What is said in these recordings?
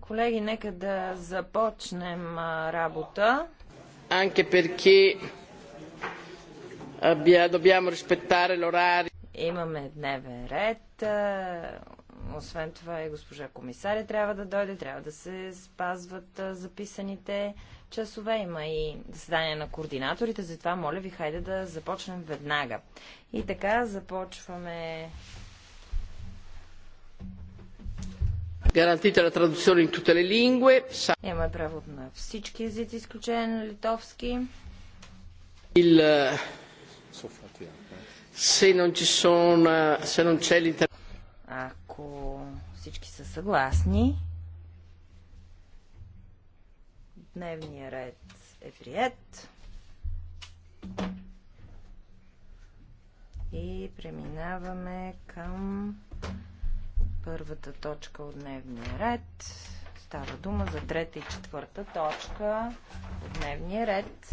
Колеги, нека да започнем работа. Anche perché dobbiamo rispettare l'orario. Имаме дневен ред. Освен това и госпожа комисаря трябва да дойде, трябва да се спазват записаните часове. Има и заседание на координаторите, затова моля ви, хайде да започнем веднага. И така, започваме Гарантита на традуционни тутеле лингве. Имаме превод на всички езици, изключение на литовски. Il... Se non ci sono, se non c'è l'inter... Ако всички са съгласни, дневния ред е прият. И преминаваме към първата точка от дневния ред. Става дума за трета и четвърта точка от дневния ред.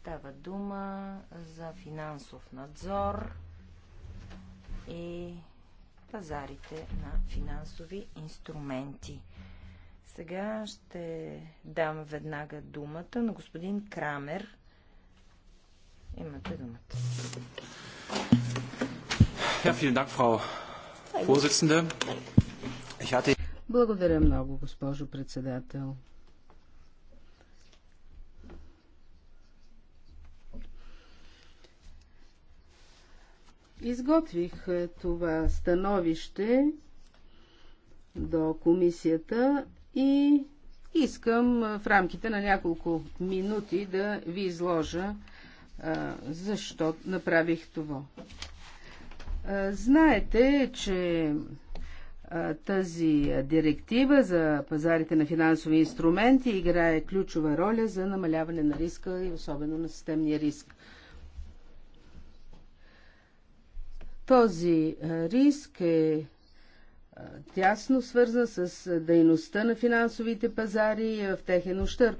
Става дума за финансов надзор и пазарите на финансови инструменти. Сега ще дам веднага думата на господин Крамер. Имате думата. Благодаря много, госпожо председател. Изготвих е, това становище до комисията и искам е, в рамките на няколко минути да ви изложа е, защо направих това. Знаете, че тази директива за пазарите на финансови инструменти играе ключова роля за намаляване на риска и особено на системния риск. Този риск е тясно свързан с дейността на финансовите пазари в техен ущърп.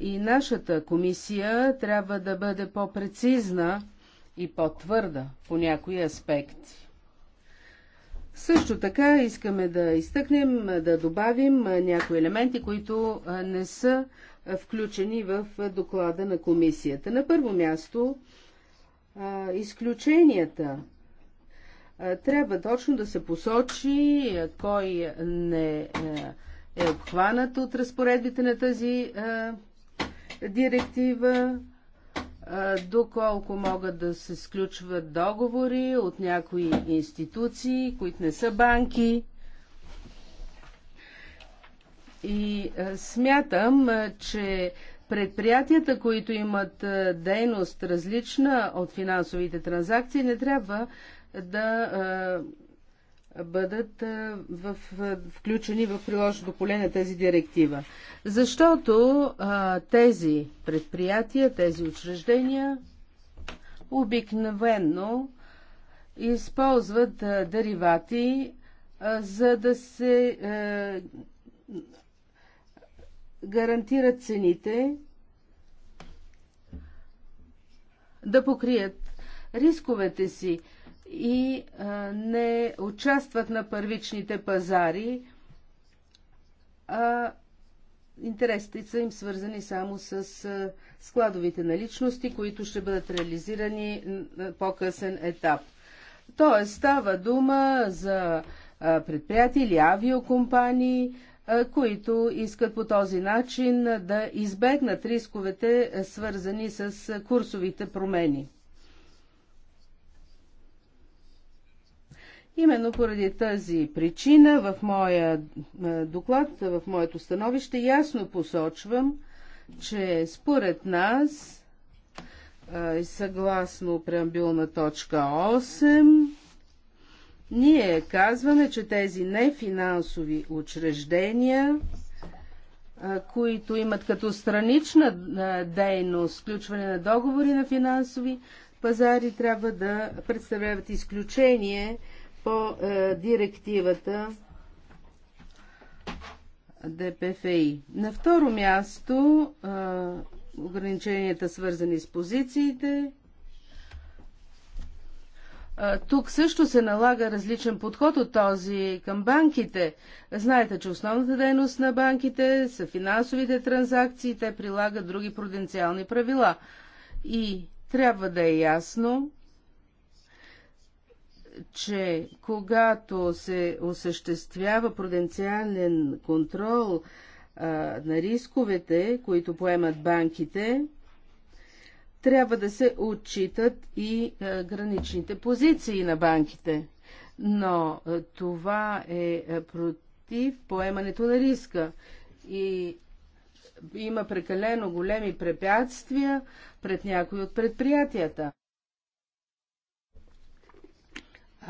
И нашата комисия трябва да бъде по-прецизна и по-твърда по някои аспекти. Също така искаме да изтъкнем, да добавим някои елементи, които не са включени в доклада на комисията. На първо място, изключенията. Трябва точно да се посочи кой не е обхванат от разпоредбите на тази директива, доколко могат да се сключват договори от някои институции, които не са банки. И смятам, че предприятията, които имат дейност различна от финансовите транзакции, не трябва да бъдат в, включени в приложното поле на тези директива. Защото а, тези предприятия, тези учреждения обикновенно използват а, деривати, а, за да се а, гарантират цените, да покрият рисковете си. А, и не участват на първичните пазари, а интересите са им свързани само с складовите наличности, които ще бъдат реализирани на по-късен етап. Тоест става дума за предприятия или авиокомпании, които искат по този начин да избегнат рисковете, свързани с курсовите промени. Именно поради тази причина в моя доклад, в моето становище ясно посочвам, че според нас, съгласно преамбилна точка 8, ние казваме, че тези нефинансови учреждения, които имат като странична дейност включване на договори на финансови пазари, трябва да представляват изключение по е, директивата ДПФИ. На второ място е, ограниченията свързани с позициите. Е, тук също се налага различен подход от този към банките. Знаете, че основната дейност на банките са финансовите транзакции, те прилагат други пруденциални правила. И трябва да е ясно, че когато се осъществява пруденциален контрол а, на рисковете, които поемат банките, трябва да се отчитат и а, граничните позиции на банките. Но а, това е против поемането на риска. И има прекалено големи препятствия пред някои от предприятията.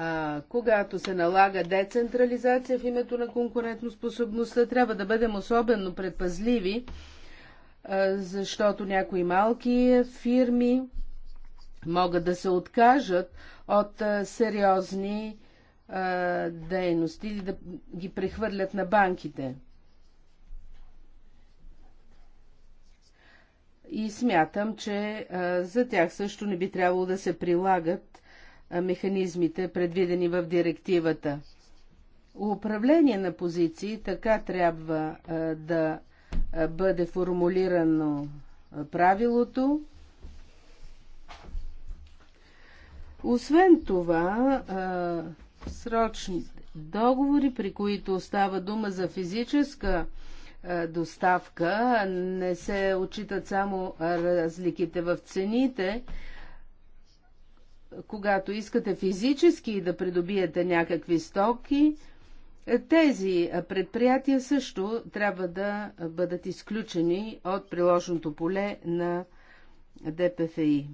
А, когато се налага децентрализация в името на конкурентоспособността, трябва да бъдем особено предпазливи, а, защото някои малки фирми могат да се откажат от а, сериозни дейности или да ги прехвърлят на банките. И смятам, че а, за тях също не би трябвало да се прилагат механизмите, предвидени в директивата. Управление на позиции така трябва да бъде формулирано правилото. Освен това, срочните договори, при които става дума за физическа доставка, не се отчитат само разликите в цените, когато искате физически да придобиете някакви стоки, тези предприятия също трябва да бъдат изключени от приложното поле на ДПФИ.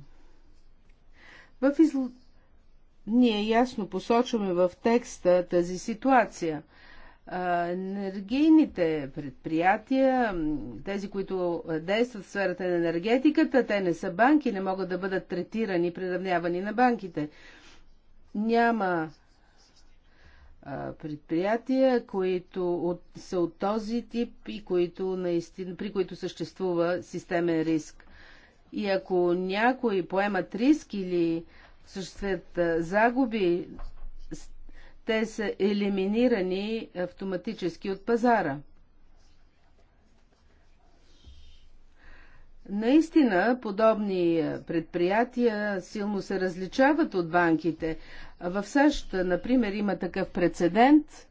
В изл... Ние ясно посочваме в текста тази ситуация – енергийните предприятия, тези, които действат в сферата на енергетиката, те не са банки, не могат да бъдат третирани, приравнявани на банките. Няма предприятия, които от, са от този тип и които наистина, при които съществува системен риск. И ако някой поемат риск или съществуват загуби, те са елиминирани автоматически от пазара. Наистина, подобни е, предприятия силно се различават от банките. В САЩ, например, има такъв прецедент.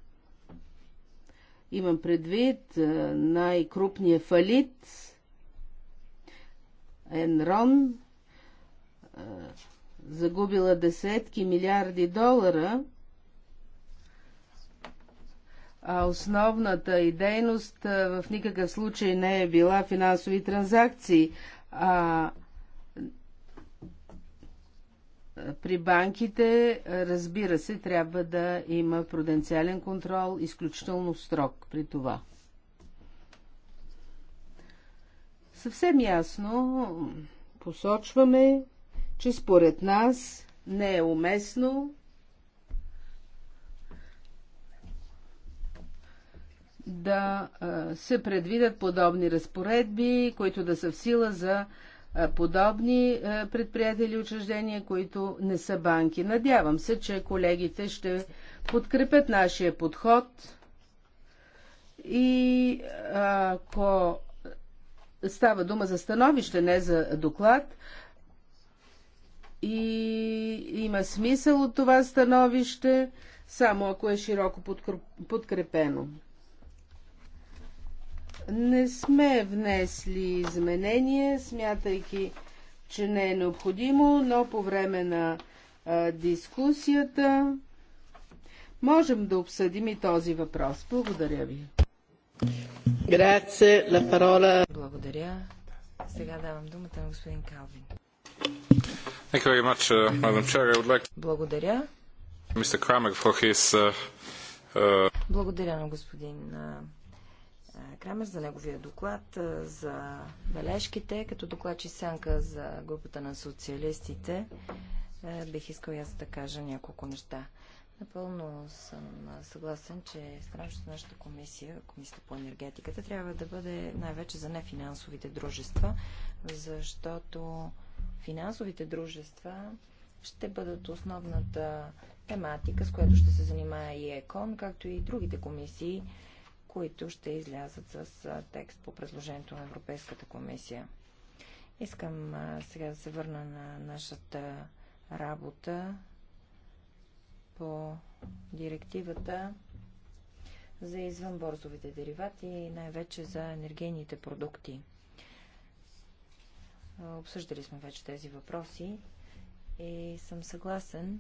Имам предвид е, най-крупния фалит Енрон, е, загубила десетки милиарди долара – а основната и дейност в никакъв случай не е била финансови транзакции. А при банките, разбира се, трябва да има пруденциален контрол, изключително строг при това. Съвсем ясно посочваме, че според нас не е уместно да се предвидят подобни разпоредби, които да са в сила за подобни предприятия или учреждения, които не са банки. Надявам се, че колегите ще подкрепят нашия подход и ако става дума за становище, не за доклад, и има смисъл от това становище, само ако е широко подкрепено. Не сме внесли изменения, смятайки, че не е необходимо, но по време на а, дискусията можем да обсъдим и този въпрос. Благодаря ви. Благодаря. Сега давам думата на господин Калвин. Uh, Благодаря. his, uh, uh... Благодаря на господин uh, Крамер за неговия доклад, за бележките, като докладчи сянка за групата на социалистите. Бих искал аз да кажа няколко неща. Напълно съм съгласен, че становището нашата комисия, комисията по енергетиката, трябва да бъде най-вече за нефинансовите дружества, защото финансовите дружества ще бъдат основната тематика, с която ще се занимае и ЕКОН, както и другите комисии които ще излязат с текст по предложението на Европейската комисия. Искам сега да се върна на нашата работа по директивата за извънборзовите деривати и най-вече за енергийните продукти. Обсъждали сме вече тези въпроси и съм съгласен,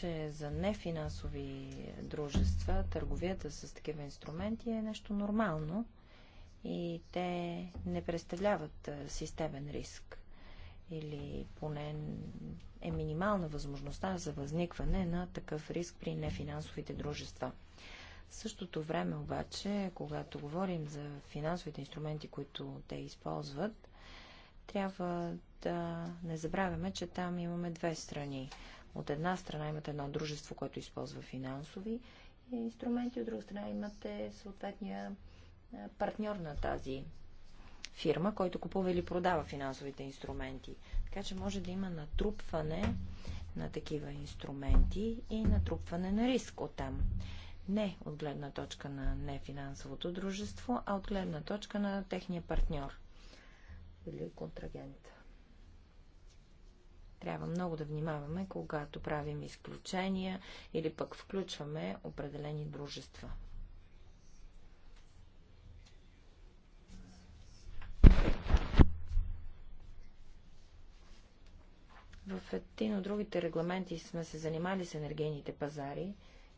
че за нефинансови дружества търговията с такива инструменти е нещо нормално и те не представляват системен риск или поне е минимална възможността за възникване на такъв риск при нефинансовите дружества. В същото време обаче, когато говорим за финансовите инструменти, които те използват, трябва да не забравяме, че там имаме две страни. От една страна имате едно дружество, което използва финансови инструменти, от друга страна имате съответния партньор на тази фирма, който купува или продава финансовите инструменти. Така че може да има натрупване на такива инструменти и натрупване на риск от там. Не от гледна точка на нефинансовото дружество, а от гледна точка на техния партньор или контрагент. Трябва много да внимаваме, когато правим изключения или пък включваме определени дружества. В един от другите регламенти сме се занимали с енергийните пазари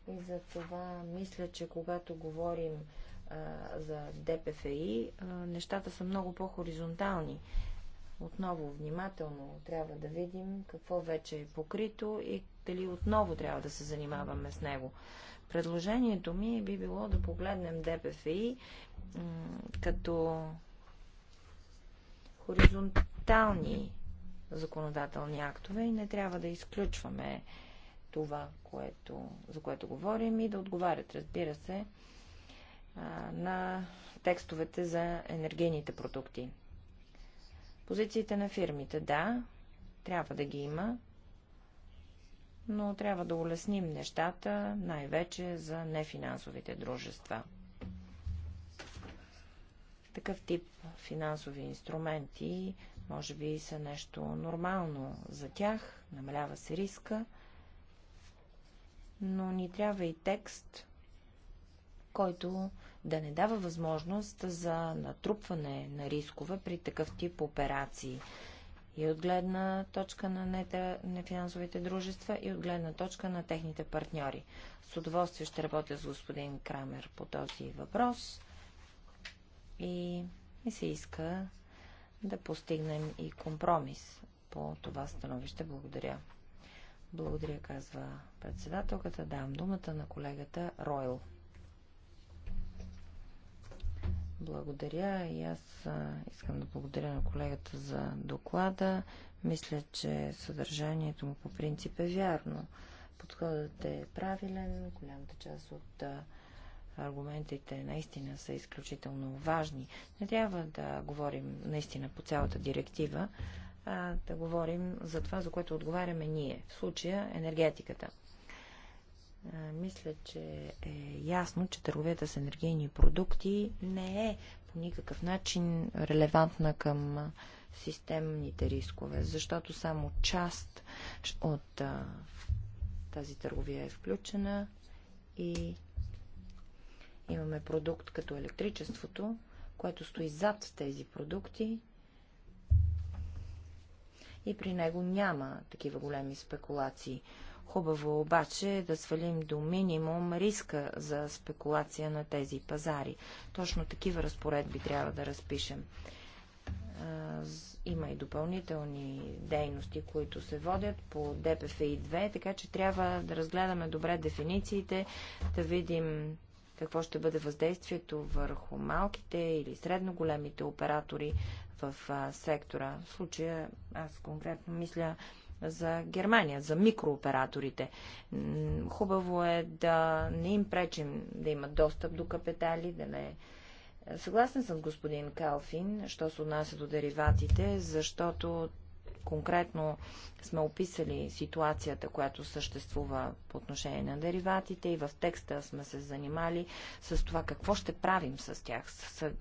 и за това мисля, че когато говорим а, за ДПФИ, а, нещата са много по-хоризонтални. Отново внимателно трябва да видим какво вече е покрито и дали отново трябва да се занимаваме с него. Предложението ми би било да погледнем ДПФИ като хоризонтални законодателни актове и не трябва да изключваме това, което, за което говорим и да отговарят, разбира се, на текстовете за енергийните продукти. Позициите на фирмите, да, трябва да ги има, но трябва да улесним нещата, най-вече за нефинансовите дружества. Такъв тип финансови инструменти може би са нещо нормално за тях, намалява се риска, но ни трябва и текст, който да не дава възможност за натрупване на рискове при такъв тип операции и от гледна точка на нефинансовите дружества и от гледна точка на техните партньори. С удоволствие ще работя с господин Крамер по този въпрос и ми се иска да постигнем и компромис по това становище. Благодаря. Благодаря, казва председателката. Давам думата на колегата Ройл. Благодаря и аз искам да благодаря на колегата за доклада. Мисля, че съдържанието му по принцип е вярно. Подходът е правилен, голямата част от аргументите наистина са изключително важни. Не трябва да говорим наистина по цялата директива, а да говорим за това, за което отговаряме ние. В случая енергетиката мисля, че е ясно, че търговията с енергийни продукти не е по никакъв начин релевантна към системните рискове, защото само част от а, тази търговия е включена и имаме продукт като електричеството, което стои зад тези продукти и при него няма такива големи спекулации. Хубаво обаче е да свалим до минимум риска за спекулация на тези пазари. Точно такива разпоредби трябва да разпишем. Има и допълнителни дейности, които се водят по ДПФИ 2, така че трябва да разгледаме добре дефинициите, да видим какво ще бъде въздействието върху малките или средно големите оператори в сектора. В случая аз конкретно мисля за Германия, за микрооператорите. Хубаво е да не им пречим да имат достъп до капитали, да не Съгласен съм с господин Калфин, що се отнася до дериватите, защото конкретно сме описали ситуацията, която съществува по отношение на дериватите и в текста сме се занимали с това какво ще правим с тях.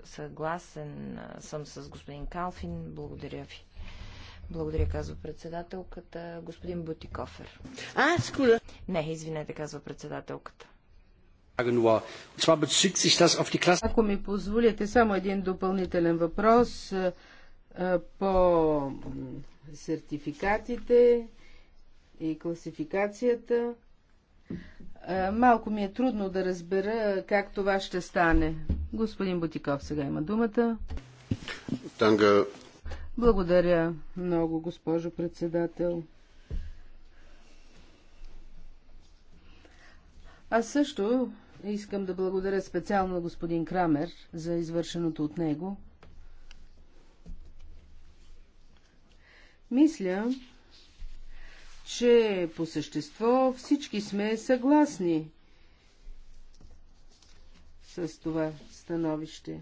Съгласен съм с господин Калфин. Благодаря ви. Благодаря, казва председателката. Господин Бутикофер. А, скуда. Не, извинете, казва председателката. Ако ми позволите, само един допълнителен въпрос по сертификатите и класификацията. Малко ми е трудно да разбера как това ще стане. Господин Бутиков сега има думата. Танга, благодаря много, госпожо председател. Аз също искам да благодаря специално на господин Крамер за извършеното от него. Мисля, че по същество всички сме съгласни с това становище.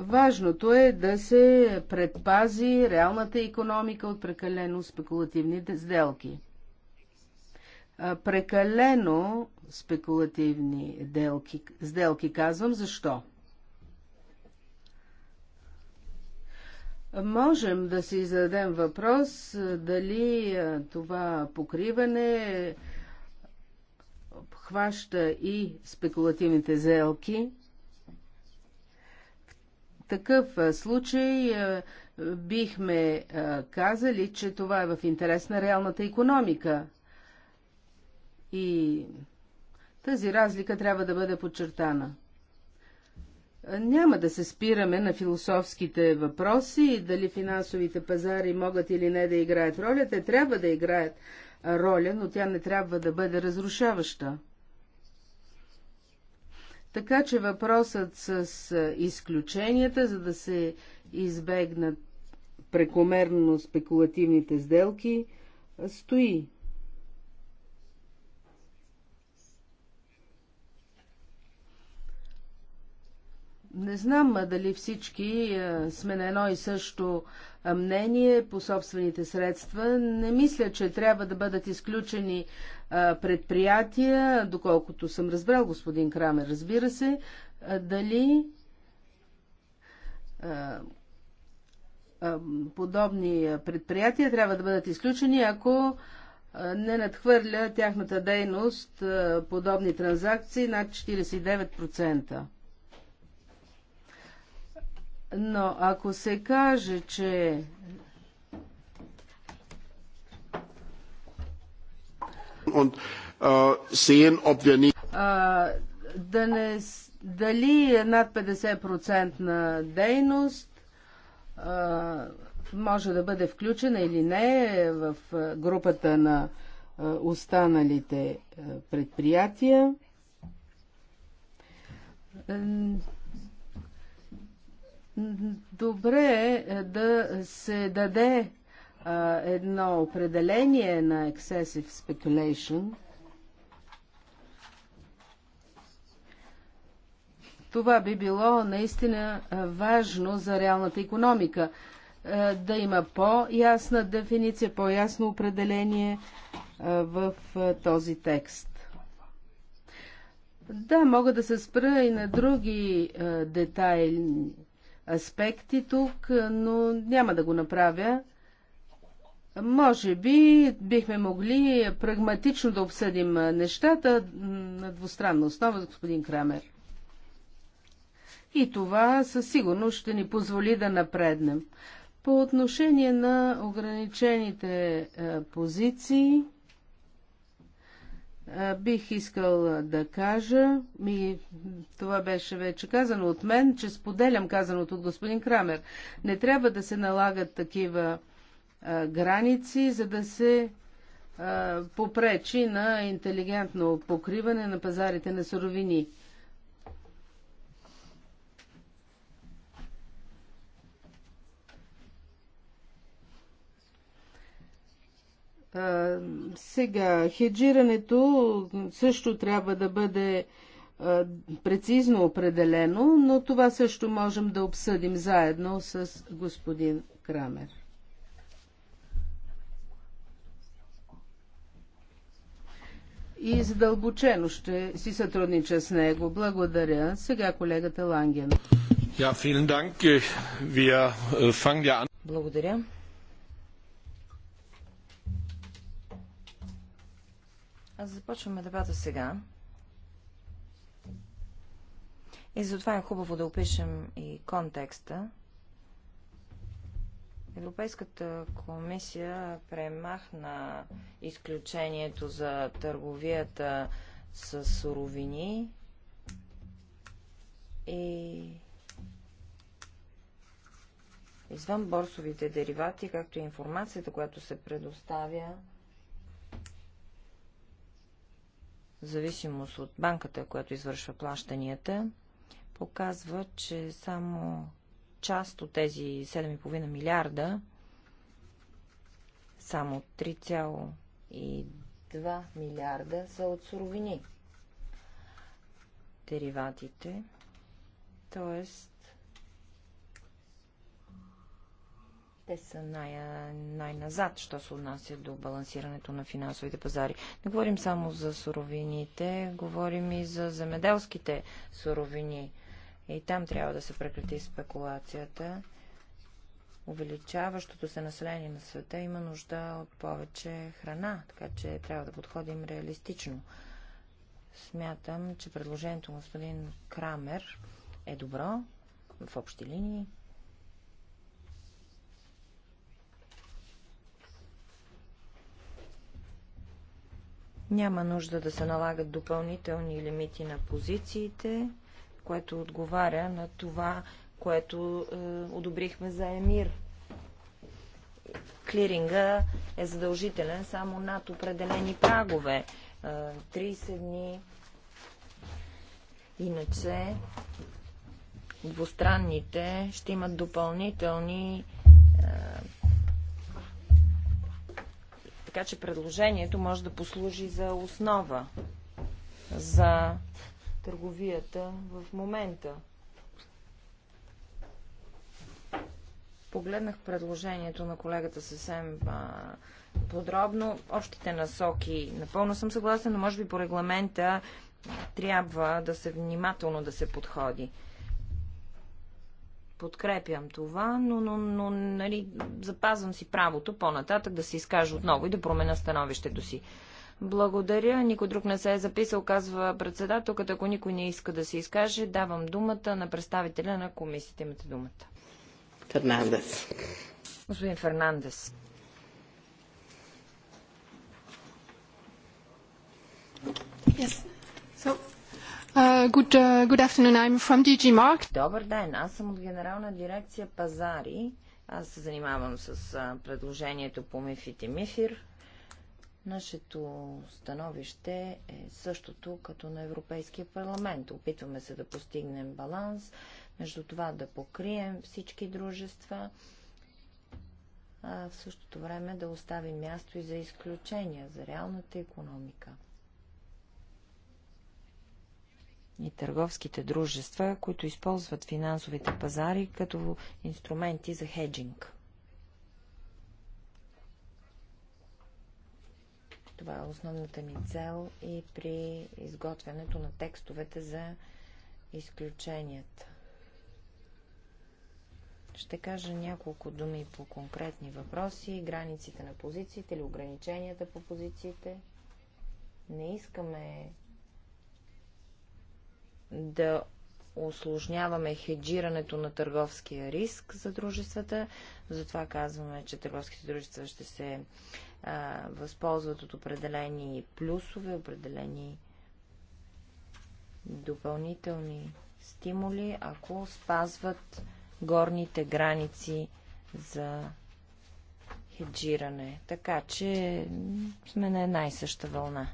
Важното е да се предпази реалната економика от прекалено спекулативни сделки. Прекалено спекулативни делки, сделки казвам защо. Можем да си зададем въпрос дали това покриване обхваща и спекулативните сделки такъв случай бихме казали, че това е в интерес на реалната економика. И тази разлика трябва да бъде подчертана. Няма да се спираме на философските въпроси, дали финансовите пазари могат или не да играят роля. Те трябва да играят роля, но тя не трябва да бъде разрушаваща. Така че въпросът с изключенията, за да се избегнат прекомерно спекулативните сделки, стои. Не знам дали всички сме на едно и също мнение по собствените средства. Не мисля, че трябва да бъдат изключени предприятия, доколкото съм разбрал, господин Крамер, разбира се, дали подобни предприятия трябва да бъдат изключени, ако не надхвърля тяхната дейност подобни транзакции над 49%. Но ако се каже, че Und, uh, sehen, ob wir nicht... uh, да не, дали е над 50% на дейност uh, може да бъде включена или не е в групата на останалите предприятия. Добре е, е да се даде а, едно определение на excessive speculation. Това би било наистина важно за реалната економика. А, да има по-ясна дефиниция, по-ясно определение а, в а, този текст. Да, мога да се спра и на други детайли аспекти тук, но няма да го направя. Може би бихме могли прагматично да обсъдим нещата на двустранна основа, господин Крамер. И това със сигурност ще ни позволи да напреднем. По отношение на ограничените позиции, Бих искал да кажа, ми, това беше вече казано от мен, че споделям казаното от господин Крамер. Не трябва да се налагат такива а, граници, за да се а, попречи на интелигентно покриване на пазарите на суровини. А, сега, хеджирането също трябва да бъде а, прецизно определено, но това също можем да обсъдим заедно с господин Крамер. и задълбочено ще си сътруднича с него. Благодаря. Сега колегата Ланген. Äh, Благодаря. Аз започваме дебата сега. И затова е хубаво да опишем и контекста. Европейската комисия премахна изключението за търговията с суровини и извън борсовите деривати, както и информацията, която се предоставя в зависимост от банката, която извършва плащанията, показва, че само част от тези 7,5 милиарда, само 3,2 милиарда са от суровини. Дериватите, т.е. Те са най- най-назад, що се отнася до балансирането на финансовите пазари. Не говорим само за суровините, говорим и за земеделските суровини. И там трябва да се прекрати спекулацията. Увеличаващото се население на света има нужда от повече храна, така че трябва да подходим реалистично. Смятам, че предложението господин Крамер е добро в общи линии. Няма нужда да се налагат допълнителни лимити на позициите, което отговаря на това, което е, одобрихме за ЕМИР. Клиринга е задължителен само над определени прагове. Е, 30 дни. Иначе двустранните ще имат допълнителни е, така че предложението може да послужи за основа за търговията в момента. Погледнах предложението на колегата съвсем а, подробно. Общите насоки напълно съм съгласен, но може би по регламента трябва да се внимателно да се подходи подкрепям това, но, но, но нали, запазвам си правото по-нататък да се изкажа отново и да променя становището си. Благодаря. Никой друг не се е записал, казва председателката. Ако никой не иска да се изкаже, давам думата на представителя на комисията. Имате думата. Фернандес. Господин Фернандес. Yes. So, Uh, uh, good, afternoon. I'm from DG Добър ден, аз съм от Генерална дирекция Пазари. Аз се занимавам с предложението по МИФИТ и МИФИР. Нашето становище е същото като на Европейския парламент. Опитваме се да постигнем баланс между това да покрием всички дружества, а в същото време да оставим място и за изключения, за реалната економика. и търговските дружества, които използват финансовите пазари като инструменти за хеджинг. Това е основната ми цел и при изготвянето на текстовете за изключенията. Ще кажа няколко думи по конкретни въпроси, границите на позициите или ограниченията по позициите. Не искаме да осложняваме хеджирането на търговския риск за дружествата. Затова казваме, че търговските дружества ще се а, възползват от определени плюсове, определени допълнителни стимули, ако спазват горните граници за хеджиране. Така че сме на една и съща вълна.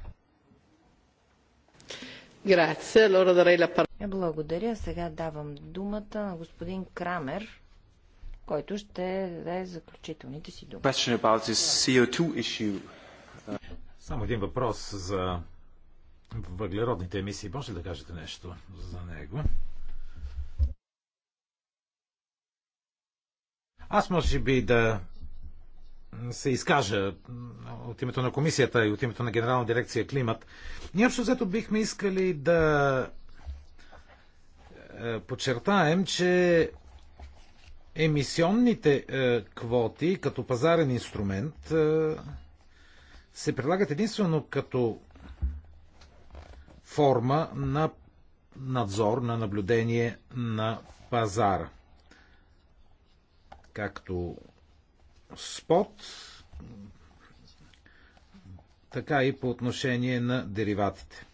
Благодаря. Сега давам думата на господин Крамер, който ще даде заключителните си думи. Само един въпрос за въглеродните емисии. Може ли да кажете нещо за него? Аз може би да се изкажа от името на комисията и от името на Генерална дирекция Климат. Ние общо взето бихме искали да е, подчертаем, че емисионните е, квоти като пазарен инструмент е, се прилагат единствено като форма на надзор, на наблюдение на пазара. Както спот, така и по отношение на дериватите,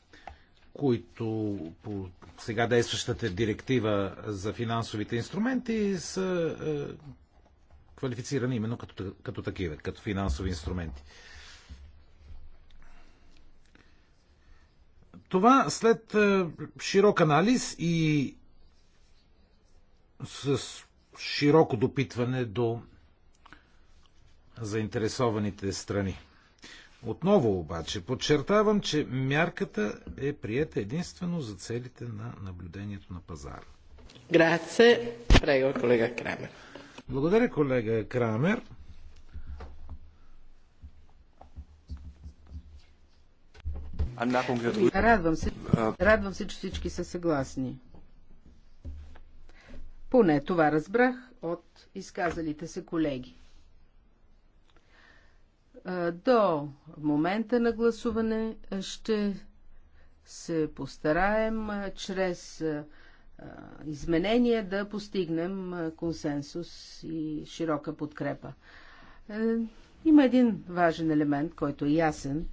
които по сега действащата директива за финансовите инструменти са е, квалифицирани именно като, като такива, като финансови инструменти. Това след е, широк анализ и с широко допитване до заинтересованите страни. Отново обаче подчертавам, че мярката е приета единствено за целите на наблюдението на пазара. Грация. Прего, колега Крамер. Благодаря, колега Крамер. Радвам се, радвам се, че всички са съгласни. Поне това разбрах от изказалите се колеги. До момента на гласуване ще се постараем чрез изменения да постигнем консенсус и широка подкрепа. Има един важен елемент, който е ясен.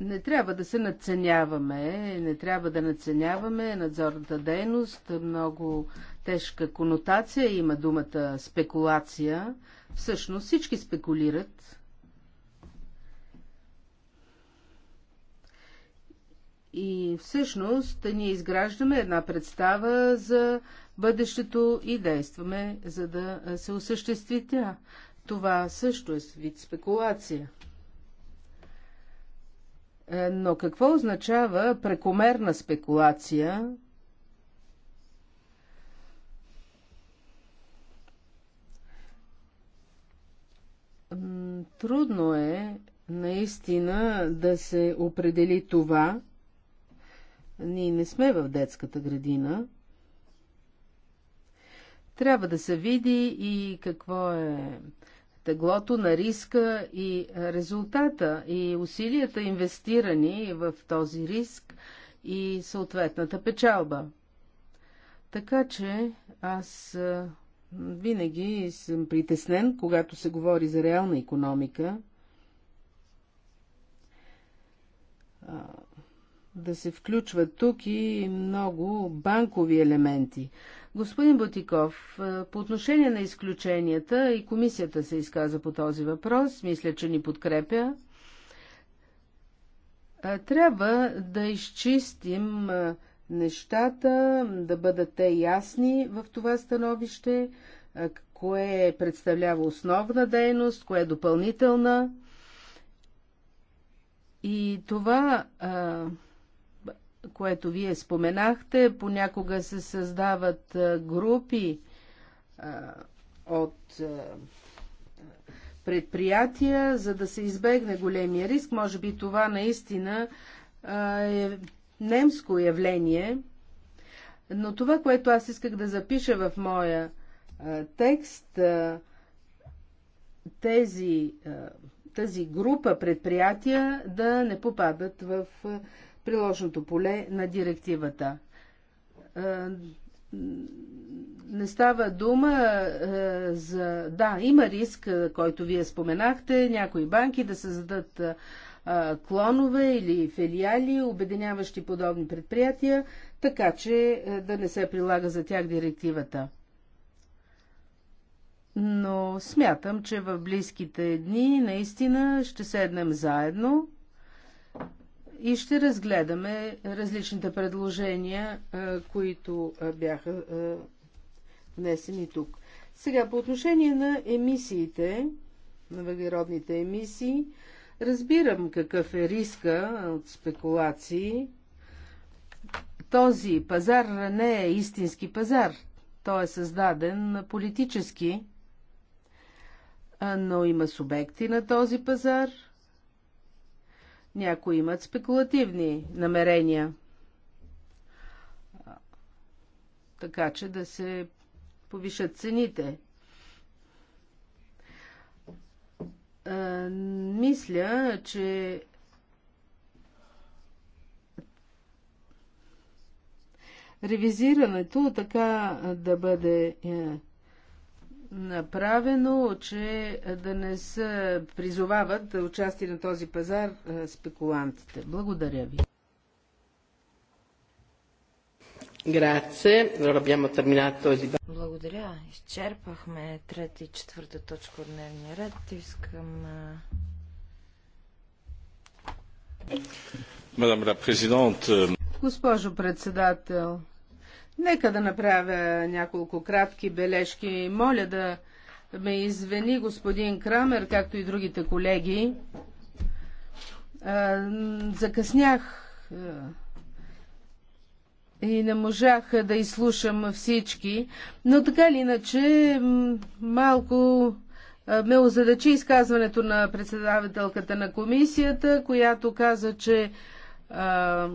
Не трябва да се надценяваме, не трябва да надценяваме надзорната дейност. Много тежка конотация има думата спекулация. Всъщност всички спекулират. И всъщност ние изграждаме една представа за бъдещето и действаме, за да се осъществи тя. Това също е вид спекулация. Е, но какво означава прекомерна спекулация Трудно е наистина да се определи това. Ние не сме в детската градина. Трябва да се види и какво е теглото на риска и резултата и усилията инвестирани в този риск и съответната печалба. Така че аз винаги съм притеснен, когато се говори за реална економика, да се включват тук и много банкови елементи. Господин Бутиков, по отношение на изключенията и комисията се изказа по този въпрос, мисля, че ни подкрепя. Трябва да изчистим нещата, да бъдат те ясни в това становище, кое представлява основна дейност, кое е допълнителна. И това, което вие споменахте, понякога се създават групи от предприятия, за да се избегне големия риск. Може би това наистина е немско явление, но това, което аз исках да запиша в моя а, текст, а, тези, а, тази група предприятия да не попадат в а, приложното поле на директивата. А, не става дума а, за... Да, има риск, който вие споменахте, някои банки да създадат клонове или филиали, обединяващи подобни предприятия, така че да не се прилага за тях директивата. Но смятам, че в близките дни наистина ще седнем заедно и ще разгледаме различните предложения, които бяха внесени тук. Сега, по отношение на емисиите, на въглеродните емисии, Разбирам какъв е риска от спекулации. Този пазар не е истински пазар. Той е създаден политически, но има субекти на този пазар. Някои имат спекулативни намерения. Така че да се повишат цените. Е, мисля, че ревизирането така да бъде е, направено, че да не се призовават да участие на този пазар е, спекулантите. Благодаря ви. Благодаря. Изчерпахме трета и четвърта точка от дневния ред. Искам... Euh, Госпожо председател, нека да направя няколко кратки бележки. Моля да ме извини господин Крамер, както и другите колеги. Закъснях и не можах да изслушам всички, но така или иначе малко ме озадачи изказването на председателката на комисията, която каза, че а,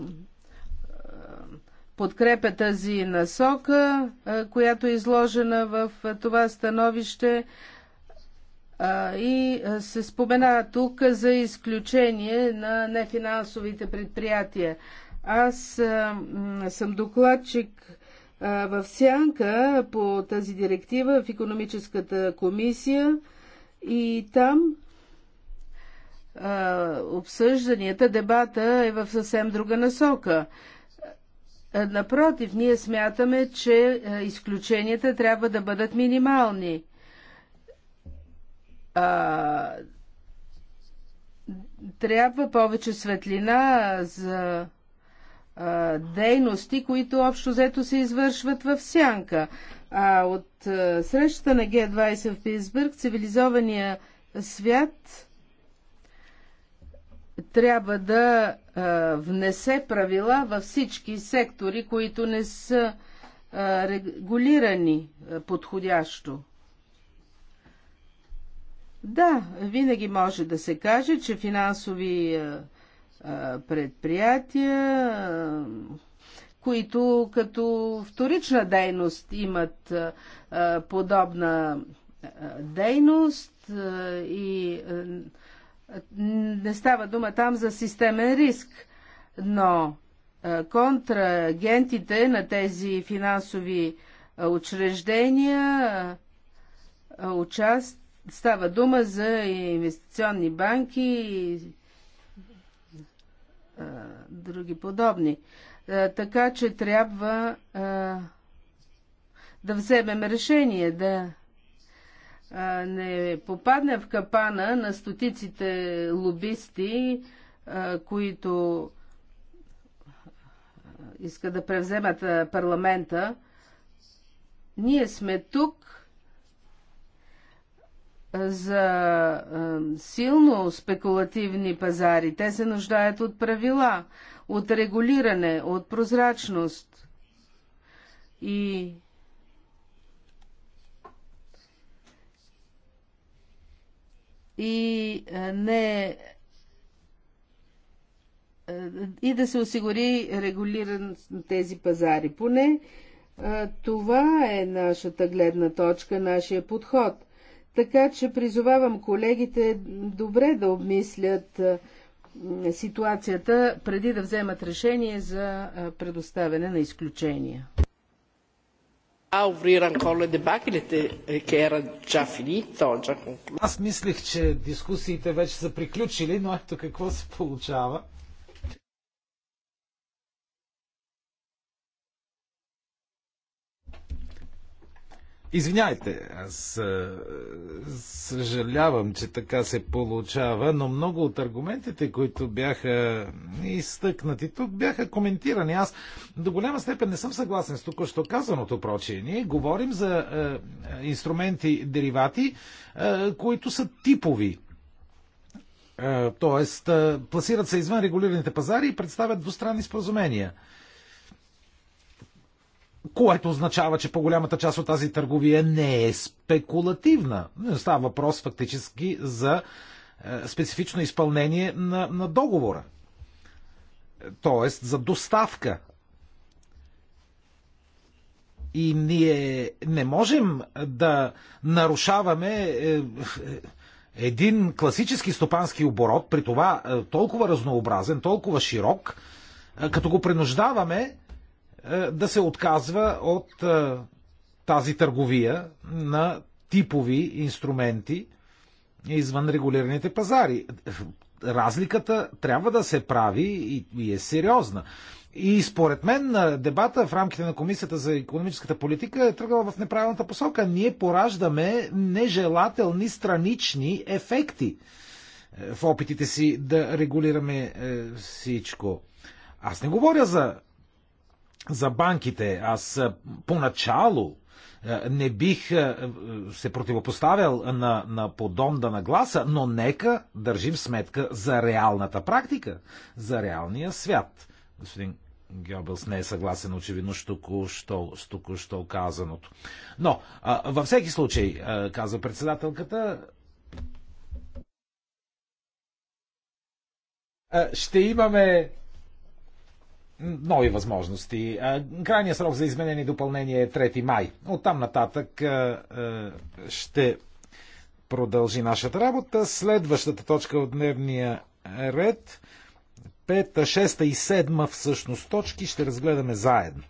подкрепя тази насока, а, която е изложена в това становище а, и се спомена тук за изключение на нефинансовите предприятия. Аз а, съм докладчик в Сянка по тази директива в економическата комисия и там а, обсъжданията, дебата е в съвсем друга насока. Напротив, ние смятаме, че изключенията трябва да бъдат минимални. А, трябва повече светлина за а, дейности, които общо взето се извършват в сянка. А от а, срещата на Г-20 в Питсбърг цивилизования свят трябва да а, внесе правила във всички сектори, които не са а, регулирани а, подходящо. Да, винаги може да се каже, че финансови а, предприятия, които като вторична дейност имат подобна дейност и не става дума там за системен риск, но контрагентите на тези финансови учреждения участ... става дума за инвестиционни банки и други подобни. Е, така че трябва е, да вземем решение, да е, не попадне в капана на стотиците лобисти, които искат да превземат парламента. Ние сме тук за силно спекулативни пазари. Те се нуждаят от правила, от регулиране, от прозрачност. И и е, не е, и да се осигури регулиран тези пазари. Поне е, това е нашата гледна точка, нашия подход. Така че призовавам колегите добре да обмислят е ситуацията преди да вземат решение за предоставяне на изключения. Е, Аз мислих, че дискусиите вече са приключили, но ето какво се получава. Извиняйте, аз съжалявам, че така се получава, но много от аргументите, които бяха изтъкнати тук, бяха коментирани. Аз до голяма степен не съм съгласен с тук, що казаното прочие. Ние говорим за инструменти, деривати, които са типови. тоест, пласират се извън регулираните пазари и представят двустранни споразумения което означава, че по-голямата част от тази търговия не е спекулативна. Става въпрос фактически за е, специфично изпълнение на, на договора. Тоест за доставка. И ние не можем да нарушаваме е, е, един класически стопански оборот, при това толкова разнообразен, толкова широк, като го принуждаваме е, да се отказва от е, тази търговия на типови инструменти извън регулираните пазари. Разликата трябва да се прави и е сериозна. И според мен е, дебата в рамките на Комисията за економическата политика е тръгнала в неправилната посока. Ние пораждаме нежелателни странични ефекти в опитите си да регулираме всичко. Аз не говоря за за банките. Аз поначало не бих се противопоставял на, на подобна нагласа, но нека държим сметка за реалната практика, за реалния свят. Господин Гьобелс не е съгласен очевидно с току-що, току казаното. Но, а, във всеки случай, а, казва председателката, а, ще имаме нови възможности. Крайният срок за изменение и допълнение е 3 май. От там нататък ще продължи нашата работа. Следващата точка от дневния ред, 5, 6 и 7, всъщност точки, ще разгледаме заедно.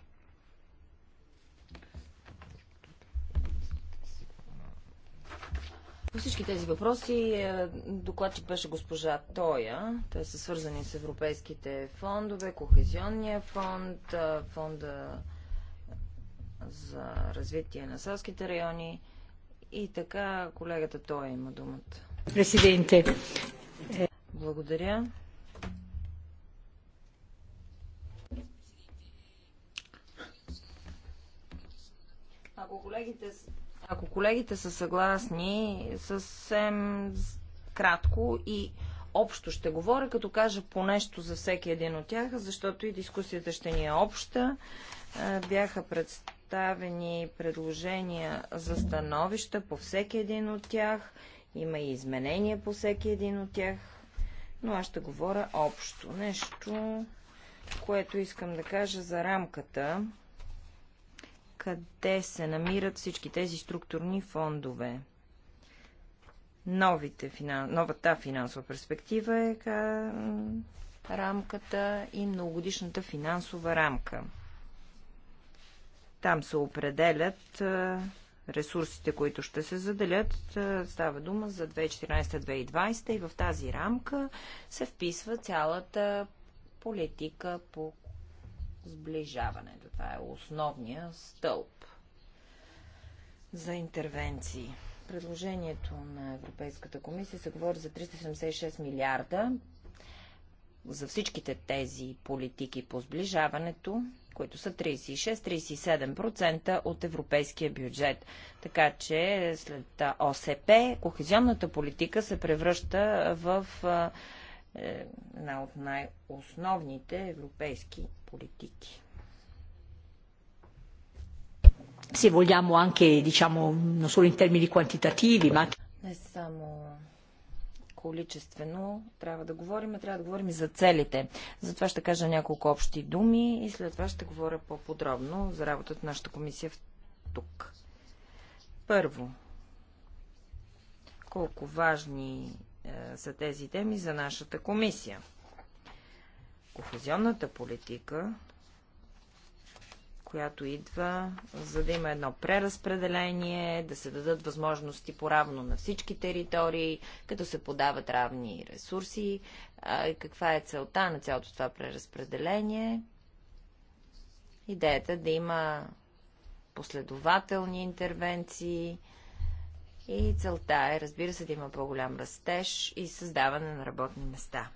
По всички тези въпроси е, докладчик беше госпожа Тоя. Те са свързани с европейските фондове, Кохезионния фонд, е, фонда за развитие на селските райони. И така колегата Тоя има думата. Президенте. Е. Благодаря. Ако колегите ако колегите са съгласни, съвсем кратко и общо ще говоря, като кажа по нещо за всеки един от тях, защото и дискусията ще ни е обща. Е, бяха представени предложения за становища по всеки един от тях. Има и изменения по всеки един от тях. Но аз ще говоря общо. Нещо, което искам да кажа за рамката къде се намират всички тези структурни фондове. Новите, финан... новата финансова перспектива е ка... рамката и многогодишната финансова рамка. Там се определят ресурсите, които ще се заделят, става дума за 2014-2020 и в тази рамка се вписва цялата политика по сближаването. Това е основния стълб за интервенции. Предложението на Европейската комисия се говори за 376 милиарда за всичките тези политики по сближаването, които са 36-37% от европейския бюджет. Така че след ОСП кохезионната политика се превръща в е, една от най-основните европейски политики. Se vogliamo anche, diciamo, non solo in termini quantitativi, ma... Не само количествено трябва да говорим, а трябва да говорим и за целите. Затова ще кажа няколко общи думи и след това ще говоря по-подробно за работата на нашата комисия тук. Първо, колко важни е, са тези теми за нашата комисия. Кохезионната политика, която идва, за да има едно преразпределение, да се дадат възможности поравно на всички територии, като се подават равни ресурси. А, каква е целта на цялото това преразпределение? Идеята е да има последователни интервенции, и целта е, разбира се, да има по-голям растеж и създаване на работни места.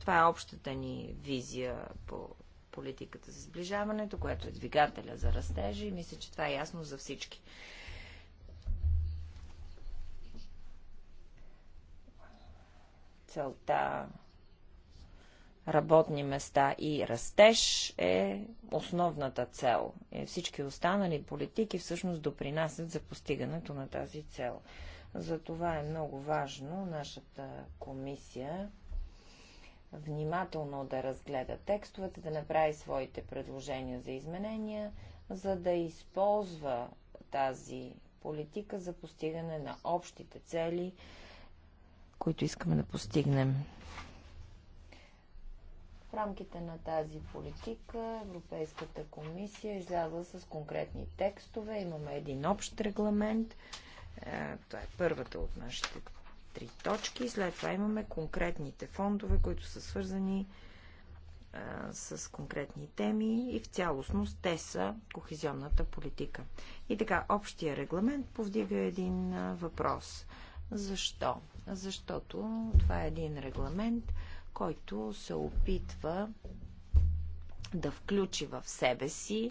Това е общата ни визия по политиката за сближаването, което е двигателя за растежа и мисля, че това е ясно за всички. Целта работни места и растеж е основната цел. И е, всички останали политики всъщност допринасят за постигането на тази цел. Затова е много важно нашата комисия внимателно да разгледа текстовете, да направи своите предложения за изменения, за да използва тази политика за постигане на общите цели, които искаме да постигнем. В рамките на тази политика Европейската комисия излязла с конкретни текстове. Имаме един общ регламент. Е, това е първата от нашите три точки. След това имаме конкретните фондове, които са свързани е, с конкретни теми и в цялостност те са кохезионната политика. И така, общия регламент повдига един е, въпрос. Защо? Защото това е един регламент, който се опитва да включи в себе си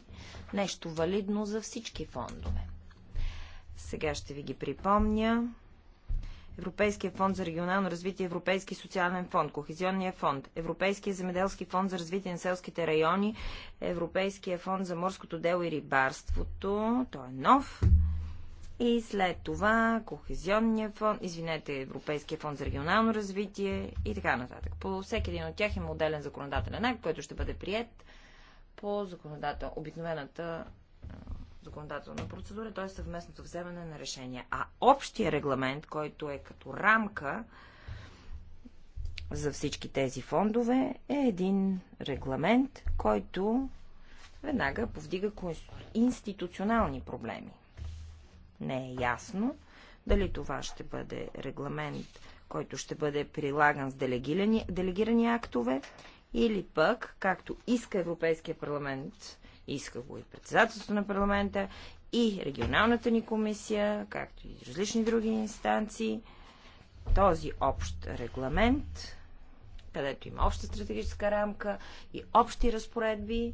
нещо валидно за всички фондове. Сега ще ви ги припомня. Европейския фонд за регионално развитие, Европейски социален фонд, Кохезионния фонд, Европейския земеделски фонд за развитие на селските райони, Европейския фонд за морското дело и рибарството, той е нов, и след това Кохезионния фонд, извинете, Европейския фонд за регионално развитие и така нататък. По всеки един от тях е моделен законодателен акт, който ще бъде прият по законодател, обикновената законодателна процедура, т.е. съвместното вземане на решения. А общия регламент, който е като рамка за всички тези фондове, е един регламент, който веднага повдига институционални проблеми не е ясно дали това ще бъде регламент, който ще бъде прилаган с делегирани, делегирани актове, или пък, както иска Европейския парламент, иска го и председателството на парламента, и регионалната ни комисия, както и различни други инстанции, този общ регламент, където има обща стратегическа рамка и общи разпоредби,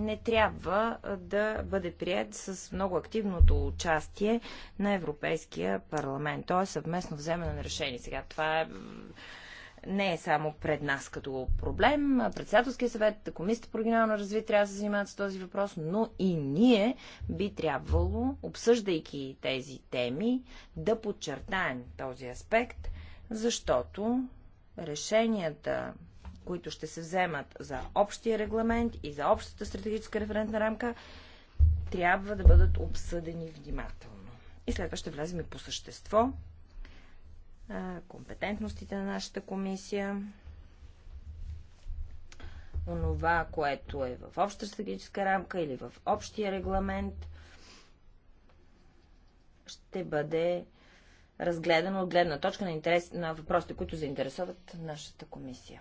не трябва да бъде прият с много активното участие на Европейския парламент. Т.е. съвместно вземане на решение. Сега това е не е само пред нас като проблем. Председателския съвет, Комисията по регионално развитие трябва да се занимават с този въпрос, но и ние би трябвало, обсъждайки тези теми, да подчертаем този аспект, защото решенията които ще се вземат за общия регламент и за общата стратегическа референтна рамка, трябва да бъдат обсъдени внимателно. И след това ще влезем и по същество, компетентностите на нашата комисия, онова, което е в обща стратегическа рамка или в общия регламент, ще бъде разгледано от гледна точка на, интерес, на въпросите, които заинтересуват нашата комисия.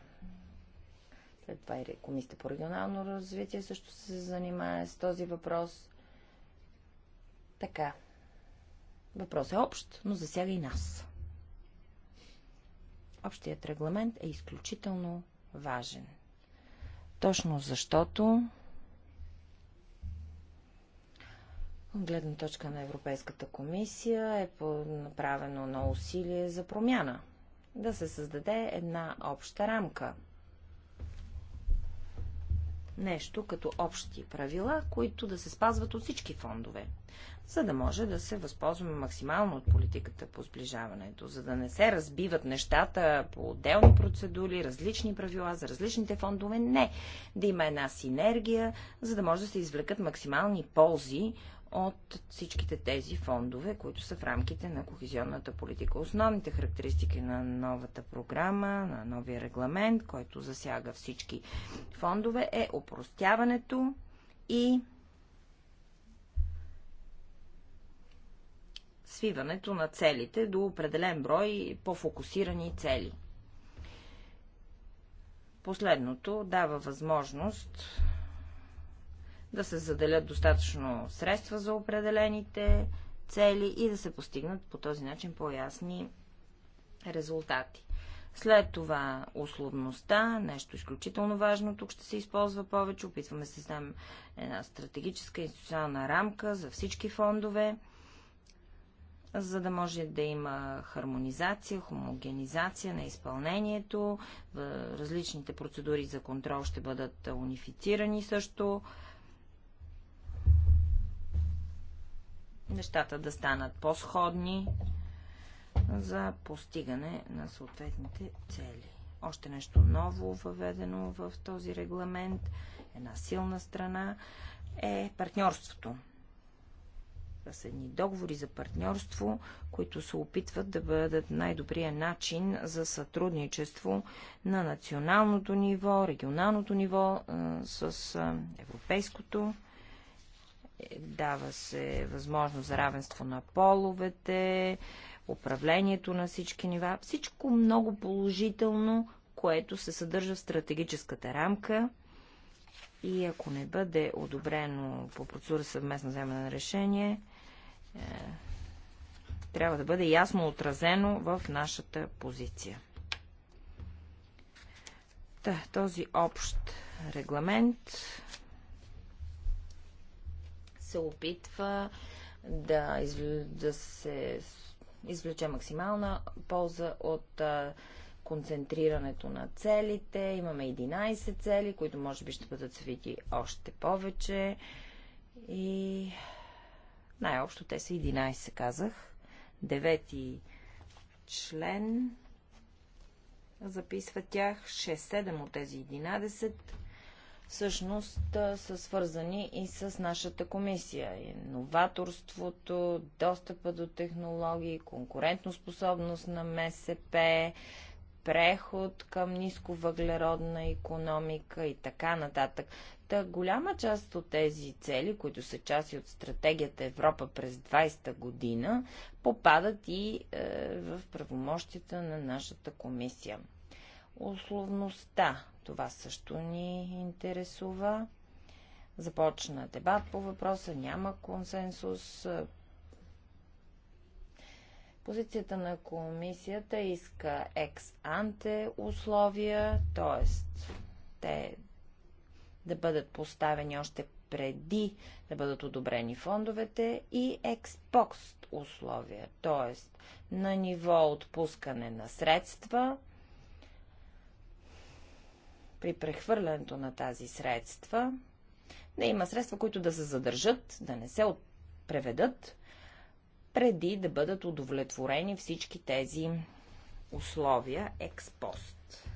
След това и е Комисията по регионално развитие също се занимае с този въпрос. Така. Въпрос е общ, но засяга и нас. Общият регламент е изключително важен. Точно защото от гледна точка на Европейската комисия е направено на усилие за промяна. Да се създаде една обща рамка – нещо като общи правила, които да се спазват от всички фондове, за да може да се възползваме максимално от политиката по сближаването, за да не се разбиват нещата по отделни процедури, различни правила за различните фондове. Не, да има една синергия, за да може да се извлекат максимални ползи от всичките тези фондове, които са в рамките на кохезионната политика. Основните характеристики на новата програма, на новия регламент, който засяга всички фондове, е опростяването и свиването на целите до определен брой по-фокусирани цели. Последното дава възможност да се заделят достатъчно средства за определените цели и да се постигнат по този начин по-ясни резултати. След това условността, нещо изключително важно, тук ще се използва повече. Опитваме се да една стратегическа институционална рамка за всички фондове, за да може да има хармонизация, хомогенизация на изпълнението. Различните процедури за контрол ще бъдат унифицирани също. нещата да станат по-сходни за постигане на съответните цели. Още нещо ново въведено в този регламент, една силна страна, е партньорството. Това са едни договори за партньорство, които се опитват да бъдат най-добрия начин за сътрудничество на националното ниво, регионалното ниво с европейското Дава се възможност за равенство на половете, управлението на всички нива. Всичко много положително, което се съдържа в стратегическата рамка. И ако не бъде одобрено по процедура съвместно вземане на решение, е, трябва да бъде ясно отразено в нашата позиция. Та, този общ регламент се опитва да, изв... да се извлече максимална полза от концентрирането на целите. Имаме 11 цели, които може би ще бъдат свити още повече. И най-общо те са 11, казах. Девети член записва тях 6-7 от тези 11 всъщност са свързани и с нашата комисия. Иноваторството, достъпа до технологии, конкурентоспособност на МСП, преход към нисковъглеродна економика и така нататък. Та голяма част от тези цели, които са части от стратегията Европа през 20-та година, попадат и е, в правомощията на нашата комисия. Условността, това също ни интересува. Започна дебат по въпроса, няма консенсус. Позицията на комисията иска екс-анте условия, т.е. те да бъдат поставени още преди да бъдат одобрени фондовете и експокст условия, т.е. на ниво отпускане на средства при прехвърлянето на тази средства да има средства, които да се задържат, да не се преведат, преди да бъдат удовлетворени всички тези условия експост.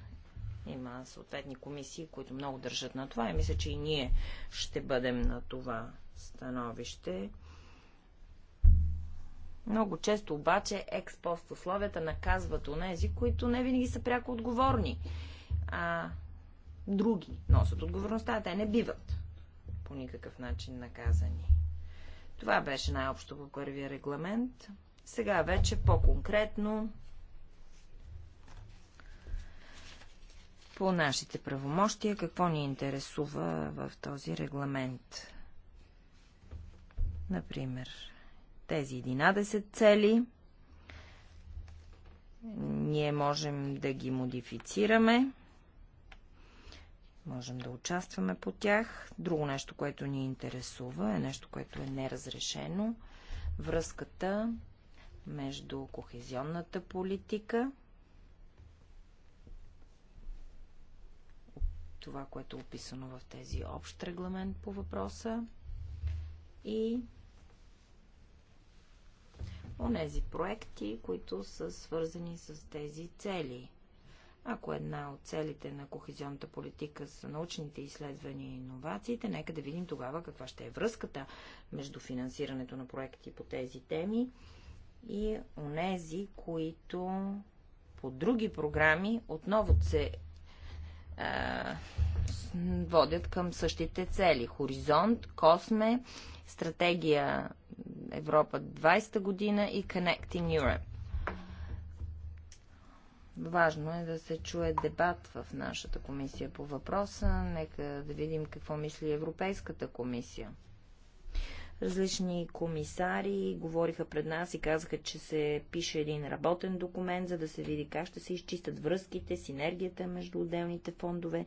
Има съответни комисии, които много държат на това и мисля, че и ние ще бъдем на това становище. Много често обаче експост условията наказват онези, които не винаги са пряко отговорни. А други носят отговорността, а те не биват по никакъв начин наказани. Това беше най-общо по първия регламент. Сега вече по-конкретно по нашите правомощия, какво ни интересува в този регламент. Например, тези 11 цели, ние можем да ги модифицираме можем да участваме по тях. Друго нещо, което ни интересува, е нещо, което е неразрешено. Връзката между кохезионната политика, това, което е описано в тези общ регламент по въпроса и онези проекти, които са свързани с тези цели – ако една от целите на кохезионната политика са научните изследвания и иновациите, нека да видим тогава каква ще е връзката между финансирането на проекти по тези теми и онези, които по други програми отново се а, водят към същите цели. Хоризонт, Косме, Стратегия Европа 20 година и Connecting Europe. Важно е да се чуе дебат в нашата комисия по въпроса. Нека да видим какво мисли Европейската комисия. Различни комисари говориха пред нас и казаха, че се пише един работен документ, за да се види как ще се изчистят връзките, синергията между отделните фондове.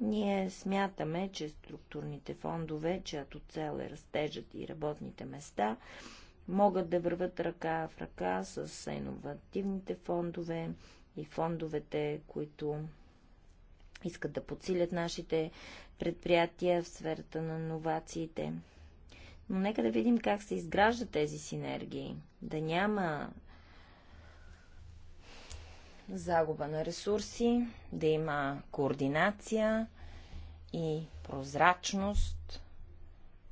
Ние смятаме, че структурните фондове, чиято цел е растежът и работните места, могат да върват ръка в ръка с иновативните фондове, и фондовете, които искат да подсилят нашите предприятия в сферата на новациите. Но нека да видим как се изграждат тези синергии. Да няма загуба на ресурси, да има координация и прозрачност,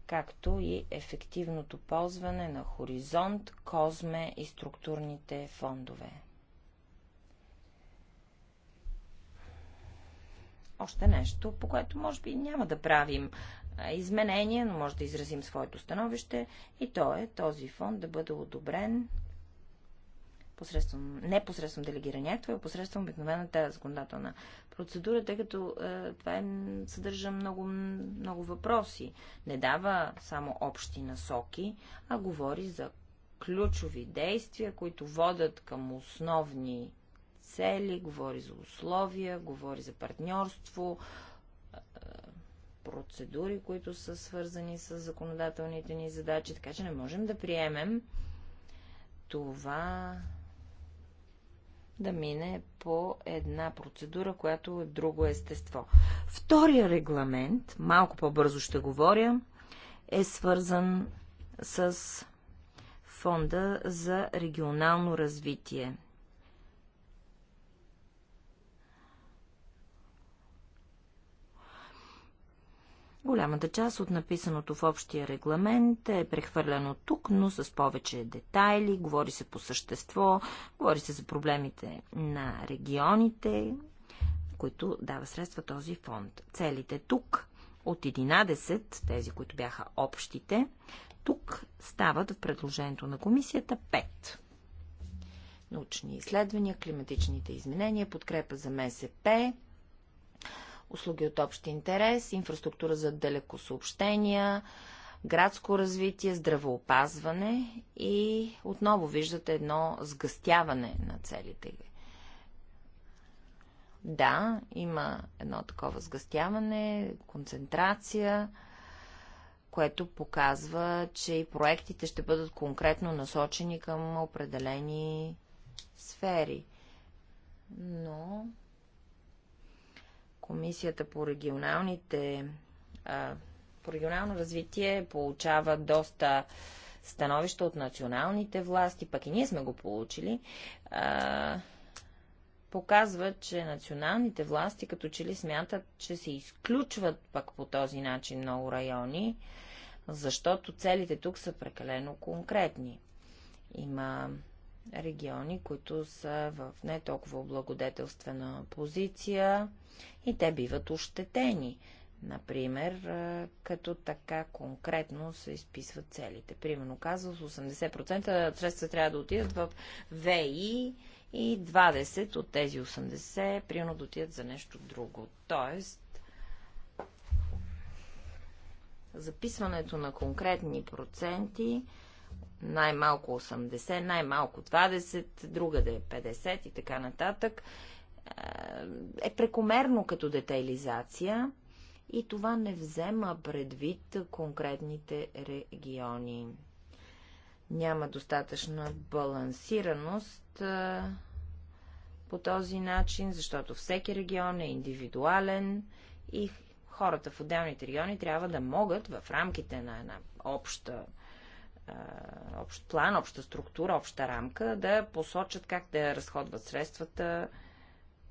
както и ефективното ползване на хоризонт, козме и структурните фондове. още нещо, по което може би няма да правим изменения, но може да изразим своето становище и то е този фонд да бъде одобрен посредством, не посредством делегирани актове, а посредством обикновената законодателна процедура, тъй като е, това е, съдържа много, много въпроси. Не дава само общи насоки, а говори за ключови действия, които водят към основни цели, говори за условия, говори за партньорство, процедури, които са свързани с законодателните ни задачи, така че не можем да приемем това да мине по една процедура, която е друго естество. Втория регламент, малко по-бързо ще говоря, е свързан с Фонда за регионално развитие. Голямата част от написаното в общия регламент е прехвърлено тук, но с повече детайли, говори се по същество, говори се за проблемите на регионите, които дава средства този фонд. Целите тук от 11, тези, които бяха общите, тук стават в предложението на комисията 5. Научни изследвания, климатичните изменения, подкрепа за МСП, услуги от общ интерес, инфраструктура за далекосъобщения, градско развитие, здравоопазване и отново виждате едно сгъстяване на целите ви. Да, има едно такова сгъстяване, концентрация, което показва, че и проектите ще бъдат конкретно насочени към определени сфери. Но Комисията по регионалните по регионално развитие получава доста становища от националните власти, пък и ние сме го получили, а, показва, че националните власти като че ли смятат, че се изключват пък по този начин много райони, защото целите тук са прекалено конкретни. Има региони, които са в не толкова благодетелствена позиция и те биват ощетени. Например, като така конкретно се изписват целите. Примерно казва, с 80% средства трябва да отидат в ВИ и 20 от тези 80 примерно да отидат за нещо друго. Тоест, записването на конкретни проценти най-малко 80, най-малко 20, друга да е 50 и така нататък, е, е прекомерно като детайлизация и това не взема предвид конкретните региони. Няма достатъчна балансираност е, по този начин, защото всеки регион е индивидуален и хората в отделните региони трябва да могат в рамките на една обща общ план, обща структура, обща рамка, да посочат как да разходват средствата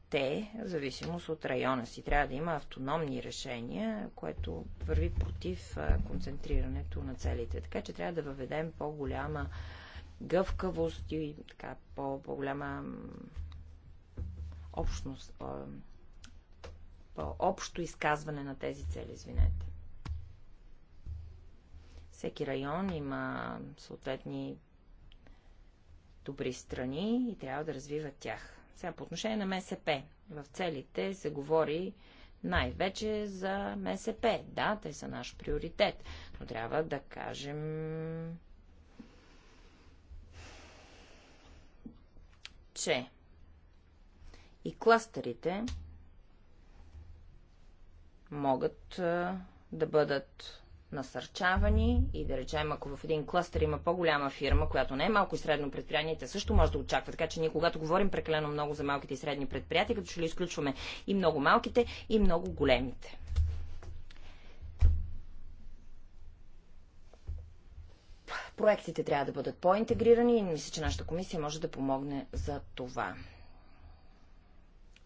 те, в зависимост от района си. Трябва да има автономни решения, което върви против концентрирането на целите. Така че трябва да въведем по-голяма гъвкавост и така, по- голяма общност, по-общо изказване на тези цели, извинете. Всеки район има съответни добри страни и трябва да развиват тях. Сега по отношение на МСП. В целите се говори най-вече за МСП. Да, те са наш приоритет, но трябва да кажем, че и кластерите могат да бъдат насърчавани и да речем, ако в един клъстър има по-голяма фирма, която не е малко и средно предприятие, те също може да очаква. Така че ние, когато говорим прекалено много за малките и средни предприятия, като че ли изключваме и много малките, и много големите. Проектите трябва да бъдат по-интегрирани и мисля, че нашата комисия може да помогне за това.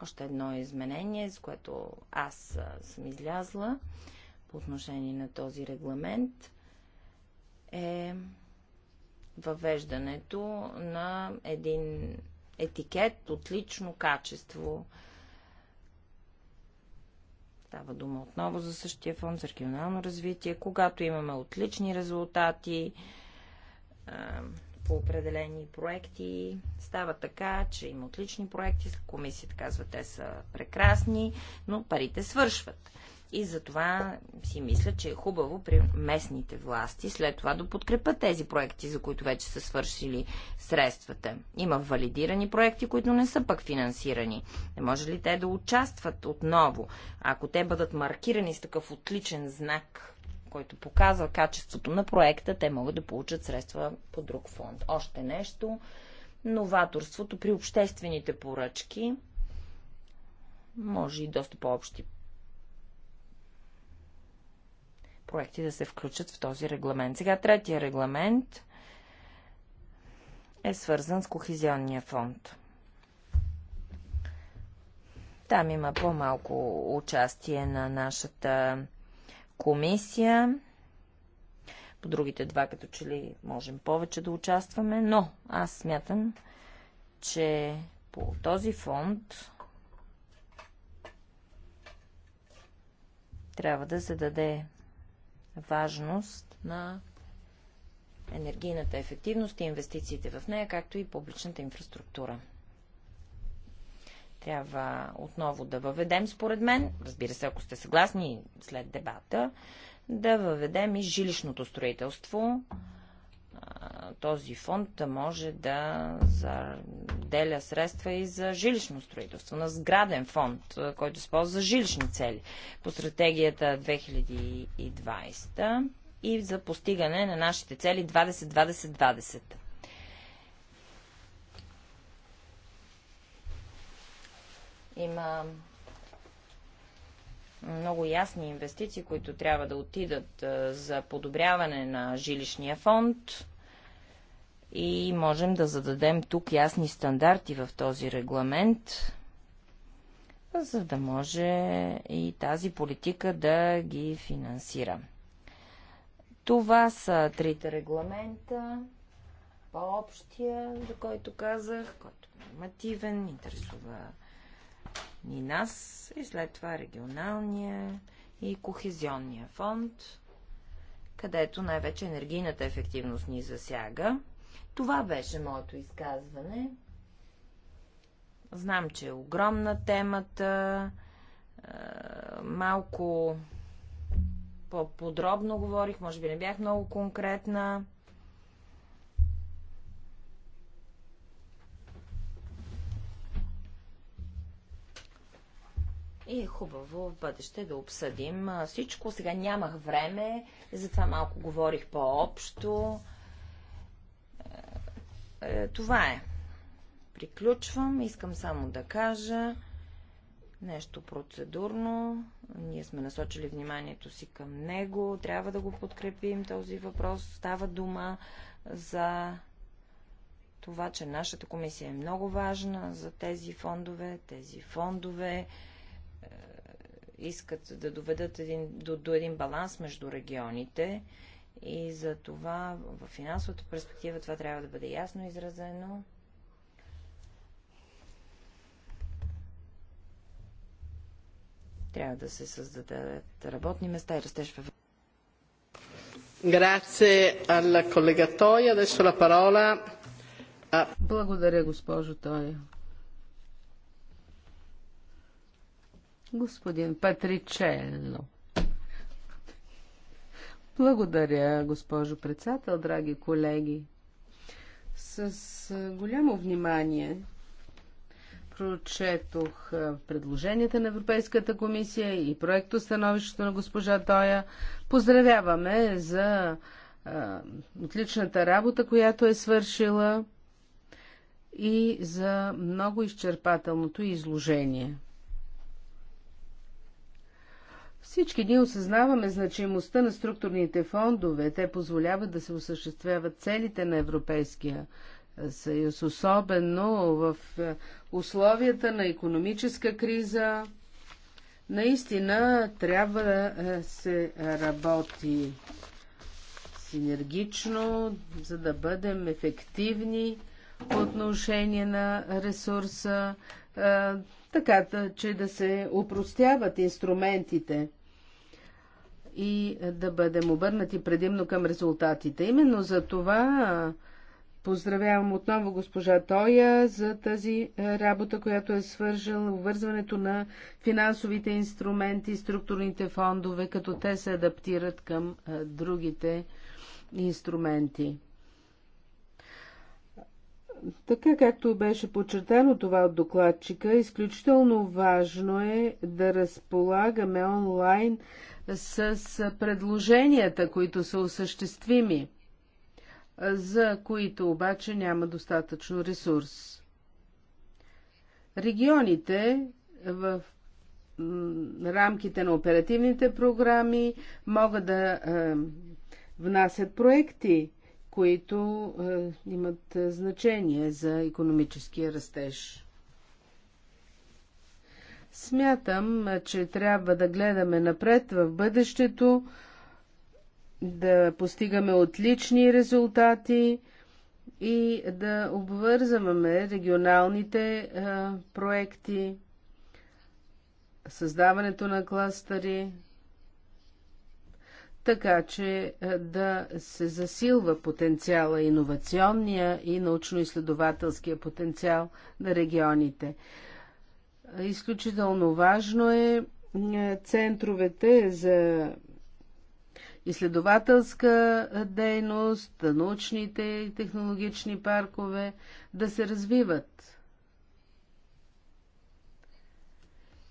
Още едно изменение, с което аз съм излязла по отношение на този регламент е въвеждането на един етикет от лично качество. Става дума отново за същия фонд за регионално развитие. Когато имаме отлични резултати е, по определени проекти, става така, че има отлични проекти, комисията казва, те са прекрасни, но парите свършват. И затова си мисля, че е хубаво при местните власти след това да подкрепят тези проекти, за които вече са свършили средствата. Има валидирани проекти, които не са пък финансирани. Не може ли те да участват отново? Ако те бъдат маркирани с такъв отличен знак, който показва качеството на проекта, те могат да получат средства по друг фонд. Още нещо. Новаторството при обществените поръчки може и доста по-общи проекти да се включат в този регламент. Сега третия регламент е свързан с Кохизионния фонд. Там има по-малко участие на нашата комисия. По другите два, като че ли можем повече да участваме, но аз смятам, че по този фонд трябва да се даде важност на енергийната ефективност и инвестициите в нея, както и публичната инфраструктура. Трябва отново да въведем, според мен, разбира се, ако сте съгласни след дебата, да въведем и жилищното строителство, този фонд да може да заделя средства и за жилищно строителство, на сграден фонд, който се ползва за жилищни цели по стратегията 2020 и за постигане на нашите цели 20-20-20. Има много ясни инвестиции, които трябва да отидат за подобряване на жилищния фонд, и можем да зададем тук ясни стандарти в този регламент, за да може и тази политика да ги финансира. Това са трите регламента. По-общия, за който казах, който е нормативен, интересува ни нас и след това регионалния и кохезионния фонд, където най-вече енергийната ефективност ни засяга. Това беше моето изказване. Знам, че е огромна темата. Малко по-подробно говорих, може би не бях много конкретна. И е хубаво в бъдеще да обсъдим всичко. Сега нямах време, затова малко говорих по-общо е, това е. Приключвам. Искам само да кажа нещо процедурно. Ние сме насочили вниманието си към него. Трябва да го подкрепим този въпрос. Става дума за това, че нашата комисия е много важна за тези фондове. Тези фондове е, искат да доведат един, до, до един баланс между регионите и за това в финансовата перспектива това трябва да бъде ясно изразено. Трябва да се създадат работни места и растеж в благодаря, госпожо Тоя. Господин Патричело. Благодаря, госпожо председател, драги колеги. С голямо внимание прочетох предложенията на Европейската комисия и проекто становището на госпожа Тоя. Поздравяваме за отличната работа, която е свършила и за много изчерпателното изложение. Всички ние осъзнаваме значимостта на структурните фондове. Те позволяват да се осъществяват целите на Европейския е, съюз, особено в е, условията на економическа криза. Наистина трябва да е, се работи синергично, за да бъдем ефективни по отношение на ресурса, така че да се упростяват инструментите и да бъдем обърнати предимно към резултатите. Именно за това поздравявам отново госпожа Тоя за тази работа, която е свържала. вързването на финансовите инструменти, структурните фондове, като те се адаптират към другите инструменти. Така както беше подчертано това от докладчика, изключително важно е да разполагаме онлайн с предложенията, които са осъществими, за които обаче няма достатъчно ресурс. Регионите в рамките на оперативните програми могат да внасят проекти, които е, имат е, значение за економическия растеж. Смятам, е, че трябва да гледаме напред в бъдещето, да постигаме отлични резултати и да обвързваме регионалните е, проекти, създаването на кластъри, така че е, да се засилва потенциала, иновационния и научно-изследователския потенциал на регионите. Изключително важно е, е центровете за изследователска е, дейност, научните и технологични паркове да се развиват.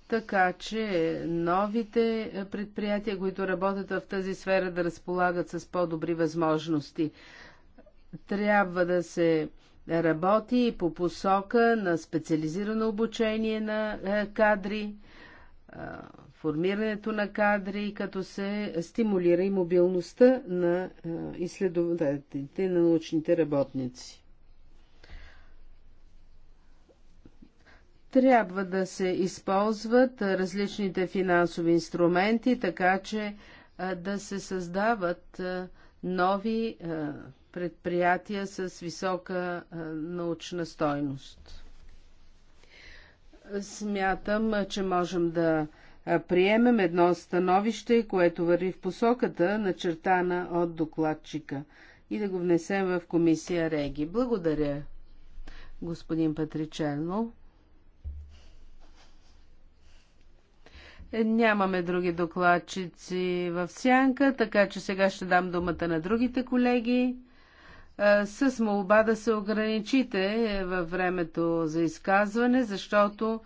така че новите предприятия, които работят в тази сфера, да разполагат с по-добри възможности. Трябва да се работи по посока на специализирано обучение на е, кадри, е, формирането на кадри, като се стимулира и мобилността на е, изследователите, на научните работници. Трябва да се използват различните финансови инструменти, така че да се създават нови предприятия с висока научна стойност. Смятам, че можем да приемем едно становище, което върви в посоката, начертана от докладчика, и да го внесем в комисия Реги. Благодаря, господин Патричено. Нямаме други докладчици в сянка, така че сега ще дам думата на другите колеги. С молба да се ограничите във времето за изказване, защото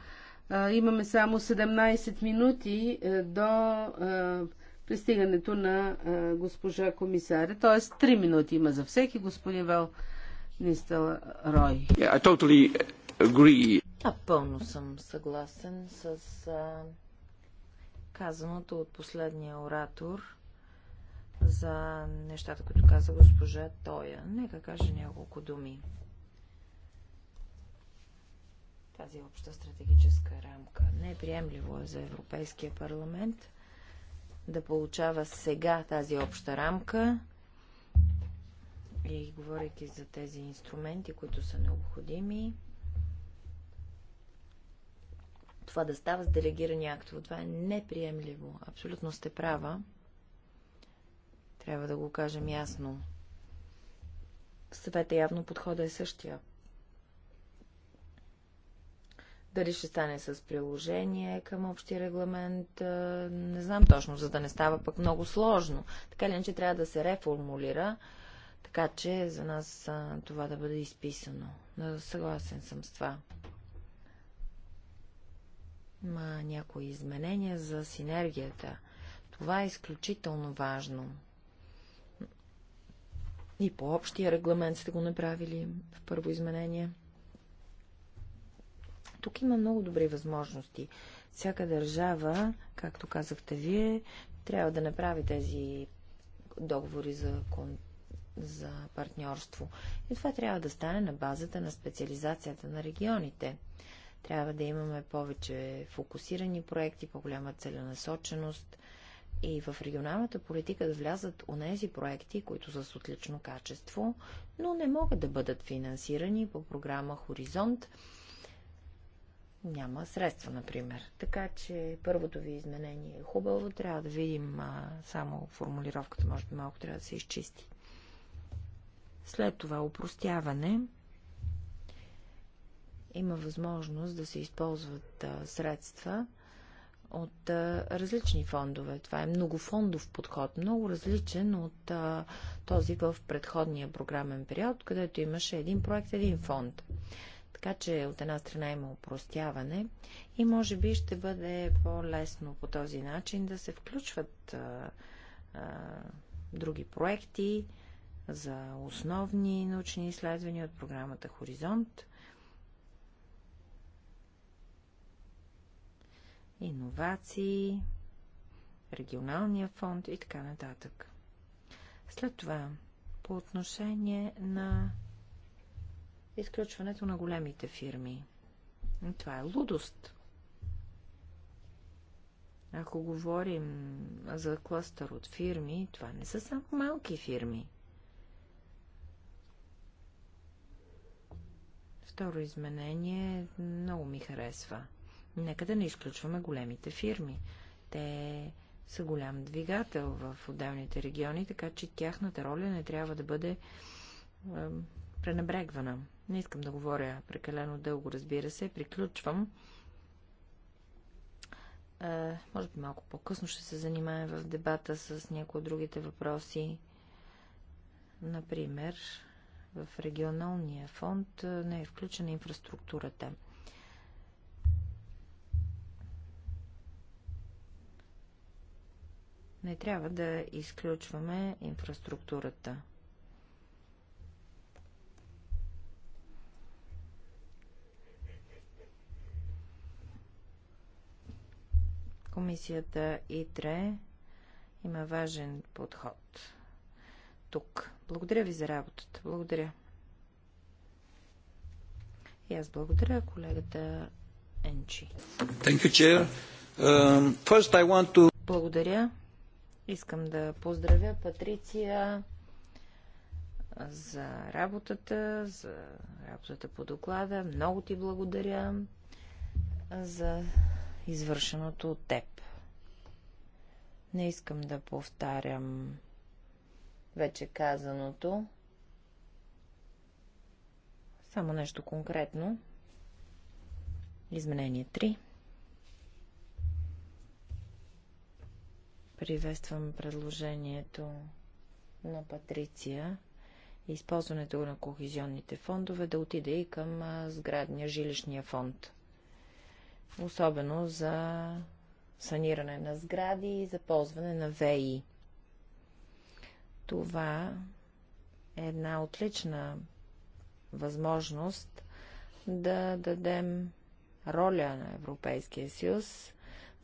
имаме само 17 минути е, до пристигането на госпожа комисаря. Тоест 3 минути има за всеки господин Вел Нистел Рой. Yeah, I totally agree. Напълно съм съгласен с казаното от последния оратор за нещата, които каза госпожа Тоя. Нека каже няколко думи. Тази обща стратегическа рамка. Не е приемливо за Европейския парламент да получава сега тази обща рамка и говорейки за тези инструменти, които са необходими, това да става с делегирани актове. Това е неприемливо. Абсолютно сте права. Трябва да го кажем ясно. В съвета явно подхода е същия. Дали ще стане с приложение към общия регламент, не знам точно, за да не става пък много сложно. Така ли, че трябва да се реформулира, така че за нас това да бъде изписано. Но съгласен съм с това. Има някои изменения за синергията. Това е изключително важно. И по общия регламент сте го направили в първо изменение. Тук има много добри възможности. Всяка държава, както казахте вие, трябва да направи тези договори за, кон... за партньорство. И това трябва да стане на базата на специализацията на регионите. Трябва да имаме повече фокусирани проекти, по-голяма целенасоченост и в регионалната политика да влязат нези проекти, които са с отлично качество, но не могат да бъдат финансирани по програма Хоризонт. Няма средства, например. Така че първото ви изменение е хубаво. Трябва да видим а, само формулировката, може би малко трябва да се изчисти. След това упростяване има възможност да се използват а, средства от а, различни фондове. Това е многофондов подход, много различен от а, този в предходния програмен период, където имаше един проект, един фонд. Така че от една страна има упростяване и може би ще бъде по-лесно по този начин да се включват а, а, други проекти за основни научни изследвания от програмата Хоризонт иновации, регионалния фонд и така нататък. След това, по отношение на изключването на големите фирми. Това е лудост. Ако говорим за кластър от фирми, това не са само малки фирми. Второ изменение много ми харесва – Нека да не изключваме големите фирми. Те са голям двигател в отделните региони, така че тяхната роля не трябва да бъде е, пренебрегвана. Не искам да говоря прекалено дълго, разбира се. Приключвам. Е, може би малко по-късно ще се занимаем в дебата с някои от другите въпроси. Например, в регионалния фонд не е включена инфраструктурата. Не трябва да изключваме инфраструктурата. Комисията ИТРЕ има важен подход тук. Благодаря ви за работата. Благодаря. И аз благодаря колегата Енчи. Um, благодаря. Искам да поздравя Патриция за работата, за работата по доклада. Много ти благодаря за извършеното от теб. Не искам да повтарям вече казаното. Само нещо конкретно. Изменение 3. Приветствам предложението на Патриция и използването на кохезионните фондове да отиде и към сградния жилищния фонд. Особено за саниране на сгради и за ползване на ВИ. Това е една отлична възможност да дадем роля на Европейския съюз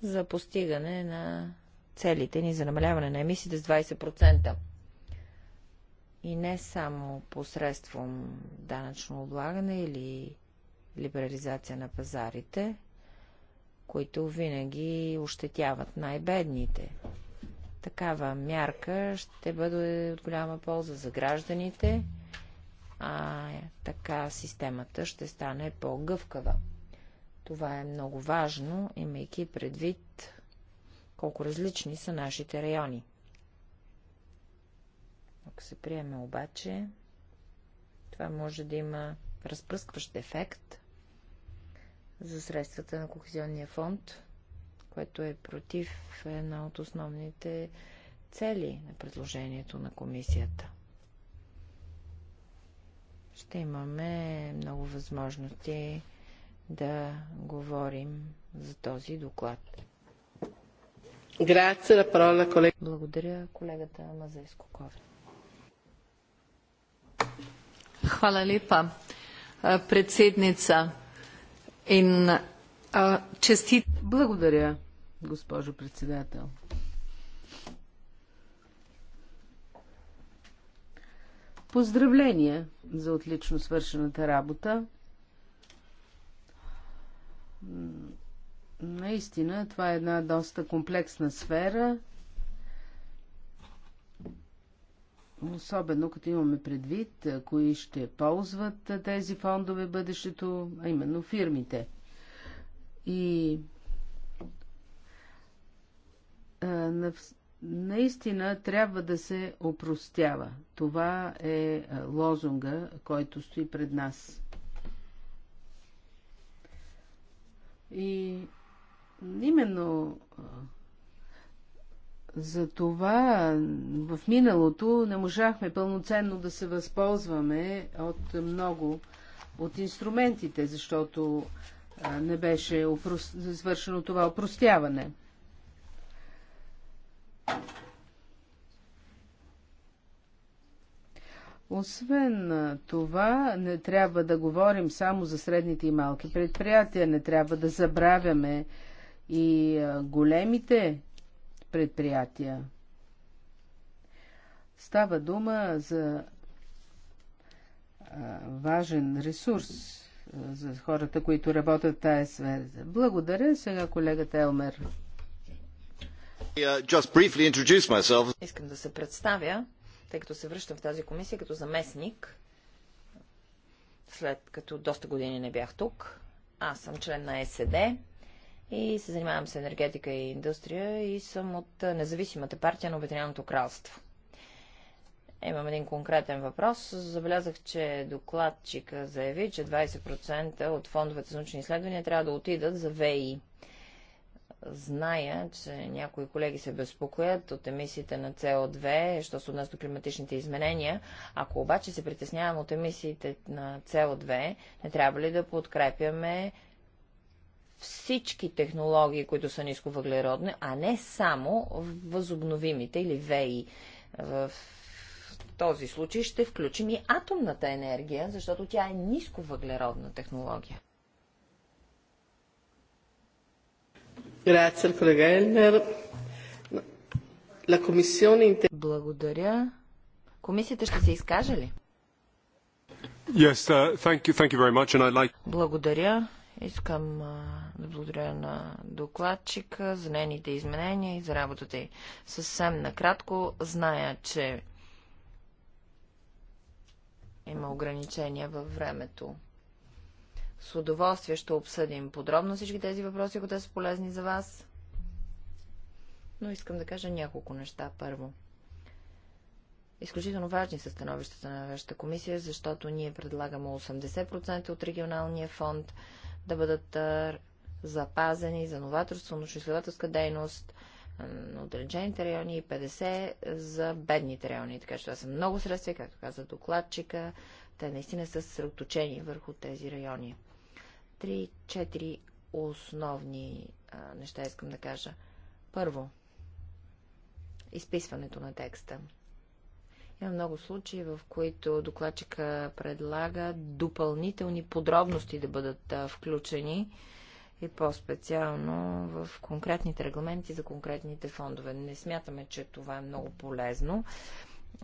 за постигане на целите ни за намаляване на емисиите с 20%. И не само посредством данъчно облагане или либерализация на пазарите, които винаги ощетяват най-бедните. Такава мярка ще бъде от голяма полза за гражданите, а така системата ще стане по-гъвкава. Това е много важно, имайки предвид колко различни са нашите райони. Ако се приеме обаче, това може да има разпръскващ ефект за средствата на Кохезионния фонд, което е против една от основните цели на предложението на комисията. Ще имаме много възможности да говорим за този доклад. Благодаря колегата Мазейско Ковен. Hvala lepa, predsednica. In честит... Благодаря, госпожо председател. Поздравления за отлично свършената работа Наистина, това е една доста комплексна сфера, особено като имаме предвид, кои ще ползват тези фондове бъдещето, а именно фирмите. И наистина трябва да се опростява. Това е лозунга, който стои пред нас. И Именно за това в миналото не можахме пълноценно да се възползваме от много от инструментите, защото не беше извършено това опростяване. Освен това, не трябва да говорим само за средните и малки предприятия, не трябва да забравяме и големите предприятия. Става дума за важен ресурс за хората, които работят в тази сфера. Благодаря сега колегата Елмер. Искам да се представя, тъй като се връщам в тази комисия като заместник, след като доста години не бях тук. Аз съм член на е СД, и се занимавам с енергетика и индустрия и съм от независимата партия на Обединеното кралство. Имам един конкретен въпрос. Забелязах, че докладчика заяви, че 20% от фондовете за научни изследвания трябва да отидат за ВИ. Зная, че някои колеги се безпокоят от емисиите на со 2 що се отнася до климатичните изменения. Ако обаче се притеснявам от емисиите на со 2 не трябва ли да подкрепяме всички технологии, които са нисковъглеродни, а не само възобновимите или веи. В този случай ще включим и атомната енергия, защото тя е нисковъглеродна технология. Благодаря. Комисията ще се изкаже ли? Uh, Благодаря. Искам да благодаря на докладчика за нейните изменения и за работата й. Съвсем накратко, зная, че има ограничения във времето. С удоволствие ще обсъдим подробно всички тези въпроси, ако те са полезни за вас. Но искам да кажа няколко неща първо. Изключително важни са становищата на вашата комисия, защото ние предлагаме 80% от регионалния фонд, да бъдат запазени за новаторство, научно-изследователска дейност на отдалечените райони и 50 за бедните райони. Така че това са много средства, както каза докладчика. Те наистина са съсредоточени върху тези райони. Три-четири основни а, неща искам да кажа. Първо, изписването на текста. Има много случаи, в които докладчика предлага допълнителни подробности да бъдат включени и по-специално в конкретните регламенти за конкретните фондове. Не смятаме, че това е много полезно,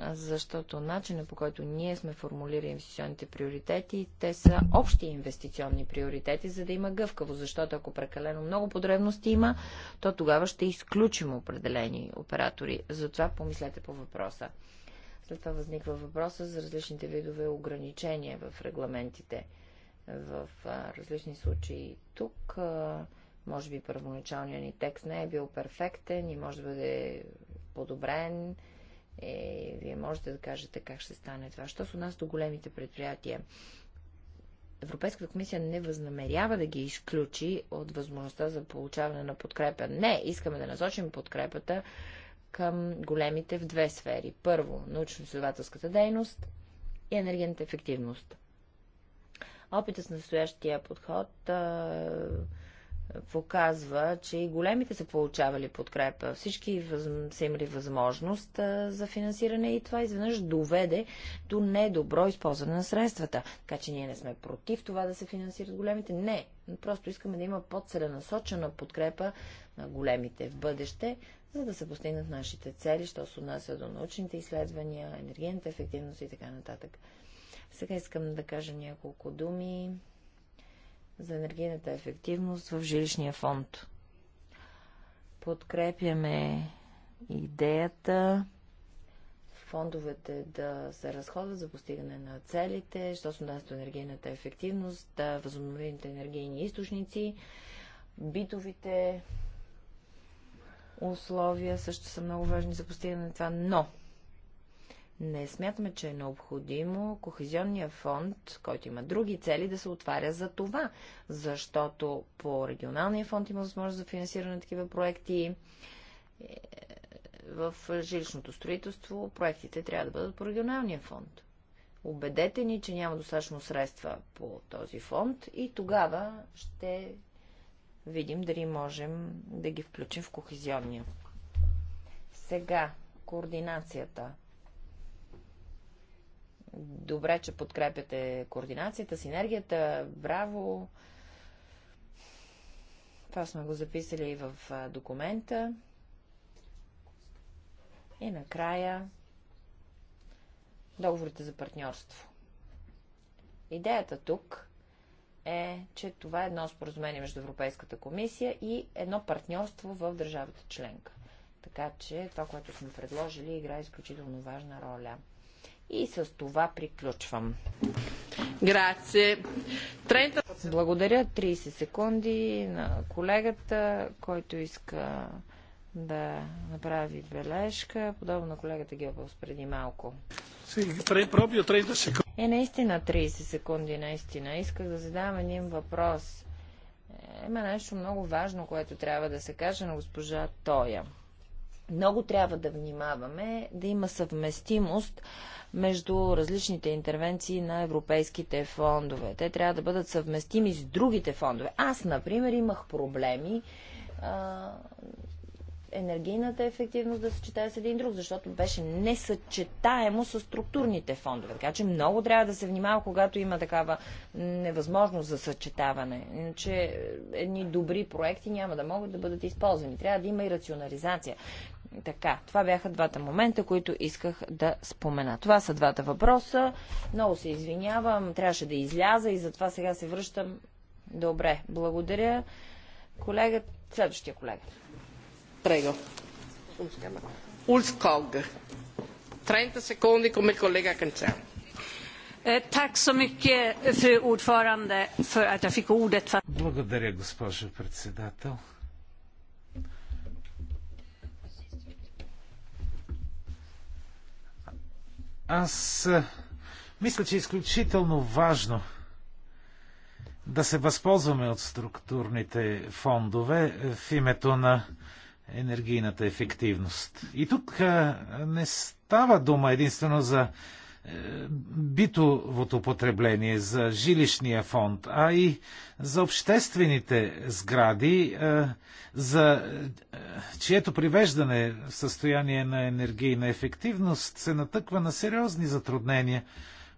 защото начинът по който ние сме формулирали инвестиционните приоритети, те са общи инвестиционни приоритети, за да има гъвкаво, защото ако прекалено много подребности има, то тогава ще изключим определени оператори. Затова помислете по въпроса. След това възниква въпроса за различните видове ограничения в регламентите. В различни случаи тук, може би първоначалният ни текст не е бил перфектен и може да бъде подобрен. Е, вие можете да кажете как ще стане това. Що с нас до големите предприятия? Европейската комисия не възнамерява да ги изключи от възможността за получаване на подкрепа. Не, искаме да насочим подкрепата към големите в две сфери. Първо, научно-изследователската дейност и енергийната ефективност. Опитът с настоящия подход а, показва, че и големите са получавали подкрепа. Всички въз... са имали възможност а, за финансиране и това изведнъж доведе до недобро използване на средствата. Така че ние не сме против това да се финансират големите. Не, просто искаме да има по-целенасочена подкрепа на големите в бъдеще, за да се постигнат нашите цели, що се отнася до научните изследвания, енергийната ефективност и така нататък. Сега искам да кажа няколко думи за енергийната ефективност в жилищния фонд. Подкрепяме идеята фондовете да се разходват за постигане на целите, що се отнася до енергийната ефективност, да възобновените енергийни източници, битовите условия също са много важни за постигане на това, но не смятаме, че е необходимо Кохезионния фонд, който има други цели, да се отваря за това, защото по регионалния фонд има възможност за финансиране на такива проекти. Е, в жилищното строителство проектите трябва да бъдат по регионалния фонд. Убедете ни, че няма достатъчно средства по този фонд и тогава ще видим дали можем да ги включим в кохезионния. Сега, координацията. Добре, че подкрепяте координацията, синергията. Браво! Това сме го записали и в документа. И накрая договорите за партньорство. Идеята тук е, че това е едно споразумение между Европейската комисия и едно партньорство в държавата членка. Така че това, което сме предложили, играе изключително важна роля. И с това приключвам. Грация. 30... Благодаря. 30 секунди на колегата, който иска да направи бележка, подобно на колегата Гебелс преди малко. Е, наистина 30 секунди, наистина. Исках да задам един въпрос. Е, има нещо много важно, което трябва да се каже на госпожа Тоя. Много трябва да внимаваме да има съвместимост между различните интервенции на европейските фондове. Те трябва да бъдат съвместими с другите фондове. Аз, например, имах проблеми енергийната ефективност да съчетае с един друг, защото беше несъчетаемо с структурните фондове. Така че много трябва да се внимава, когато има такава невъзможност за съчетаване. Иначе е, едни добри проекти няма да могат да бъдат използвани. Трябва да има и рационализация. Така, това бяха двата момента, които исках да спомена. Това са двата въпроса. Много се извинявам, трябваше да изляза и затова сега се връщам. Добре, благодаря. Колега, следващия колега. Eh, tack så mycket, fru ordförande, för att jag fick ordet. Благодаря, госпожо председател. Аз е, мисля, че е изключително важно да се възползваме от структурните фондове е, в името на енергийната ефективност. И тук не става дума единствено за е, битовото потребление, за жилищния фонд, а и за обществените сгради, е, за е, чието привеждане в състояние на енергийна ефективност се натъква на сериозни затруднения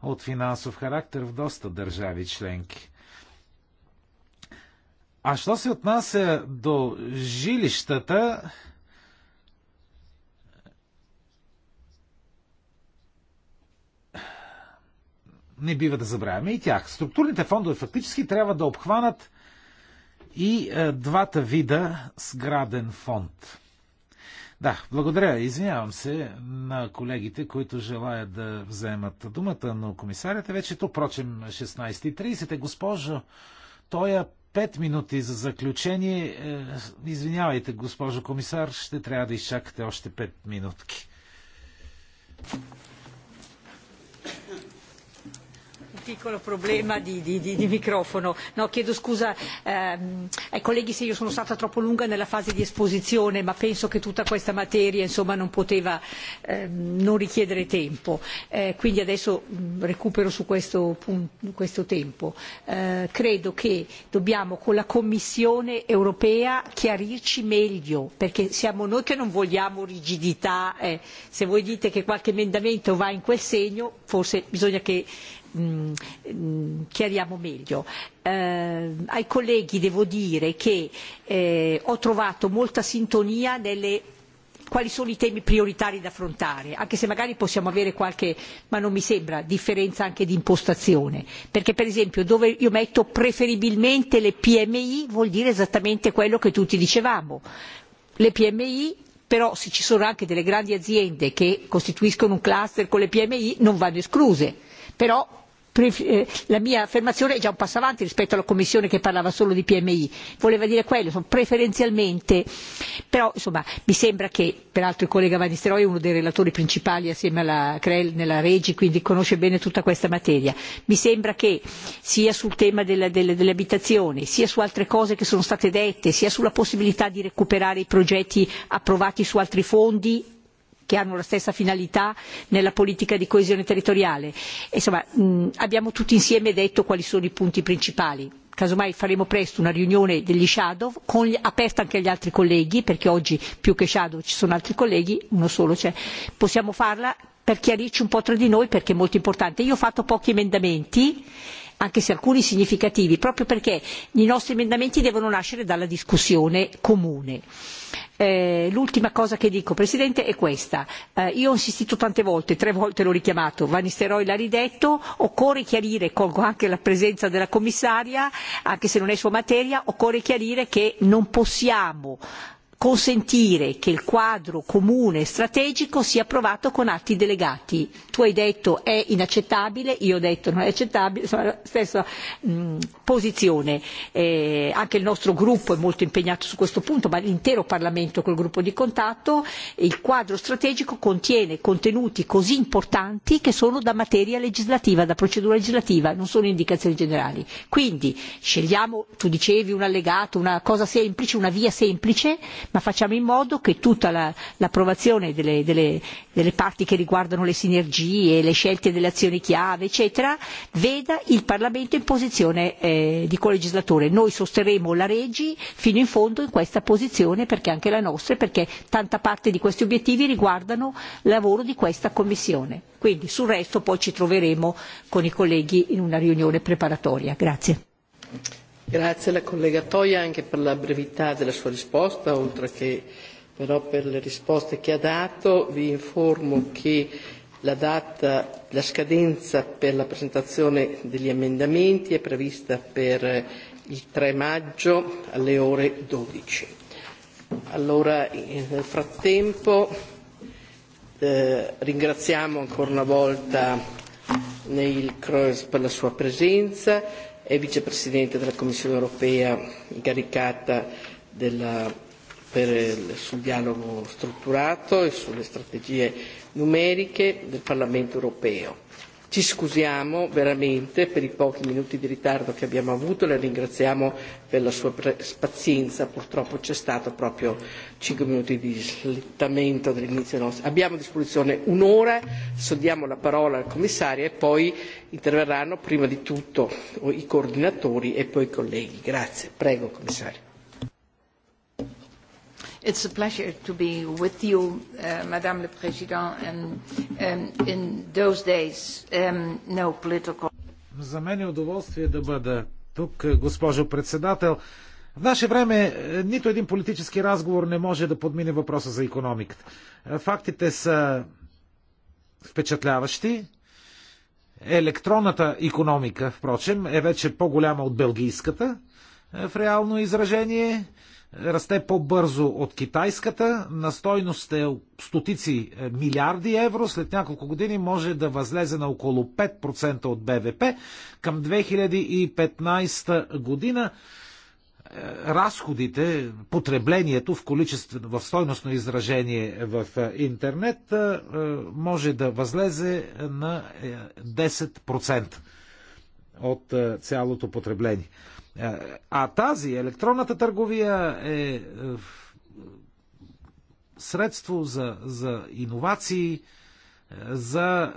от финансов характер в доста държави членки. А що се отнася до жилищата, не бива да забравяме и тях. Структурните фондове фактически трябва да обхванат и е, двата вида сграден фонд. Да, благодаря. Извинявам се на колегите, които желаят да вземат думата, но комисарят е вече тук. Прочим, 16.30 е, госпожо. Той е Пет минути за заключение. Е, извинявайте, госпожо комисар, ще трябва да изчакате още пет минутки. piccolo problema di, di, di, di microfono. No, chiedo scusa ehm, ai colleghi se io sono stata troppo lunga nella fase di esposizione, ma penso che tutta questa materia insomma, non poteva ehm, non richiedere tempo. Eh, quindi adesso mh, recupero su questo, punto, questo tempo. Eh, credo che dobbiamo con la Commissione europea chiarirci meglio, perché siamo noi che non vogliamo rigidità. Eh. Se voi dite che qualche emendamento va in quel segno, forse bisogna che chiariamo meglio. ai colleghi devo dire che ho trovato molta sintonia nelle quali sono i temi prioritari da affrontare anche se magari possiamo avere qualche ma non mi sembra differenza anche di impostazione perché per esempio dove io metto preferibilmente le PMI vuol dire esattamente quello che tutti dicevamo le PMI però se ci sono anche delle grandi aziende che costituiscono un cluster con le PMI non vanno escluse però la mia affermazione è già un passo avanti rispetto alla Commissione che parlava solo di PMI, voleva dire quello, preferenzialmente, però insomma mi sembra che, peraltro il collega Van Nistelrooy è uno dei relatori principali assieme alla CREL nella Regi, quindi conosce bene tutta questa materia, mi sembra che sia sul tema delle abitazioni, sia su altre cose che sono state dette, sia sulla possibilità di recuperare i progetti approvati su altri fondi che hanno la stessa finalità nella politica di coesione territoriale. Insomma, abbiamo tutti insieme detto quali sono i punti principali. Casomai faremo presto una riunione degli shadow, aperta anche agli altri colleghi, perché oggi più che shadow ci sono altri colleghi, uno solo c'è. Possiamo farla per chiarirci un po' tra di noi perché è molto importante. Io ho fatto pochi emendamenti anche se alcuni significativi, proprio perché i nostri emendamenti devono nascere dalla discussione comune. l'ultima cosa che dico, Presidente, è questa. io ho insistito tante volte, tre volte l'ho richiamato, Van Nistelrooy l'ha ridetto, occorre chiarire, colgo anche la presenza della commissaria, anche se non è sua materia, occorre chiarire che non possiamo consentire che il quadro comune strategico sia approvato con atti delegati. Tu hai detto è inaccettabile, io ho detto non è accettabile, insomma la stessa posizione. anche il nostro gruppo è molto impegnato su questo punto, ma l'intero Parlamento col gruppo di contatto, il quadro strategico contiene contenuti così importanti che sono da materia legislativa, da procedura legislativa, non sono indicazioni generali. Quindi scegliamo, tu dicevi, un allegato, una cosa semplice, una via semplice, ma facciamo in modo che tutta l'approvazione delle, delle, delle parti che riguardano le sinergie, le scelte delle azioni chiave, eccetera, veda il Parlamento in posizione eh, di colegislatore. Noi sosterremo la Regi fino in fondo in questa posizione perché anche la nostra, perché tanta parte di questi obiettivi riguardano il lavoro di questa Commissione. Quindi sul resto poi ci troveremo con i colleghi in una riunione preparatoria. Grazie. Grazie alla collega Toia anche per la brevità della sua risposta, oltre che però per le risposte che ha dato. Vi informo che la data, la scadenza per la presentazione degli emendamenti è prevista per il 3 maggio alle ore 12. Allora, nel frattempo eh, ringraziamo ancora una volta Neil Kroes per la sua presenza e vicepresidente della Commissione europea incaricata della, per, sul dialogo strutturato e sulle strategie numeriche del Parlamento europeo Ci scusiamo veramente per i pochi minuti di ritardo che abbiamo avuto, la ringraziamo per la sua pazienza, purtroppo c'è stato proprio cinque minuti di slittamento dell'inizio nostro. Abbiamo a disposizione un'ora, so diamo la parola al commissario e poi interverranno prima di tutto i coordinatori e poi i colleghi. Grazie, prego commissario. It's a pleasure to be with you, uh, Madame le Président, and um, in those days, um, no political... За мен е удоволствие да бъда тук, госпожо председател. В наше време е, нито един политически разговор не може да подмине въпроса за економиката. Е, фактите са впечатляващи. Електронната економика, впрочем, е вече по-голяма от белгийската е, в реално изражение расте по-бързо от китайската, на стойност е стотици е, милиарди евро, след няколко години може да възлезе на около 5% от БВП. Към 2015 година е, разходите, потреблението в количество, в стойностно изражение в е, интернет може да възлезе на 10% от цялото потребление. Е, а тази електронната търговия е, е средство за, за иновации, е, за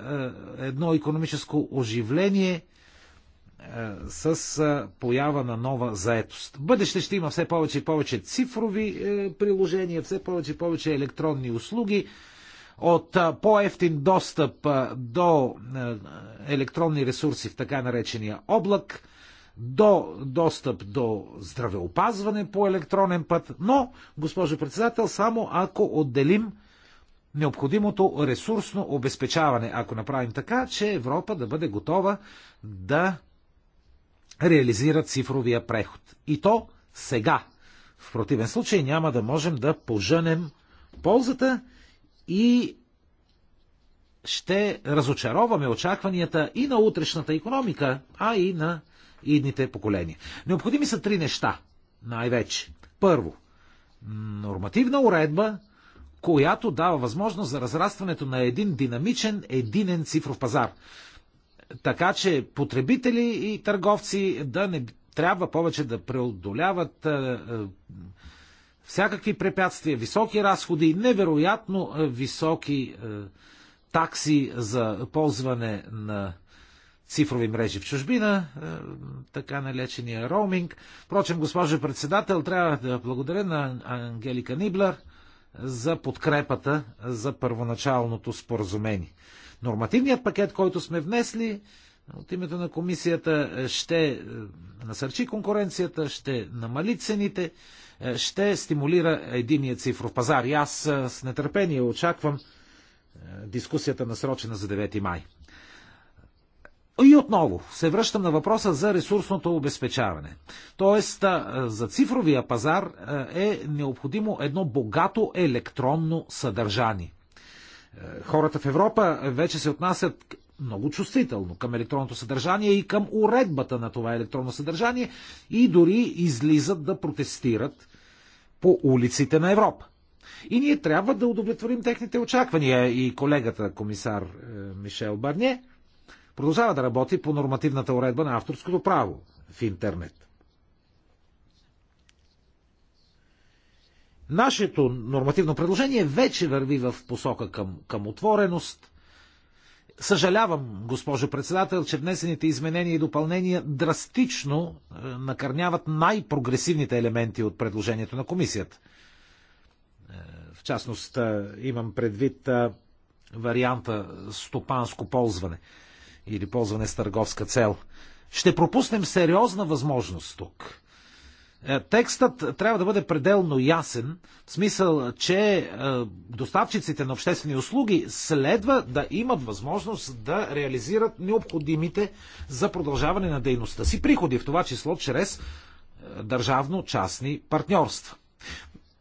едно економическо оживление с поява на нова заетост. Бъдеще ще има все повече и повече цифрови приложения, все повече и повече електронни услуги, от по-ефтин достъп до електронни ресурси в така наречения облак – до достъп до здравеопазване по електронен път, но, госпожо председател, само ако отделим необходимото ресурсно обезпечаване, ако направим така, че Европа да бъде готова да реализира цифровия преход. И то сега. В противен случай няма да можем да поженем ползата и ще разочароваме очакванията и на утрешната економика, а и на идните поколения. Необходими са три неща, най-вече. Първо, нормативна уредба, която дава възможност за разрастването на един динамичен, единен цифров пазар. Така че потребители и търговци да не трябва повече да преодоляват а, е, а, е, всякакви препятствия, високи разходи, невероятно а, е, високи а, такси за ползване на цифрови мрежи в чужбина, е, така налечения роуминг. Впрочем, госпожо председател, трябва да благодаря на Ангелика Ниблер за подкрепата за първоначалното споразумение. Нормативният пакет, който сме внесли от името на комисията, е, ще е, насърчи конкуренцията, ще намали цените, ще стимулира единия цифров пазар. И аз с нетърпение очаквам дискусията насрочена за 9 май. И отново се връщам на въпроса за ресурсното обезпечаване. Тоест, за цифровия пазар е необходимо едно богато електронно съдържание. Хората в Европа вече се отнасят много чувствително към електронното съдържание и към уредбата на това електронно съдържание и дори излизат да протестират по улиците на Европа. И ние трябва да удовлетворим техните очаквания. И колегата комисар е, Мишел Барне продължава да работи по нормативната уредба на авторското право в интернет. Нашето нормативно предложение вече върви в посока към, към отвореност. Съжалявам, госпожо председател, че внесените изменения и допълнения драстично е, накърняват най-прогресивните елементи от предложението на комисията. Е, в частност, е, имам предвид варианта стопанско ползване или ползване с търговска цел. Ще пропуснем сериозна възможност тук. Е, текстът трябва да бъде пределно ясен, в смисъл, че е, доставчиците на обществени услуги следва да имат възможност да реализират необходимите за продължаване на дейността си приходи, в това число чрез е, държавно-частни партньорства.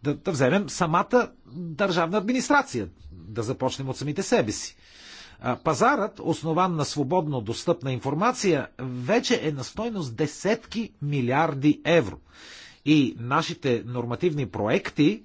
Да, да вземем самата държавна администрация, да започнем от самите себе си. Пазарът, основан на свободно достъпна информация, вече е на стойност десетки милиарди евро. И нашите нормативни проекти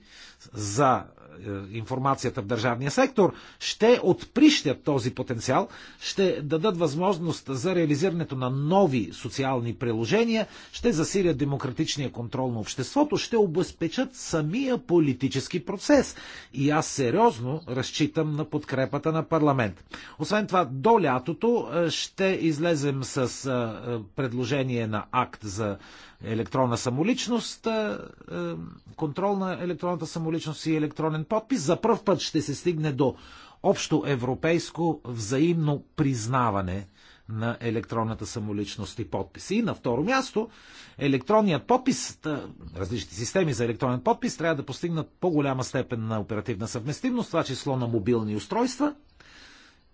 за е, информацията в държавния сектор, ще отприщят този потенциал, ще дадат възможност за реализирането на нови социални приложения, ще засилят демократичния контрол на обществото, ще обезпечат самия политически процес. И аз сериозно разчитам на подкрепата на парламент. Освен това, до лятото е, ще излезем с е, предложение на акт за електронна самоличност, контрол на електронната самоличност и електронен подпис. За първ път ще се стигне до общо европейско взаимно признаване на електронната самоличност и подписи. И на второ място, електронният подпис, различните системи за електронен подпис трябва да постигнат по-голяма степен на оперативна съвместимост, това число на мобилни устройства –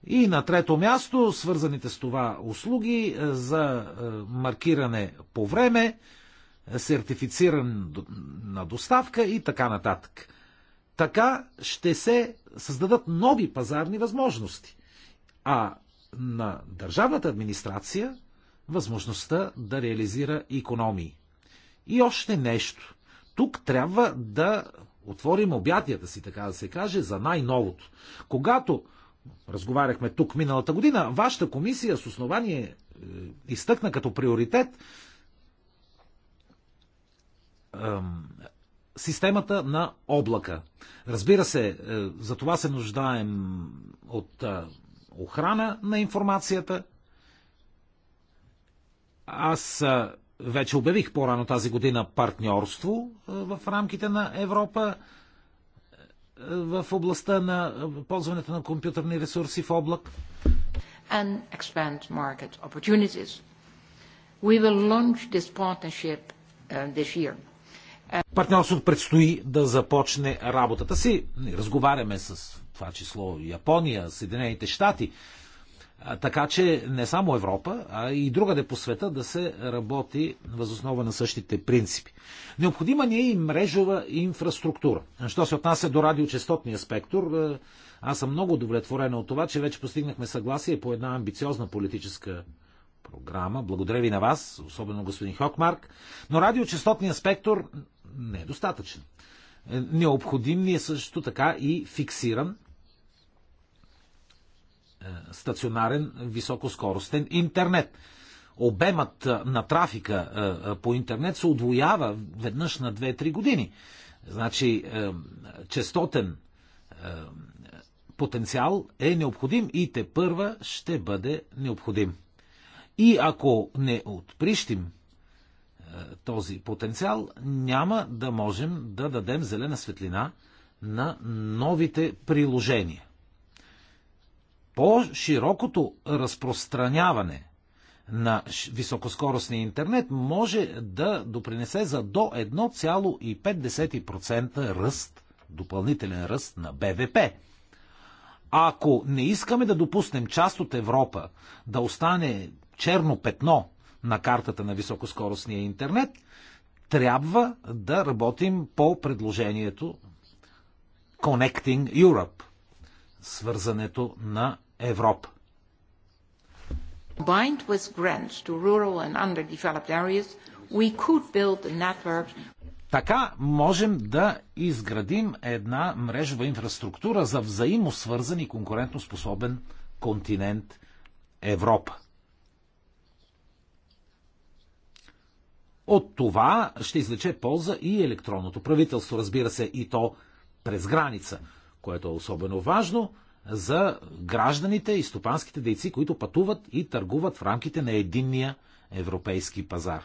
и на трето място, свързаните с това услуги е, за е, маркиране по време, е, на доставка и така нататък. Така ще се създадат нови пазарни възможности. А на държавната администрация възможността да реализира економии. И още нещо. Тук трябва да отворим обятията си, така да се каже, за най-новото. Когато разговаряхме тук миналата година, вашата комисия с основание е, изтъкна като приоритет системата на облака. Разбира се, е, за това се нуждаем от е, охрана на информацията. Аз вече обявих по-рано тази година партньорство в рамките на Европа в областта на е, ползването на компютърни ресурси в облак. And expand market opportunities. We will launch this partnership uh, this year. Партньорството предстои да започне работата си. Разговаряме с това число Япония, Съединените щати. Така че не само Европа, а и другаде по света да се работи възоснова на същите принципи. Необходима ни е и мрежова инфраструктура. Що се отнася до радиочастотния спектър, аз съм много удовлетворен от това, че вече постигнахме съгласие по една амбициозна политическа програма. Благодаря ви на вас, особено господин Хокмарк. Но радиочастотния спектър не е достатъчен. Е, необходим ни е също така и фиксиран стационарен високоскоростен интернет. Обемът на трафика по интернет се удвоява веднъж на 2-3 години. Значи, честотен потенциал е необходим и те първа ще бъде необходим. И ако не отприщим този потенциал, няма да можем да дадем зелена светлина на новите приложения по-широкото разпространяване на високоскоростния интернет може да допринесе за до 1,5% ръст, допълнителен ръст на БВП. Ако не искаме да допуснем част от Европа да остане черно петно на картата на високоскоростния интернет, трябва да работим по предложението Connecting Europe свързането на Европа. Combined with grants to rural and underdeveloped areas, we could build a network така можем да изградим една мрежова инфраструктура за взаимосвързан и конкурентоспособен континент Европа. От това ще излече полза и електронното правителство, разбира се, и то през граница, което е особено важно – за гражданите и стопанските дейци, които пътуват и търгуват в рамките на единния европейски пазар.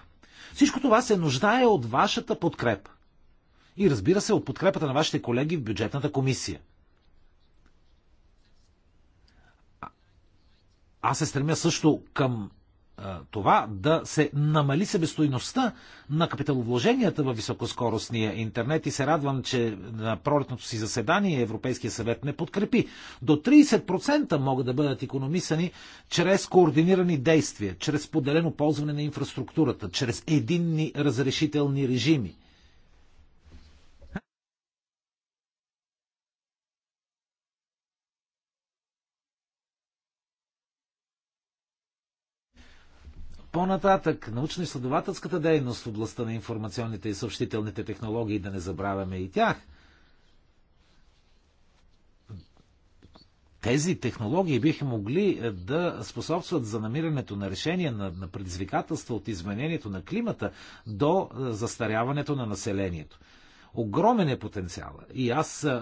Всичко това се нуждае от вашата подкрепа. И разбира се, от подкрепата на вашите колеги в бюджетната комисия. Аз се стремя също към това да се намали себестойността на капиталовложенията във високоскоростния интернет и се радвам, че на пролетното си заседание Европейския съвет ме подкрепи. До 30% могат да бъдат економисани чрез координирани действия, чрез поделено ползване на инфраструктурата, чрез единни разрешителни режими – По-нататък, научно-изследователската дейност в областта на информационните и съобщителните технологии, да не забравяме и тях. Тези технологии биха могли е, да способстват за намирането на решения на, на предизвикателства от изменението на климата до е, застаряването на населението огромен е потенциала. И аз е,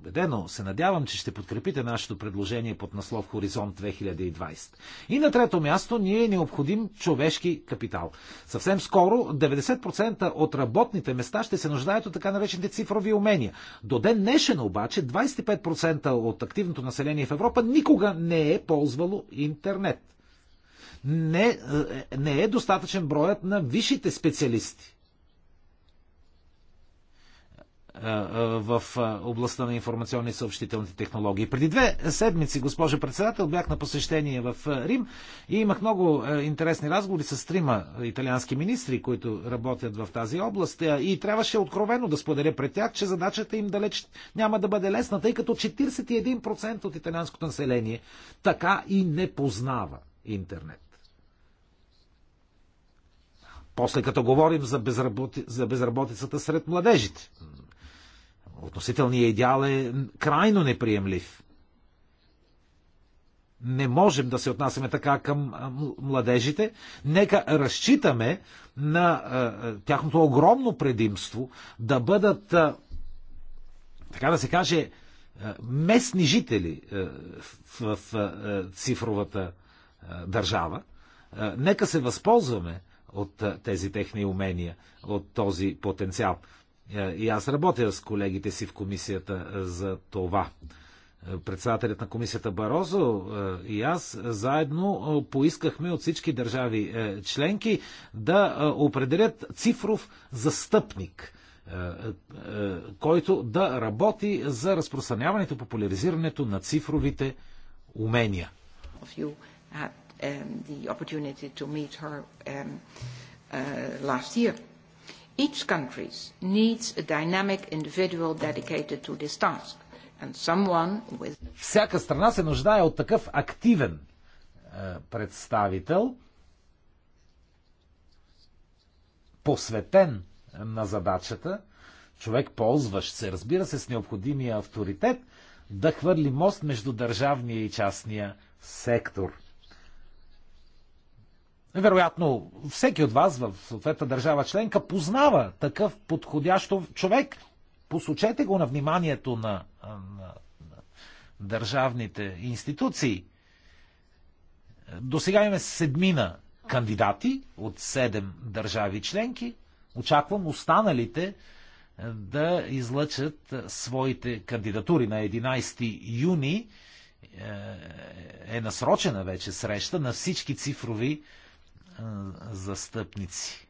убедено се надявам, че ще подкрепите нашето предложение под наслов Хоризонт 2020. И на трето място ние е необходим човешки капитал. Съвсем скоро 90% от работните места ще се нуждаят от така наречените цифрови умения. До ден днешен обаче 25% от активното население в Европа никога не е ползвало интернет. Не, е, не е достатъчен броят на висшите специалисти в областта на информационни и съобщителните технологии. Преди две седмици, госпожа председател, бях на посещение в Рим и имах много интересни разговори с трима италиански министри, които работят в тази област и трябваше откровено да споделя пред тях, че задачата им далеч няма да бъде лесна, тъй като 41% от италианското население така и не познава интернет. После като говорим за, безработи... за безработицата сред младежите, относителният идеал е крайно неприемлив. Не можем да се отнасяме така към младежите. Нека разчитаме на тяхното огромно предимство да бъдат, така да се каже, местни жители в цифровата държава. Нека се възползваме от тези техни умения, от този потенциал. Е, и аз работя с колегите си в комисията е, за това. Е, председателят на комисията Барозо и аз заедно поискахме от всички държави членки да определят цифров застъпник, който да работи за разпространяването, популяризирането на цифровите умения. Each country needs a dynamic individual dedicated to this task. And someone with... Всяка страна се нуждае от такъв активен е, представител, посветен на задачата, човек ползващ се, разбира се, с необходимия авторитет, да хвърли мост между държавния и частния сектор – вероятно, всеки от вас в съответната държава членка познава такъв подходящ човек. Посочете го на вниманието на, на, на държавните институции. До сега имаме седмина кандидати от седем държави членки. Очаквам останалите да излъчат своите кандидатури на 11 юни е, е насрочена вече среща на всички цифрови застъпници.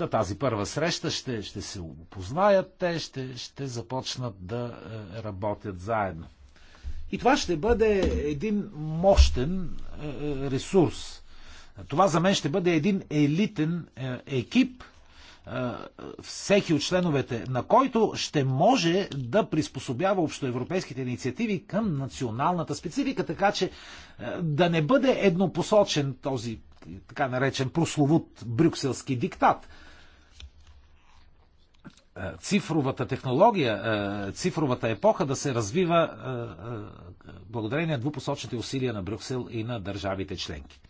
На тази първа среща ще, ще се опознаят те, ще, ще започнат да е, работят заедно. И това ще бъде един мощен е, е, ресурс. Това за мен ще бъде един елитен екип – всеки от членовете, на който ще може да приспособява общоевропейските инициативи към националната специфика, така че да не бъде еднопосочен този така наречен прословут брюкселски диктат цифровата технология, цифровата епоха да се развива благодарение на двупосочните усилия на Брюксел и на държавите членки.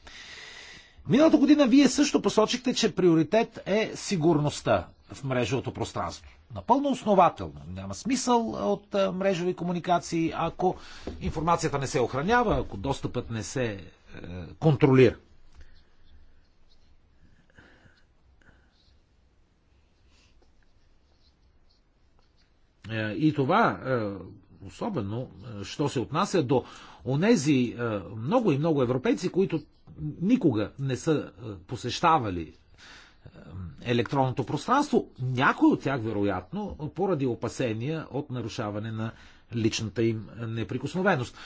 Миналата година вие също посочихте, че приоритет е сигурността в мрежовото пространство. Напълно основателно. Няма смисъл от мрежови комуникации, ако информацията не се охранява, ако достъпът не се е, контролира. Е, и това, е, особено, що се отнася до онези е, много и много европейци, които никога не са е, посещавали е, електронното пространство, някои от тях, вероятно, поради опасения от нарушаване на личната им неприкосновеност,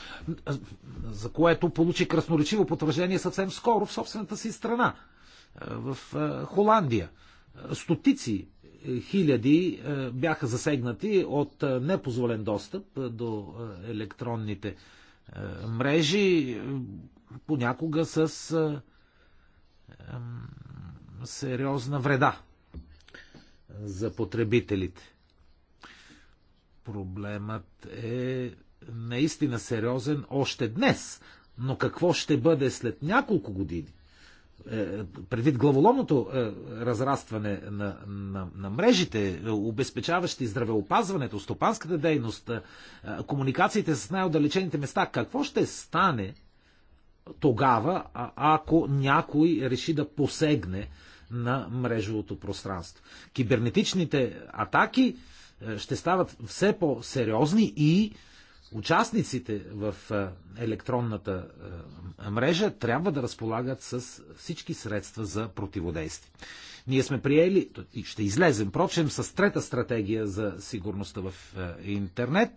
за което получи красноречиво потвържение съвсем скоро в собствената си страна, в Холандия. Стотици хиляди бяха засегнати от непозволен достъп до електронните е, мрежи, понякога с е, сериозна вреда за потребителите. Проблемът е наистина сериозен още днес, но какво ще бъде след няколко години? Е, предвид главоломното е, разрастване на, на, на мрежите, е, обезпечаващи здравеопазването, стопанската дейност, комуникациите с най-отдалечените места, какво ще стане тогава, ако някой реши да посегне на мрежовото пространство? Кибернетичните атаки ще стават все по-сериозни и участниците в електронната мрежа трябва да разполагат с всички средства за противодействие. Ние сме приели, и ще излезем, прочем, с трета стратегия за сигурността в интернет.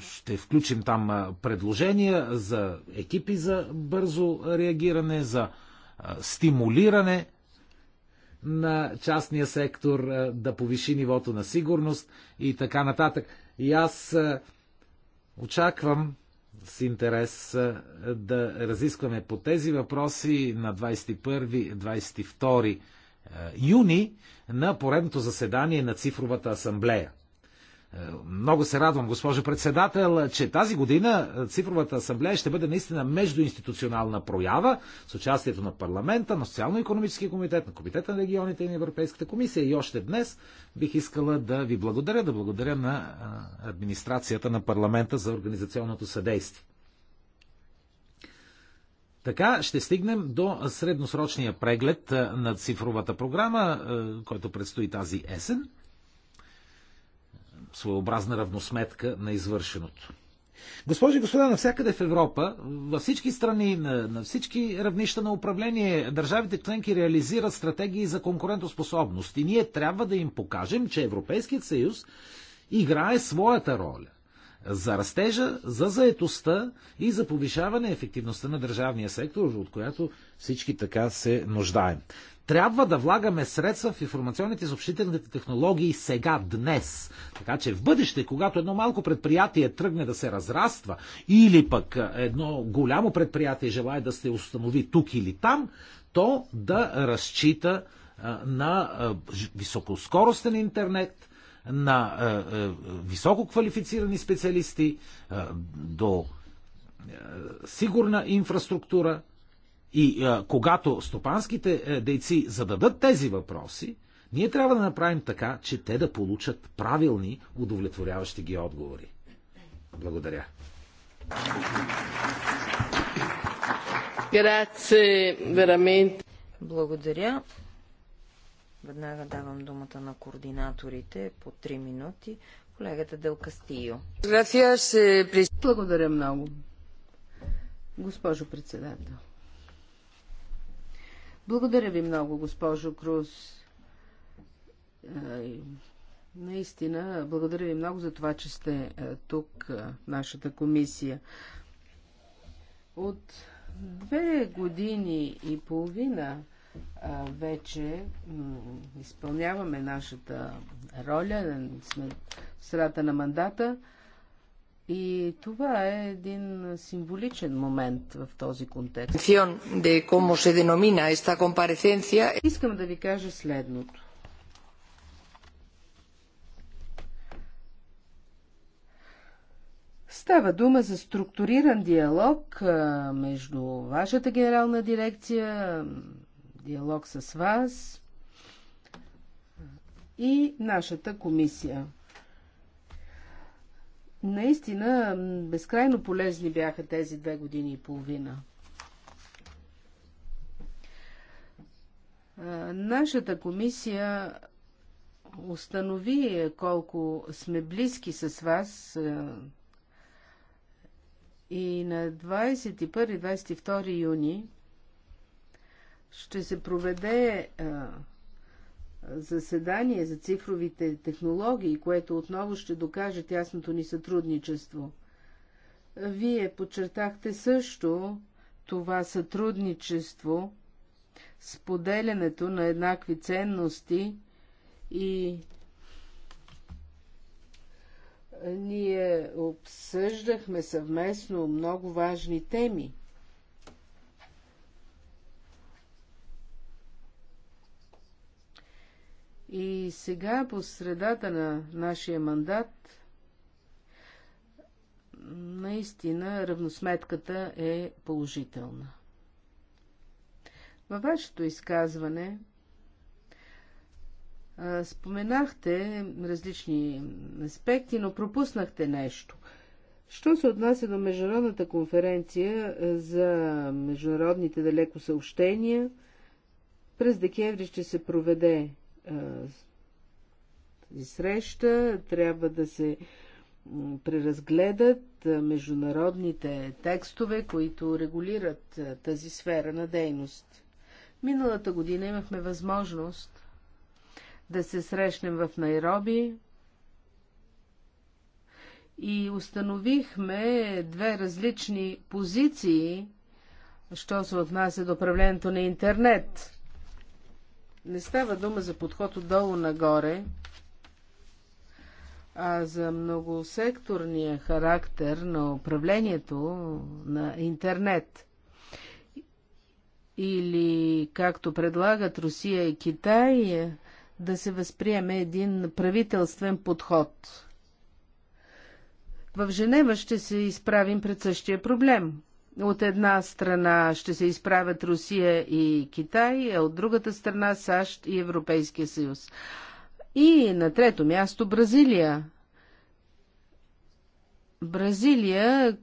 Ще включим там предложения за екипи за бързо реагиране, за стимулиране на частния сектор да повиши нивото на сигурност и така нататък. И аз очаквам с интерес да разискваме по тези въпроси на 21-22 юни на поредното заседание на Цифровата асамблея. Много се радвам, госпожо председател, че тази година цифровата асамблея ще бъде наистина междуинституционална проява с участието на парламента, на Социално-економическия комитет, на Комитета на регионите и на Европейската комисия. И още днес бих искала да ви благодаря, да благодаря на администрацията на парламента за организационното съдействие. Така ще стигнем до средносрочния преглед на цифровата програма, който предстои тази есен – своеобразна равносметка на извършеното. Госпожи и господа, навсякъде в Европа, във всички страни, на, на всички равнища на управление, държавите членки реализират стратегии за конкурентоспособност. И ние трябва да им покажем, че Европейският съюз играе своята роля за растежа, за заетостта и за повишаване ефективността на държавния сектор, от която всички така се нуждаем. Трябва да влагаме средства в информационните и съобщителните технологии сега, днес. Така че в бъдеще, когато едно малко предприятие тръгне да се разраства или пък едно голямо предприятие желая да се установи тук или там, то да разчита на високоскоростен интернет, на е, е, високо квалифицирани специалисти, е, до сигурна инфраструктура. И когато стопанските дейци зададат тези въпроси, ние трябва да направим така, че те да получат правилни, удовлетворяващи ги отговори. Благодаря. Благодаря. Веднага давам думата на координаторите по 3 минути. Колегата Дел Кастио. Eh, благодаря много. Госпожо председател. Благодаря ви много, госпожо Круз. Е, наистина, благодаря ви много за това, че сте е, тук е, в нашата комисия. От две години и половина вече изпълняваме нашата роля, сме в средата на мандата. И това е един символичен момент в този контекст. Искам да ви кажа следното. Става дума за структуриран диалог между вашата генерална дирекция, диалог с вас и нашата комисия. Наистина, безкрайно полезни бяха тези две години и половина. Нашата комисия установи колко сме близки с вас и на 21-22 юни ще се проведе а, заседание за цифровите технологии, което отново ще докаже тясното ни сътрудничество. Вие подчертахте също това сътрудничество, споделянето на еднакви ценности и ние обсъждахме съвместно много важни теми. И сега, по средата на нашия мандат, наистина равносметката е положителна. Във вашето изказване споменахте различни аспекти, но пропуснахте нещо. Що се отнася до Международната конференция за международните далеко съобщения, през декември ще се проведе тази среща. Трябва да се преразгледат международните текстове, които регулират тази сфера на дейност. Миналата година имахме възможност да се срещнем в Найроби и установихме две различни позиции, що се отнася до управлението на интернет не става дума за подход отдолу нагоре, а за многосекторния характер на управлението на интернет. Или, както предлагат Русия и Китай, да се възприеме един правителствен подход. В Женева ще се изправим пред същия проблем. От една страна ще се изправят Русия и Китай, а от другата страна САЩ и Европейския съюз. И на трето място Бразилия. Бразилия,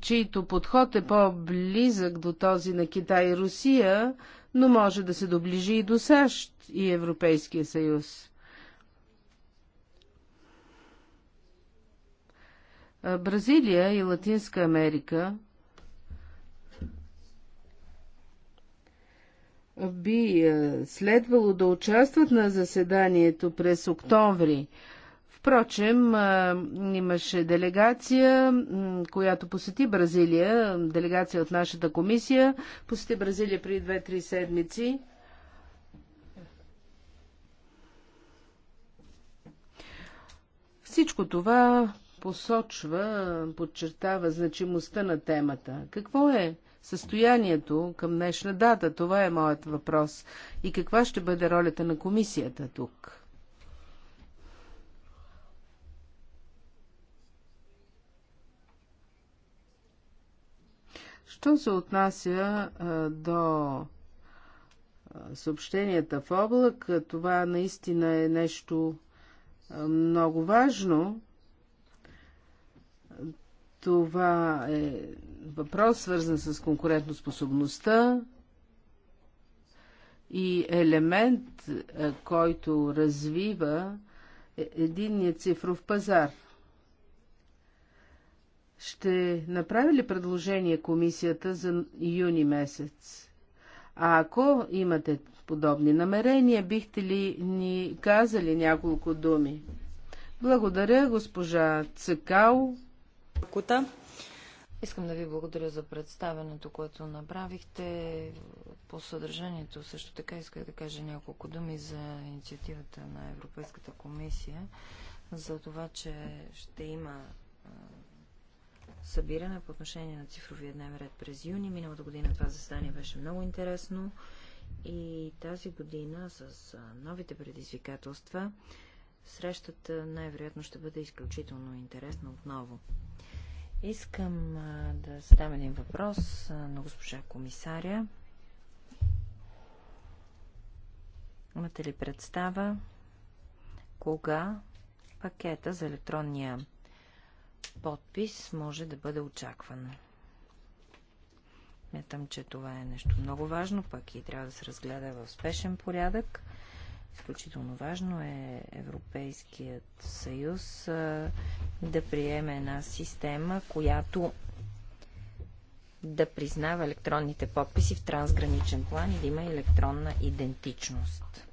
чийто подход е по-близък до този на Китай и Русия, но може да се доближи и до САЩ и Европейския съюз. Бразилия и Латинска Америка – би е, следвало да участват на заседанието през октомври. Впрочем, е, имаше делегация, която посети Бразилия, делегация от нашата комисия, посети Бразилия при 2-3 седмици. Всичко това посочва, подчертава значимостта на темата. Какво е състоянието към днешна дата? Това е моят въпрос. И каква ще бъде ролята на комисията тук? Що се отнася а, до съобщенията в облак, това наистина е нещо много важно. Това е въпрос, свързан с конкурентоспособността и елемент, е, който развива е, единния цифров пазар. Ще направи ли предложение комисията за юни месец? А ако имате подобни намерения, бихте ли ни казали няколко думи? Благодаря, госпожа Цекал. Кута. Искам да ви благодаря за представенето, което направихте. По съдържанието също така исках да кажа няколко думи за инициативата на Европейската комисия, за това, че ще има събиране по отношение на цифровия дневен ред през юни. Миналата година това заседание беше много интересно и тази година с новите предизвикателства Срещата най-вероятно ще бъде изключително интересна отново. Искам а, да задам един въпрос а, на госпожа комисаря. Имате ли представа кога пакета за електронния подпис може да бъде очакван? Мятам, че това е нещо много важно, пък и трябва да се разгледа в спешен порядък. Изключително важно е Европейският съюз да приеме една система, която да признава електронните подписи в трансграничен план и да има електронна идентичност.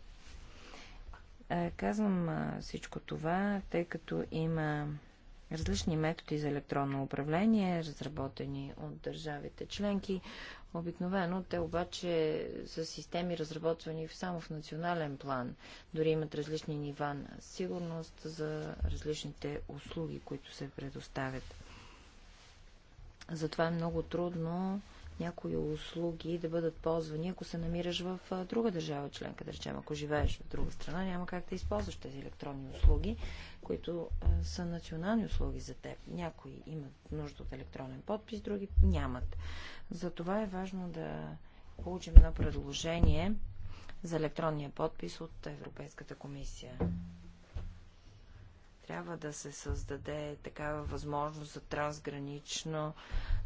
Казвам всичко това, тъй като има различни методи за електронно управление, разработени от държавите членки, Обикновено те обаче са системи разработвани само в национален план. Дори имат различни нива на сигурност за различните услуги, които се предоставят. Затова е много трудно някои услуги да бъдат ползвани, ако се намираш в друга държава членка, да речем, ако живееш в друга страна, няма как да използваш тези електронни услуги, които а, са национални услуги за теб. Някои имат нужда от електронен подпис, други нямат. Затова е важно да получим едно предложение за електронния подпис от Европейската комисия. Трябва да се създаде такава възможност за трансгранично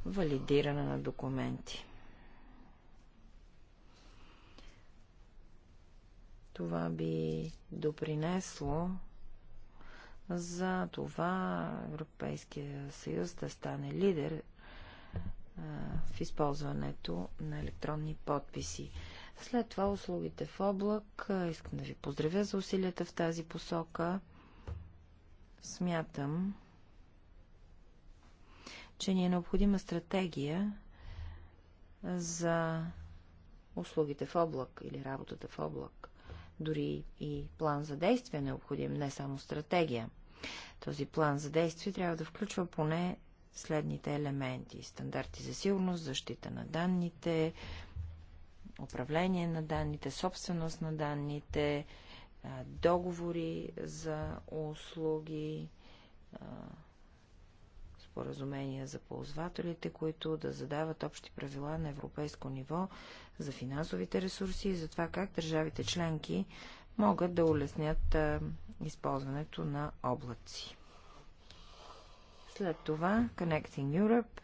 валидиране на документи. Това би допринесло за това Европейския съюз да стане лидер в използването на електронни подписи. След това услугите в облак. Искам да ви поздравя за усилията в тази посока. Смятам, че ни е необходима стратегия за услугите в облак или работата в облак. Дори и план за действие е необходим, не само стратегия – този план за действие трябва да включва поне следните елементи. Стандарти за сигурност, защита на данните, управление на данните, собственост на данните, договори за услуги, споразумения за ползвателите, които да задават общи правила на европейско ниво за финансовите ресурси и за това как държавите членки могат да улеснят използването на облаци. След това Connecting Europe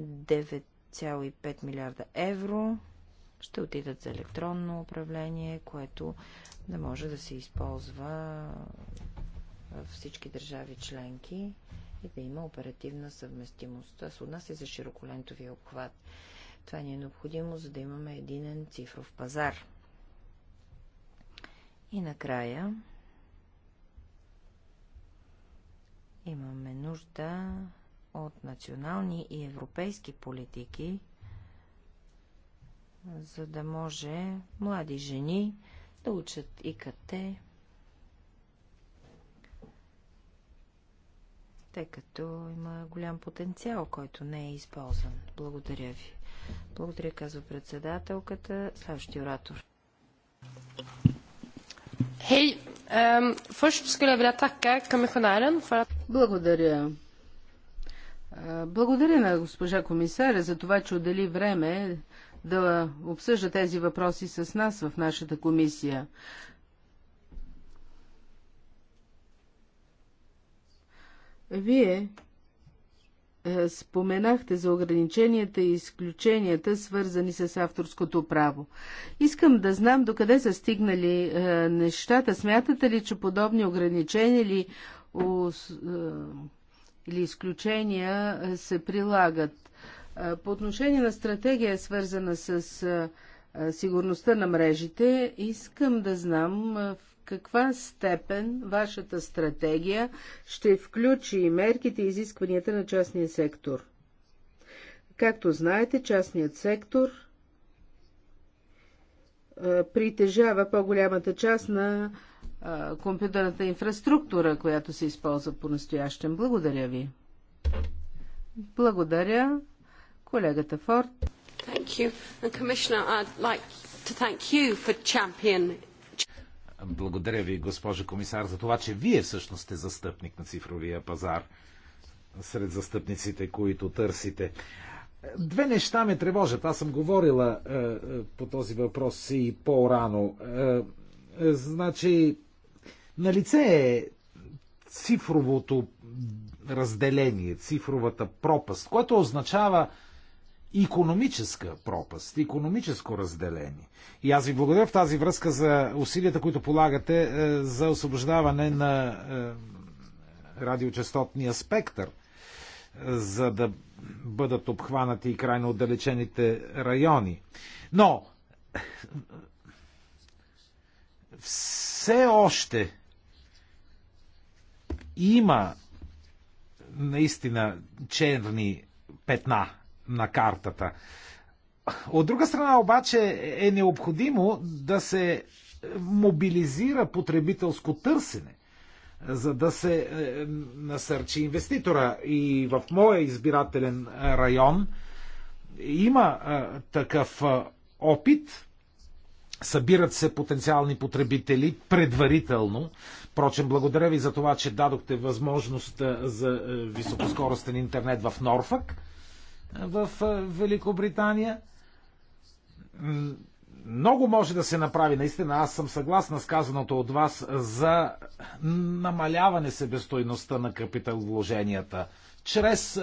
9,5 милиарда евро ще отидат за електронно управление, което да може да се използва във всички държави членки и да има оперативна съвместимост. Това се отнася за широколентовия обхват. Това ни е необходимо, за да имаме единен цифров пазар. И накрая имаме нужда от национални и европейски политики, за да може млади жени да учат и къте, тъй като има голям потенциал, който не е използван. Благодаря ви. Благодаря, казва председателката. Следващия оратор. Hej! Ehm, först skulle jag vilja tacka kommissionären för att... Благодаря. Благодаря на госпожа комисаря за това, че отдели време да обсъжда тези въпроси с нас в нашата комисия. Вие е, споменахте за ограниченията и изключенията, свързани с авторското право. Искам да знам докъде са стигнали е, нещата. Смятате ли, че подобни ограничения или, е, или изключения е, се прилагат? Е, по отношение на стратегия, свързана с сигурността на мрежите, искам да знам в каква степен вашата стратегия ще включи мерките и изискванията на частния сектор? Както знаете, частният сектор притежава по-голямата част на компютърната инфраструктура, която се използва по настоящен Благодаря ви. Благодаря, колегата Форд. Thank you. And Commissioner, I'd like to thank you for championing благодаря ви, госпожо комисар, за това, че вие всъщност сте застъпник на цифровия пазар сред застъпниците, които търсите. Две неща ме тревожат. Аз съм говорила е, е, по този въпрос и по-рано. Е, е, значи, на лице е цифровото разделение, цифровата пропаст, което означава економическа пропаст, економическо разделение. И аз ви благодаря в тази връзка за усилията, които полагате е, за освобождаване на е, радиочастотния спектър, е, за да бъдат обхванати и крайно отдалечените райони. Но все още има наистина черни петна на картата. От друга страна обаче е необходимо да се мобилизира потребителско търсене, за да се е, насърчи инвеститора. И в моя избирателен район има е, такъв е, опит. Събират се потенциални потребители предварително. Впрочем, благодаря ви за това, че дадохте възможност за високоскоростен интернет в Норфък в Великобритания. Много може да се направи, наистина аз съм съгласна с казаното от вас за намаляване себестойността на вложенията, чрез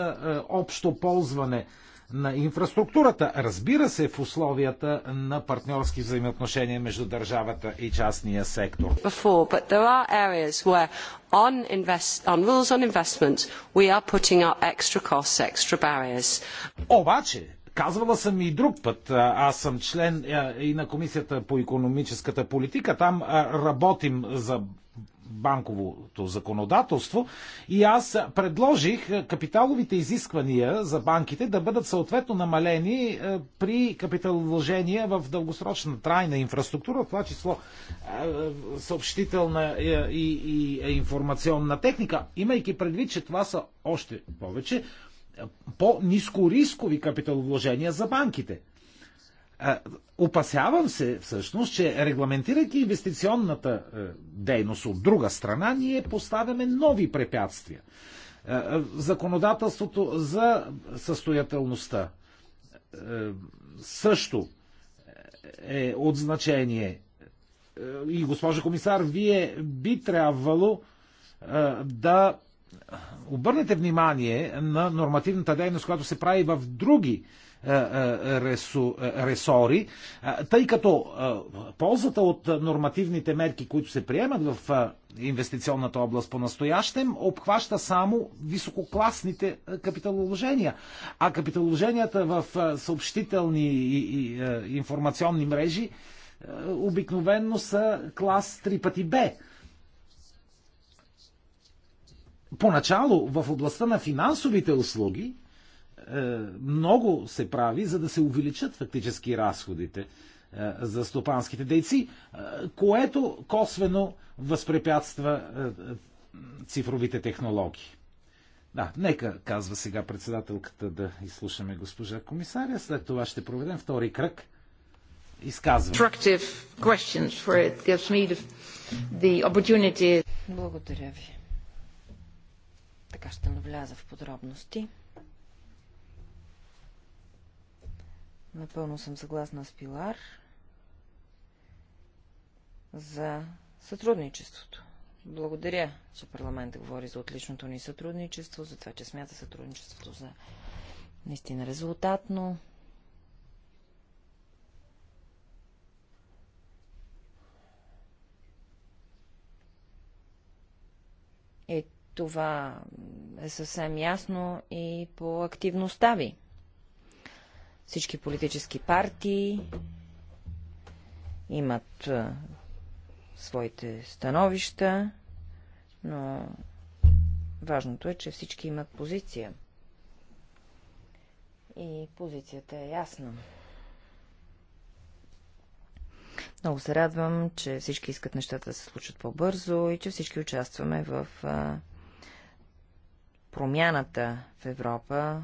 общо ползване на инфраструктурата. Разбира се, в условията на партньорски взаимоотношения между държавата и частния сектор. on, invest, on rules on we are putting up extra costs, extra barriers. Обаче, Казвала съм и друг път. Аз съм член и на Комисията по економическата политика. Там работим за банковото законодателство и аз предложих е, капиталовите изисквания за банките да бъдат съответно намалени е, при капиталовложения в дългосрочна трайна инфраструктура, в това число е, съобщителна и, и информационна техника, имайки предвид, че това са още повече по-низкорискови капиталовложения за банките. Е, опасявам се всъщност, че регламентирайки инвестиционната е, дейност от друга страна, ние поставяме нови препятствия. Е, законодателството за състоятелността също е от значение. И госпожа комисар, вие би трябвало да обърнете внимание на нормативната дейност, която се прави в други е, е, е, ресори, тъй като ползата от нормативните мерки, които се приемат в инвестиционната област по-настоящем, обхваща само висококласните капиталовложения. А капиталовложенията в съобщителни и информационни мрежи обикновенно са клас 3 пъти Б. Поначало в областта на финансовите услуги е, много се прави, за да се увеличат фактически разходите е, за стопанските дейци, е, което косвено възпрепятства цифровите технологии. Да, нека, казва сега председателката, да изслушаме госпожа комисаря. След това ще проведем втори кръг изказване. Благодаря ви. Така ще навляза в подробности. Напълно съм съгласна с Пилар за сътрудничеството. Благодаря, че парламентът говори за отличното ни сътрудничество, за това, че смята сътрудничеството за наистина резултатно. И това е съвсем ясно и по активността ви. Всички политически партии имат своите становища, но важното е, че всички имат позиция. И позицията е ясна. Много се радвам, че всички искат нещата да се случат по-бързо и че всички участваме в промяната в Европа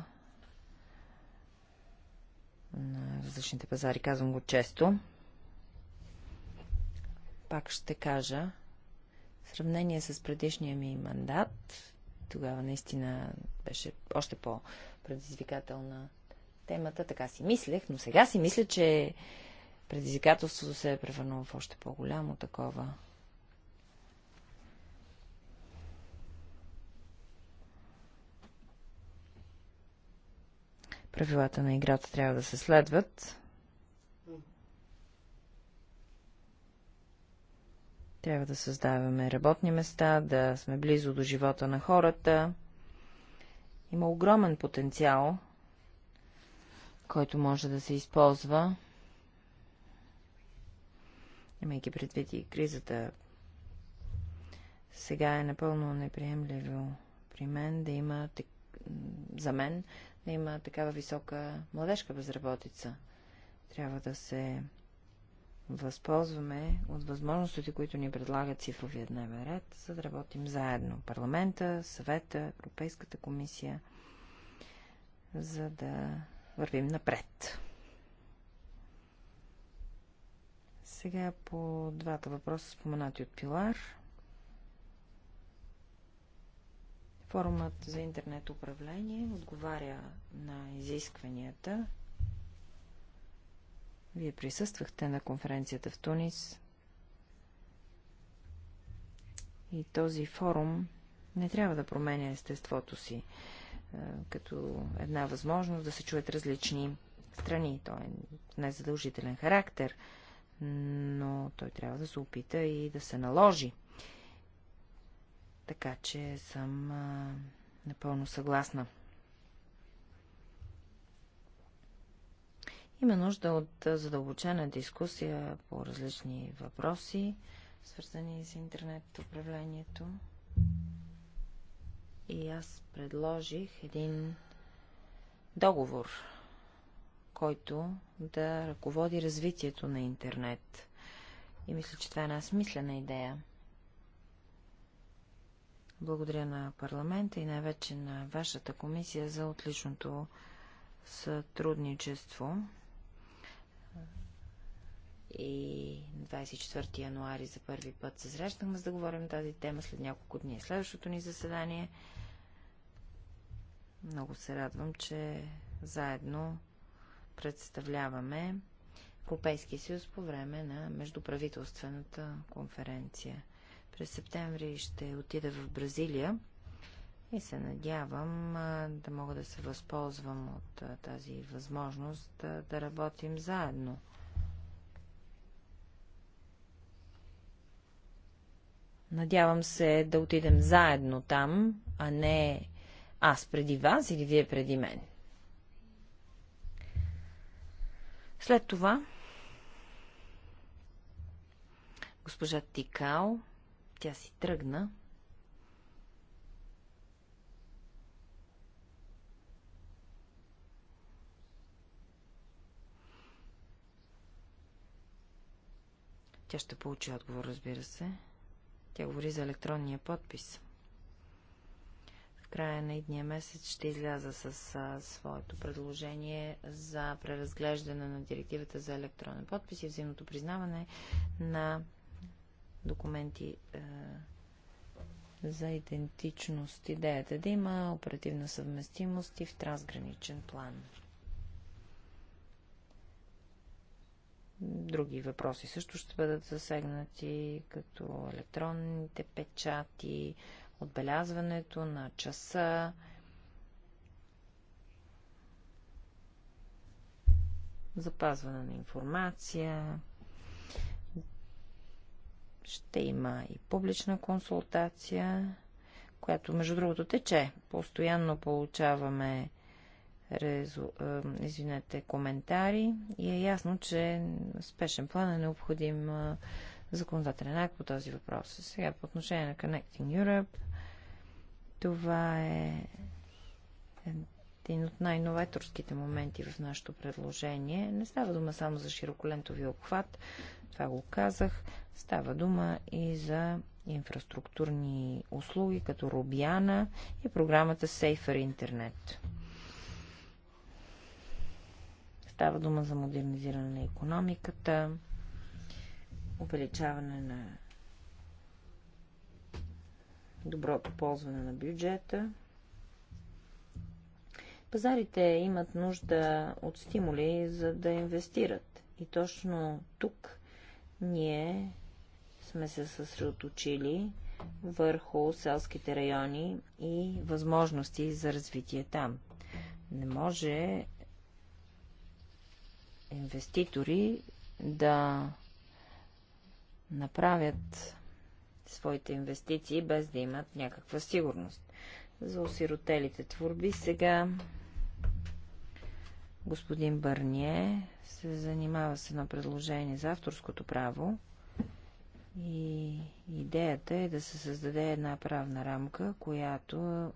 на различните пазари. Казвам го често. Пак ще кажа, в сравнение с предишния ми мандат, тогава наистина беше още по-предизвикателна темата, така си мислех, но сега си мисля, че предизвикателството се е превърнало в още по-голямо такова. Правилата на играта трябва да се следват. Трябва да създаваме работни места, да сме близо до живота на хората. Има огромен потенциал, който може да се използва, имайки предвид и кризата. Сега е напълно неприемливо при мен да има за мен да има такава висока младежка безработица. Трябва да се възползваме от възможностите, които ни предлага цифровия дневен ред, за да работим заедно. Парламента, съвета, Европейската комисия, за да вървим напред. Сега по двата въпроса, споменати от Пилар. Форумът за интернет управление отговаря на изискванията. Вие присъствахте на конференцията в Тунис. И този форум не трябва да променя естеството си е, като една възможност да се чуят различни страни. Той е незадължителен характер, но той трябва да се опита и да се наложи. Така че съм а, напълно съгласна. Има нужда от задълбочена дискусия по различни въпроси, свързани с интернет управлението. И аз предложих един договор, който да ръководи развитието на интернет. И мисля, че това е една смислена идея. Благодаря на парламента и най-вече на вашата комисия за отличното сътрудничество. И 24 януари за първи път се срещнахме, за да говорим тази тема след няколко дни. Следващото ни заседание. Много се радвам, че заедно представляваме Европейския съюз по време на междуправителствената конференция. През септември ще отида в Бразилия и се надявам да мога да се възползвам от тази възможност да, да работим заедно. Надявам се да отидем заедно там, а не аз преди вас или вие преди мен. След това госпожа Тикао тя си тръгна. Тя ще получи отговор, разбира се. Тя говори за електронния подпис. В края на едния месец ще изляза с а, своето предложение за преразглеждане на директивата за електронен подпис и взаимното признаване на документи е, за идентичност. Идеята е да има оперативна съвместимост и в трансграничен план. Други въпроси също ще бъдат засегнати, като електронните печати, отбелязването на часа, запазване на информация, ще има и публична консултация, която между другото тече. Постоянно получаваме резу... извинете, коментари и е ясно, че спешен план е необходим законодателен акт по този въпрос. Сега по отношение на Connecting Europe, това е един от най-новаторските моменти в нашето предложение. Не става дума само за широколентови обхват, това го казах. Става дума и за инфраструктурни услуги, като Рубяна и програмата Safer Internet. Става дума за модернизиране на економиката, увеличаване на доброто ползване на бюджета. Пазарите имат нужда от стимули, за да инвестират. И точно тук ние сме се съсредоточили върху селските райони и възможности за развитие там. Не може инвеститори да направят своите инвестиции без да имат някаква сигурност. За осиротелите творби сега господин Бърние се занимава с едно предложение за авторското право и идеята е да се създаде една правна рамка, която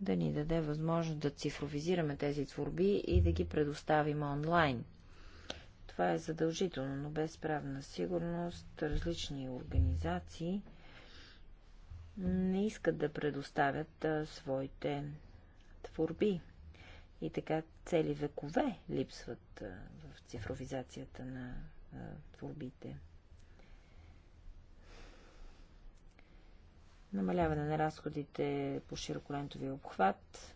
да ни даде възможност да цифровизираме тези творби и да ги предоставим онлайн. Това е задължително, но без правна сигурност различни организации не искат да предоставят своите творби и така цели векове липсват в цифровизацията на творбите. Намаляване на разходите по широколентови обхват.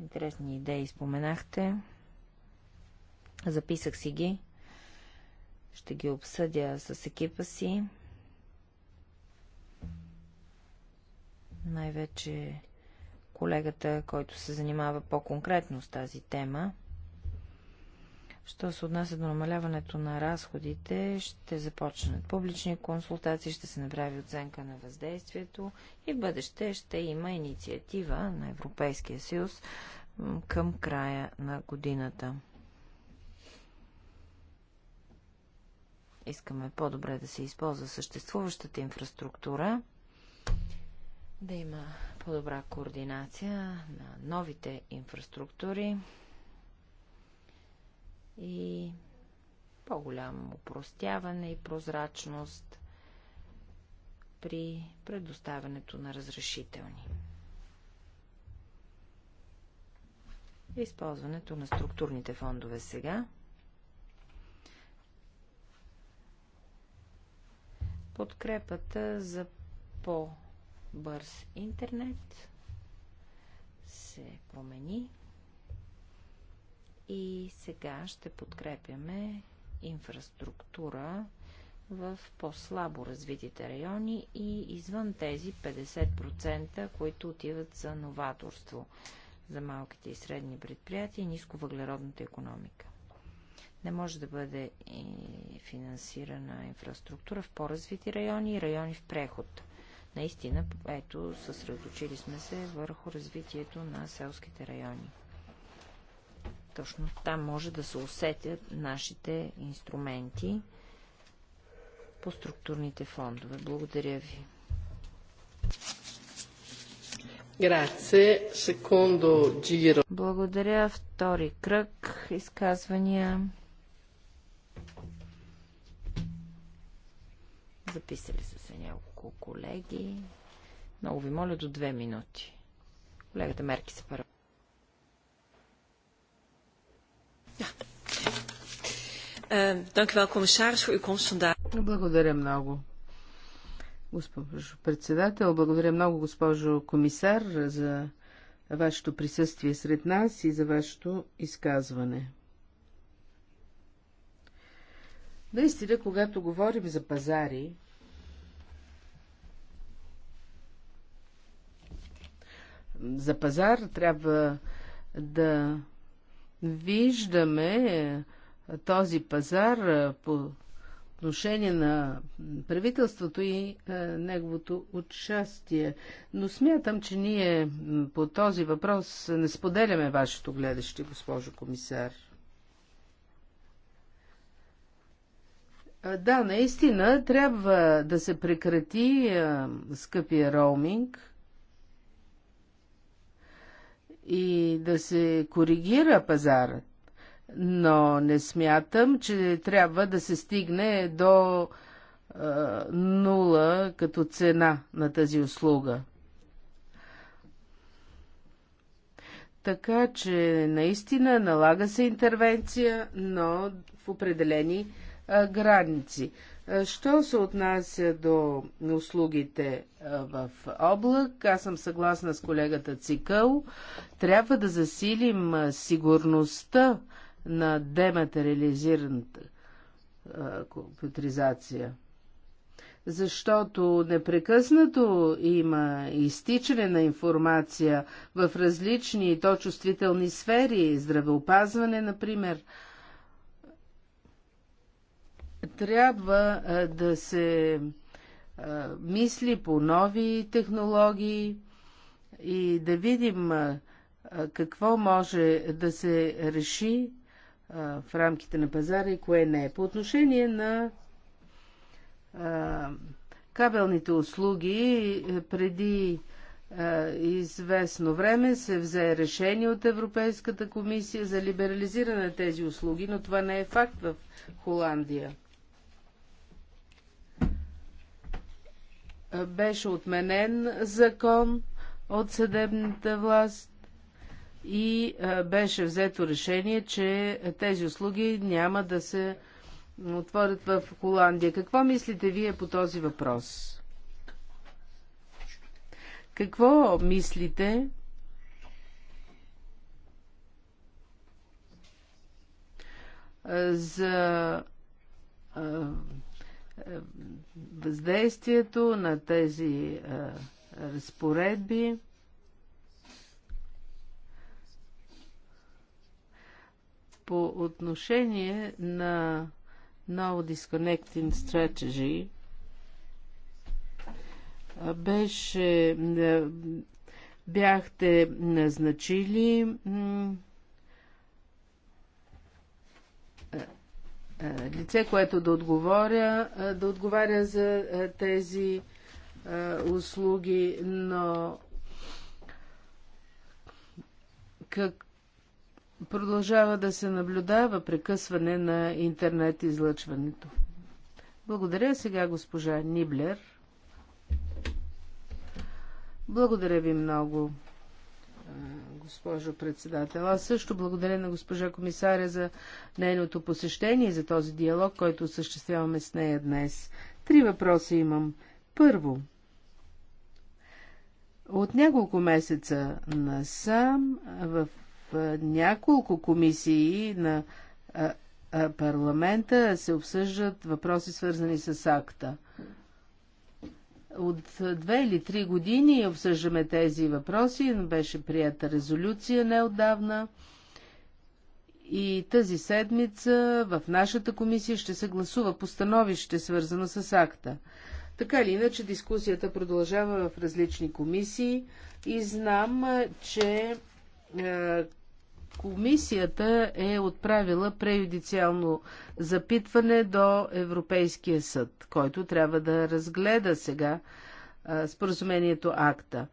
Интересни идеи споменахте. Записах си ги. Ще ги обсъдя с екипа си. Най-вече колегата, който се занимава по-конкретно с тази тема. Що се отнася до намаляването на разходите, ще започнат публични консултации, ще се направи оценка на въздействието и в бъдеще ще има инициатива на Европейския съюз към края на годината. Искаме по-добре да се използва съществуващата инфраструктура, да има по-добра координация на новите инфраструктури и по-голямо упростяване и прозрачност при предоставянето на разрешителни. Използването на структурните фондове сега. Подкрепата за по- бърз интернет се промени и сега ще подкрепяме инфраструктура в по-слабо развитите райони и извън тези 50%, които отиват за новаторство за малките и средни предприятия и нисковъглеродната економика. Не може да бъде финансирана инфраструктура в по-развити райони и райони в преход – Наистина, ето, съсредоточили сме се върху развитието на селските райони. Точно там може да се усетят нашите инструменти по структурните фондове. Благодаря ви. Грация. Секундо джиро. Благодаря. Втори кръг изказвания. Записали са се няколко няколко колеги. Много ви моля до две минути. Колегата Мерки се първа. Е, Благодаря много, госпожо председател. Благодаря много, госпожо комисар, за вашето присъствие сред нас и за вашето изказване. Наистина, когато говорим за пазари, за пазар, трябва да виждаме е, този пазар е, по отношение на правителството и е, неговото участие. Но смятам, че ние по този въпрос не споделяме вашето гледаще, госпожо комисар. да, наистина трябва да се прекрати скъпия роуминг – и да се коригира пазарът. Но не смятам, че трябва да се стигне до е, нула като цена на тази услуга. Така че наистина налага се интервенция, но в определени е, граници. Е, що се отнася до услугите е, в облак, аз съм съгласна с колегата Цикъл. Трябва да засилим е, сигурността на дематериализираната компютризация. Защото непрекъснато има изтичане на информация в различни и то чувствителни сфери, здравеопазване, например. Трябва да се мисли по нови технологии и да видим какво може да се реши в рамките на пазара и кое не. По отношение на кабелните услуги, преди известно време се взе решение от Европейската комисия за либерализиране на тези услуги, но това не е факт в Холандия. беше отменен закон от съдебната власт и беше взето решение, че тези услуги няма да се отворят в Холандия. Какво мислите вие по този въпрос? Какво мислите за въздействието на тези разпоредби. По отношение на No Disconnecting Strategy беше бяхте назначили Е, лице, което да, отговоря, е, да отговаря за е, тези услуги, но как продължава да се наблюдава прекъсване на интернет излъчването. Благодаря сега госпожа Ниблер. Благодаря ви много, госпожо председател. Аз също благодаря на госпожа комисаря за нейното посещение и за този диалог, който осъществяваме с нея днес. Три въпроса имам. Първо, от няколко месеца насам в няколко комисии на парламента се обсъждат въпроси свързани с акта. От е, две или три години обсъждаме тези въпроси, беше прията резолюция неодавна. И тази седмица в нашата комисия ще се гласува постановище, свързано с акта. Така или иначе, дискусията продължава в различни комисии и знам, е, че е, Комисията е отправила преюдициално запитване до Европейския съд, който трябва да разгледа сега споразумението акта.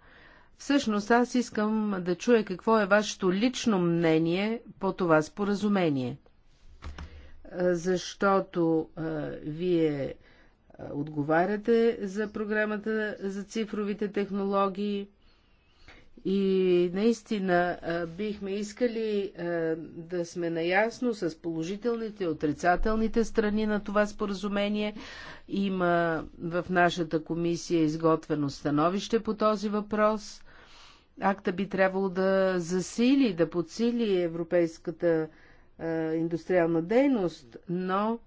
Всъщност аз искам да чуя какво е вашето лично мнение по това споразумение. Защото а, вие отговаряте за програмата за цифровите технологии, и наистина бихме искали да сме наясно с положителните и отрицателните страни на това споразумение. Има в нашата комисия изготвено становище по този въпрос. Акта би трябвало да засили, да подсили европейската индустриална дейност, но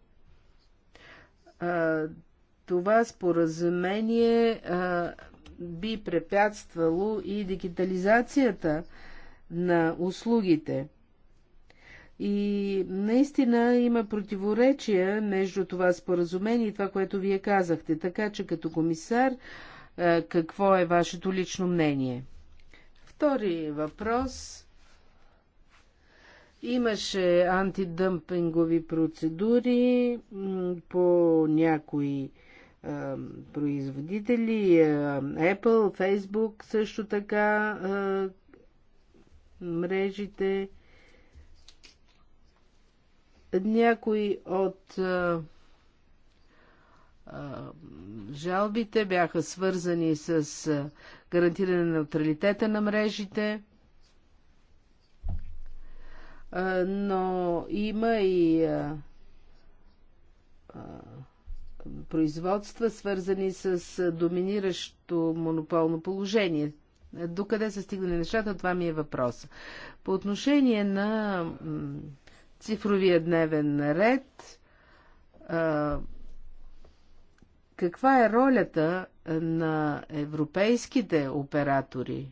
това споразумение би препятствало и дигитализацията на услугите. И наистина има противоречия между това споразумение и това, което вие казахте. Така че като комисар, е, какво е вашето лично мнение? Втори въпрос. Имаше антидъмпингови процедури по някои е, производители, е, Apple, Facebook също така, е, мрежите. Някои от жалбите бяха свързани с гарантиране на неутралитета на мрежите, но има и производства, свързани с доминиращо монополно положение. Докъде са стигнали нещата, това ми е въпрос. По отношение на цифровия дневен ред, каква е ролята на европейските оператори?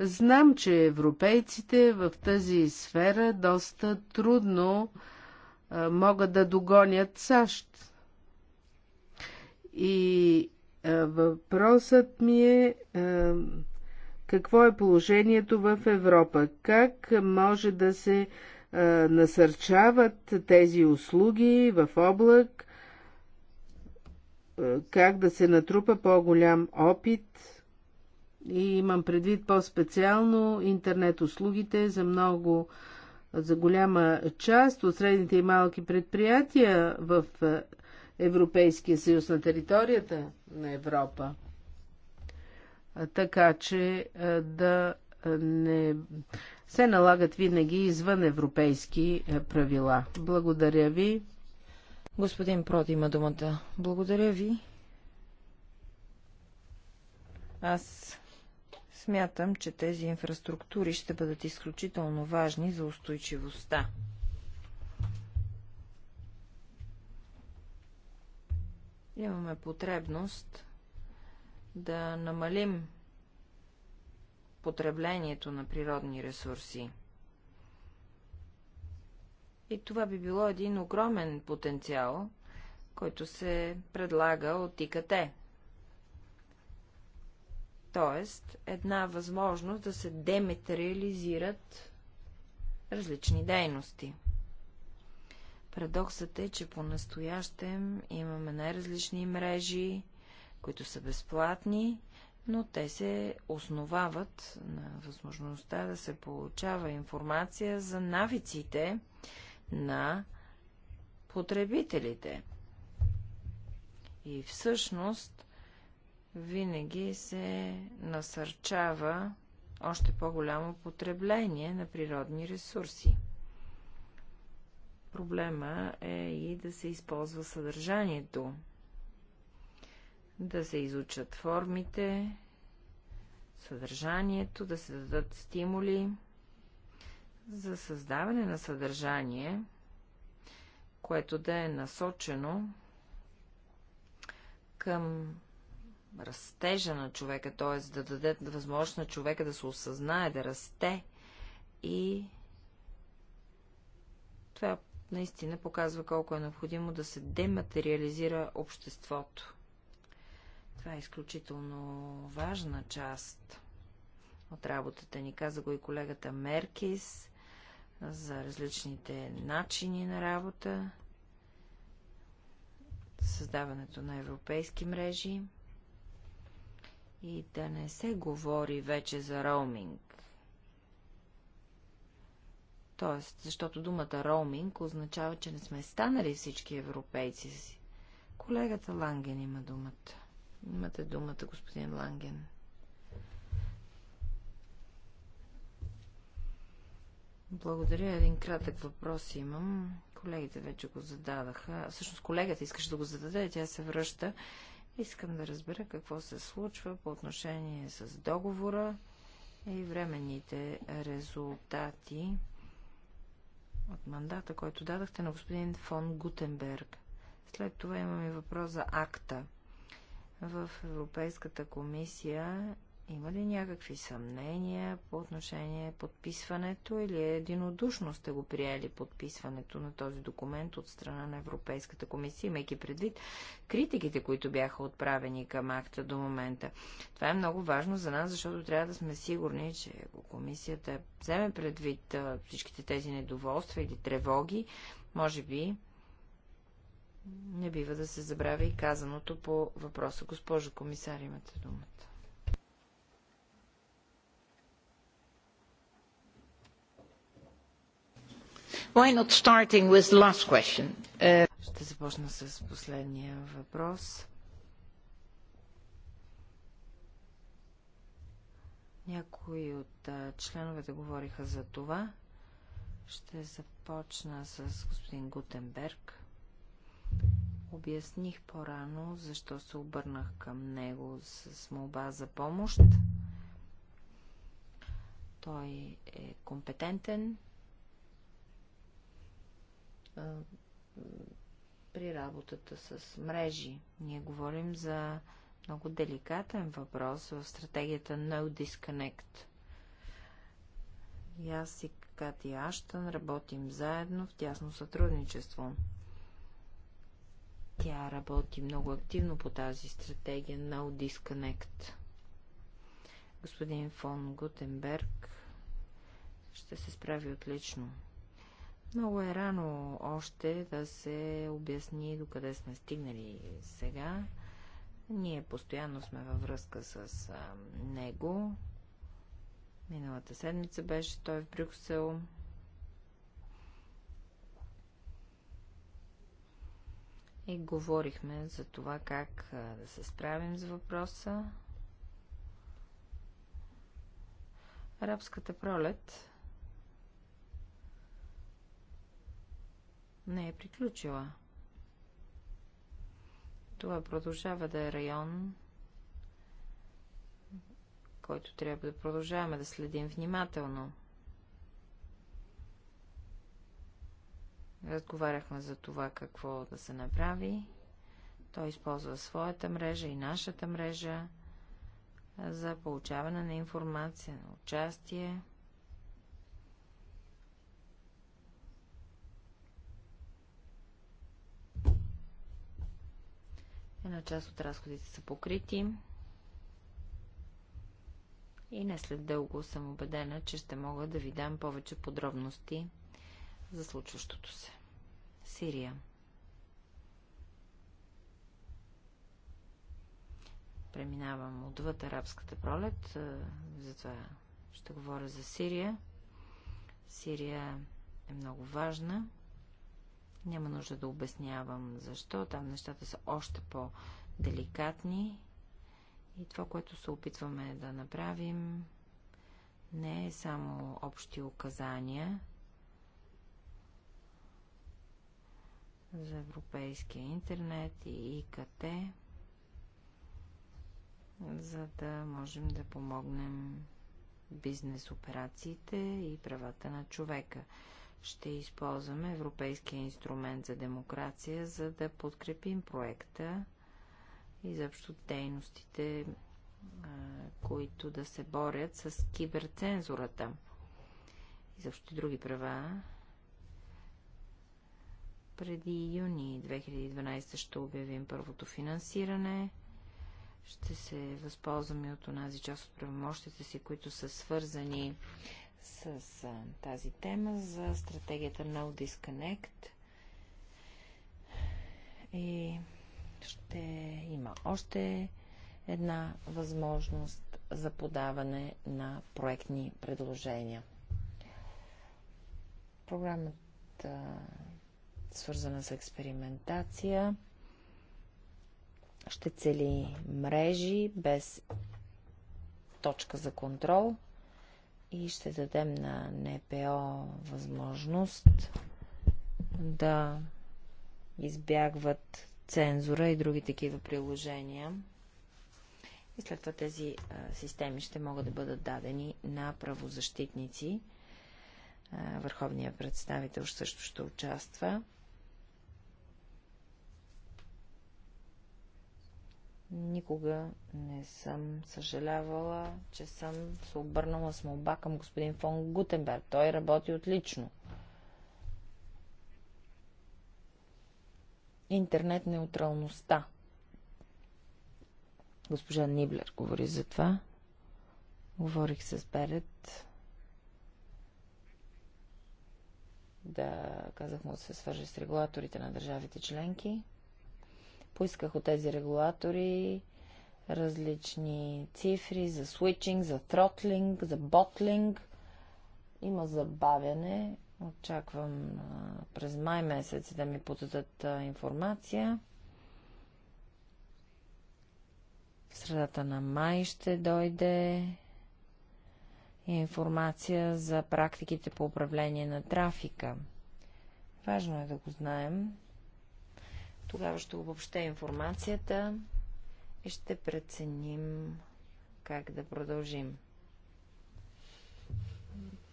Знам, че европейците в тази сфера доста трудно могат да догонят САЩ. И въпросът ми е какво е положението в Европа? Как може да се насърчават тези услуги в облак? Как да се натрупа по-голям опит? И имам предвид по-специално интернет услугите за много, за голяма част от средните и малки предприятия в Европейския съюз, на територията на Европа. Така че да не се налагат винаги извън европейски правила. Благодаря ви. Господин Прод има думата. Благодаря ви. Аз смятам, че тези инфраструктури ще бъдат изключително важни за устойчивостта. имаме потребност да намалим потреблението на природни ресурси. И това би било един огромен потенциал, който се предлага от ИКТ. Тоест, една възможност да се деметериализират различни дейности. Парадоксът е, че по-настоящем имаме най-различни мрежи, които са безплатни, но те се основават на възможността да се получава информация за навиците на потребителите. И всъщност винаги се насърчава още по-голямо потребление на природни ресурси. Проблема е и да се използва съдържанието, да се изучат формите, съдържанието, да се дадат стимули за създаване на съдържание, което да е насочено към растежа на човека, т.е. да даде възможност на човека да се осъзнае, да расте и това наистина показва колко е необходимо да се дематериализира обществото. Това е изключително важна част от работата ни. Каза го и колегата Меркис за различните начини на работа, създаването на европейски мрежи и да не се говори вече за роуминг. Тоест, защото думата роуминг означава, че не сме станали всички европейци си. Колегата Ланген има думата. Имате думата, господин Ланген. Благодаря. Един кратък въпрос имам. Колегите вече го зададаха. Всъщност колегата искаше да го зададе, тя се връща. Искам да разбера какво се случва по отношение с договора и временните резултати от мандата, който дадахте на господин фон Гутенберг. След това имаме въпрос за акта. В Европейската комисия има ли някакви съмнения по отношение подписването или е единодушно сте го приели подписването на този документ от страна на Европейската комисия, имайки предвид критиките, които бяха отправени към акта до момента? Това е много важно за нас, защото трябва да сме сигурни, че ако комисията вземе предвид всичките тези недоволства или тревоги, може би не бива да се забравя и казаното по въпроса. Госпожо комисар, имате думата. Why not starting with the last question? Uh, Ще започна с последния въпрос. Някои от членовете говориха за това. Ще започна с господин Гутенберг. Обясних по-рано, защо се обърнах към него с молба за помощ. Той е компетентен при работата с мрежи. Ние говорим за много деликатен въпрос в стратегията No Disconnect. И аз и Кати Аштън работим заедно в тясно сътрудничество. Тя работи много активно по тази стратегия No Disconnect. Господин фон Гутенберг ще се справи отлично. Много е рано още да се обясни докъде сме стигнали сега. Ние постоянно сме във връзка с а, него. Миналата седмица беше той в Брюксел. И говорихме за това как а, да се справим с въпроса. Арабската пролет не е приключила. Това продължава да е район, който трябва да продължаваме да следим внимателно. Разговаряхме за това какво да се направи. Той използва своята мрежа и нашата мрежа за получаване на информация, на участие. Една част от разходите са покрити. И не след дълго съм убедена, че ще мога да ви дам повече подробности за случващото се. Сирия. Преминавам отвъд арабската пролет, затова ще говоря за Сирия. Сирия е много важна. Няма нужда да обяснявам защо. Там нещата са още по-деликатни. И това, което се опитваме да направим, не е само общи указания за европейския интернет и ИКТ, за да можем да помогнем бизнес операциите и правата на човека ще използваме Европейския инструмент за демокрация, за да подкрепим проекта и заобщо дейностите, които да се борят с киберцензурата и заобщо други права. Преди юни 2012 ще обявим първото финансиране. Ще се възползваме от онази част от правомощите си, които са свързани с тази тема за стратегията No Disconnect. И ще има още една възможност за подаване на проектни предложения. Програмата, свързана с експериментация, ще цели мрежи без точка за контрол – и ще дадем на НПО възможност да избягват цензура и други такива приложения. И след това тези системи ще могат да бъдат дадени на правозащитници. върховният представител също ще участва. Никога не съм съжалявала, че съм се обърнала с молба към господин фон Гутенберг. Той работи отлично. Интернет неутралността. Госпожа Ниблер говори за това. Говорих с Берет. Да, казах му да се свържи с регулаторите на държавите членки. Поисках от тези регулатори различни цифри за свичинг, за тротлинг, за ботлинг. Има забавяне. Очаквам през май месец да ми подадат информация. В средата на май ще дойде информация за практиките по управление на трафика. Важно е да го знаем. Тогава ще обобща информацията и ще преценим как да продължим.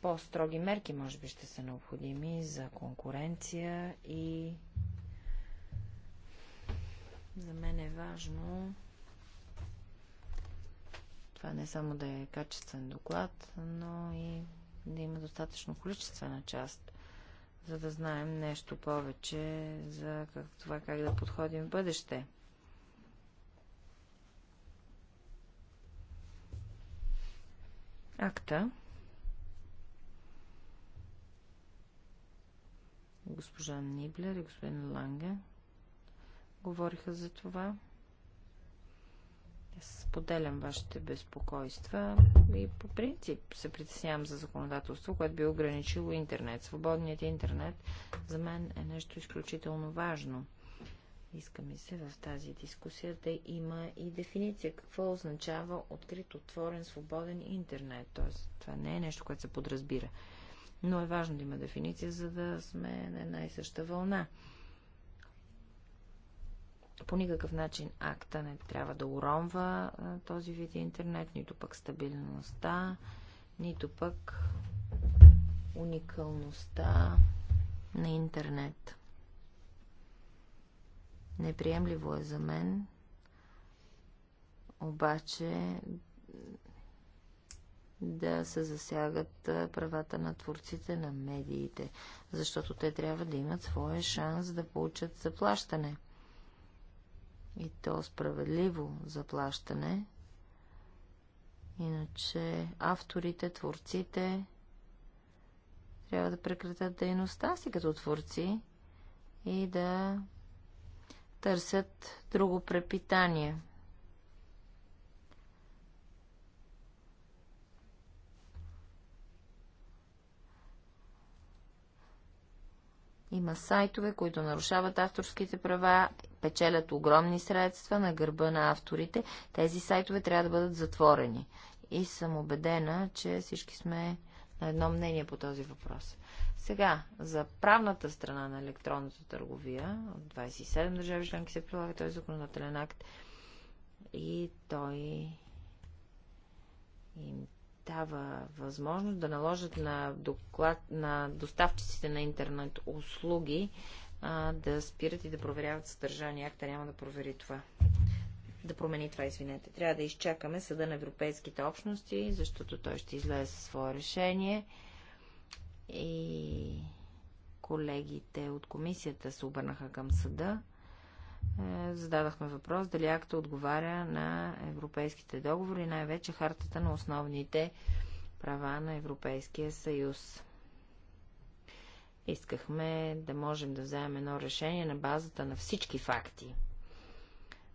По-строги мерки, може би, ще са необходими за конкуренция и за мен е важно това не само да е качествен доклад, но и да има достатъчно количествена част за да знаем нещо повече за как, това как да подходим в бъдеще. Акта. Госпожа Ниблер и господин Ланге говориха за това. Споделям вашите безпокойства и по принцип се притеснявам за законодателство, което би ограничило интернет. Свободният интернет за мен е нещо изключително важно. Иска ми се в тази дискусия да има и дефиниция. Какво означава открит, отворен, свободен интернет? Тоест, това не е нещо, което се подразбира. Но е важно да има дефиниция, за да сме на една и съща вълна. По никакъв начин акта не трябва да уронва този вид интернет, нито пък стабилността, нито пък уникалността на интернет. Неприемливо е за мен, обаче да се засягат правата на творците на медиите, защото те трябва да имат своя шанс да получат заплащане и то справедливо заплащане. Иначе авторите, творците трябва да прекратят дейността си като творци и да търсят друго препитание. Има сайтове, които нарушават авторските права печелят огромни средства на гърба на авторите, тези сайтове трябва да бъдат затворени. И съм убедена, че всички сме на едно мнение по този въпрос. Сега, за правната страна на електронната търговия, от 27 държави членки се прилага този законодателен акт и той им дава възможност да наложат на, доклад, на доставчиците на интернет услуги а, да спират и да проверяват съдържание. Акта няма да провери това. Да промени това, извинете. Трябва да изчакаме Съда на Европейските общности, защото той ще излезе със свое решение. И колегите от комисията се обърнаха към съда. Е, Зададахме въпрос дали акта отговаря на европейските договори, най-вече хартата на основните права на Европейския съюз. Искахме да можем да вземем едно решение на базата на всички факти.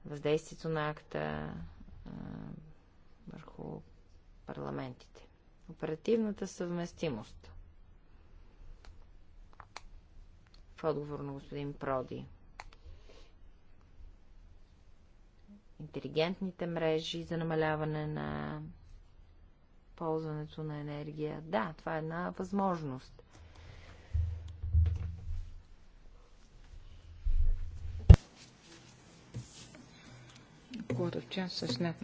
Въздействието на акта а, върху парламентите. Оперативната съвместимост. В отговор на господин Проди. Интелигентните мрежи за намаляване на ползването на енергия. Да, това е една възможност. quarter chance is not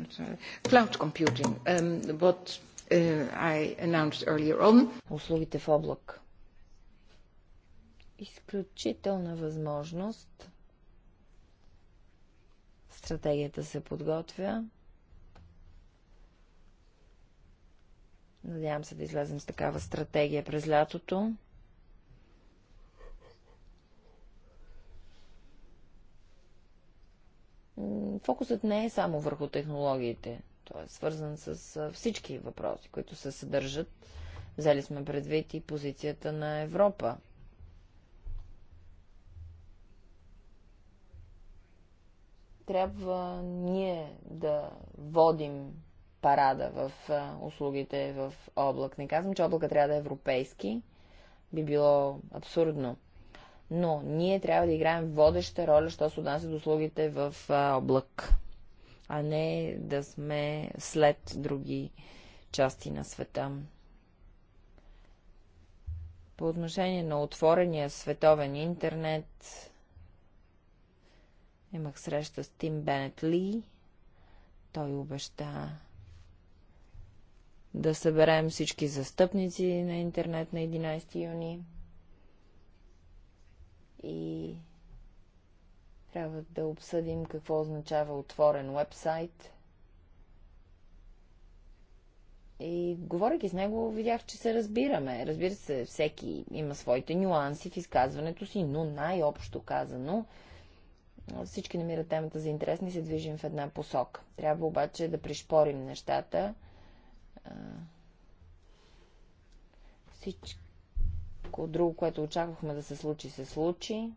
cloud computing, um, what uh, I announced earlier on. Услугите в облак. Изключителна възможност. Стратегията се подготвя. Надявам се да излезем с такава стратегия през лятото. фокусът не е само върху технологиите. Той е свързан с всички въпроси, които се съдържат. Взели сме предвид и позицията на Европа. Трябва ние да водим парада в услугите в облак. Не казвам, че облака трябва да е европейски. Би било абсурдно но ние трябва да играем водеща роля, що се отнася до услугите в облак, а не да сме след други части на света. По отношение на отворения световен интернет, имах среща с Тим Бенет Ли. Той обеща да съберем всички застъпници на интернет на 11 юни и трябва да обсъдим какво означава отворен вебсайт. И говоряки с него, видях, че се разбираме. Разбира се, всеки има своите нюанси в изказването си, но най-общо казано, всички намират темата за интересна и се движим в една посока. Трябва обаче да пришпорим нещата. Всички всичко друго, което очаквахме да се случи, се случи.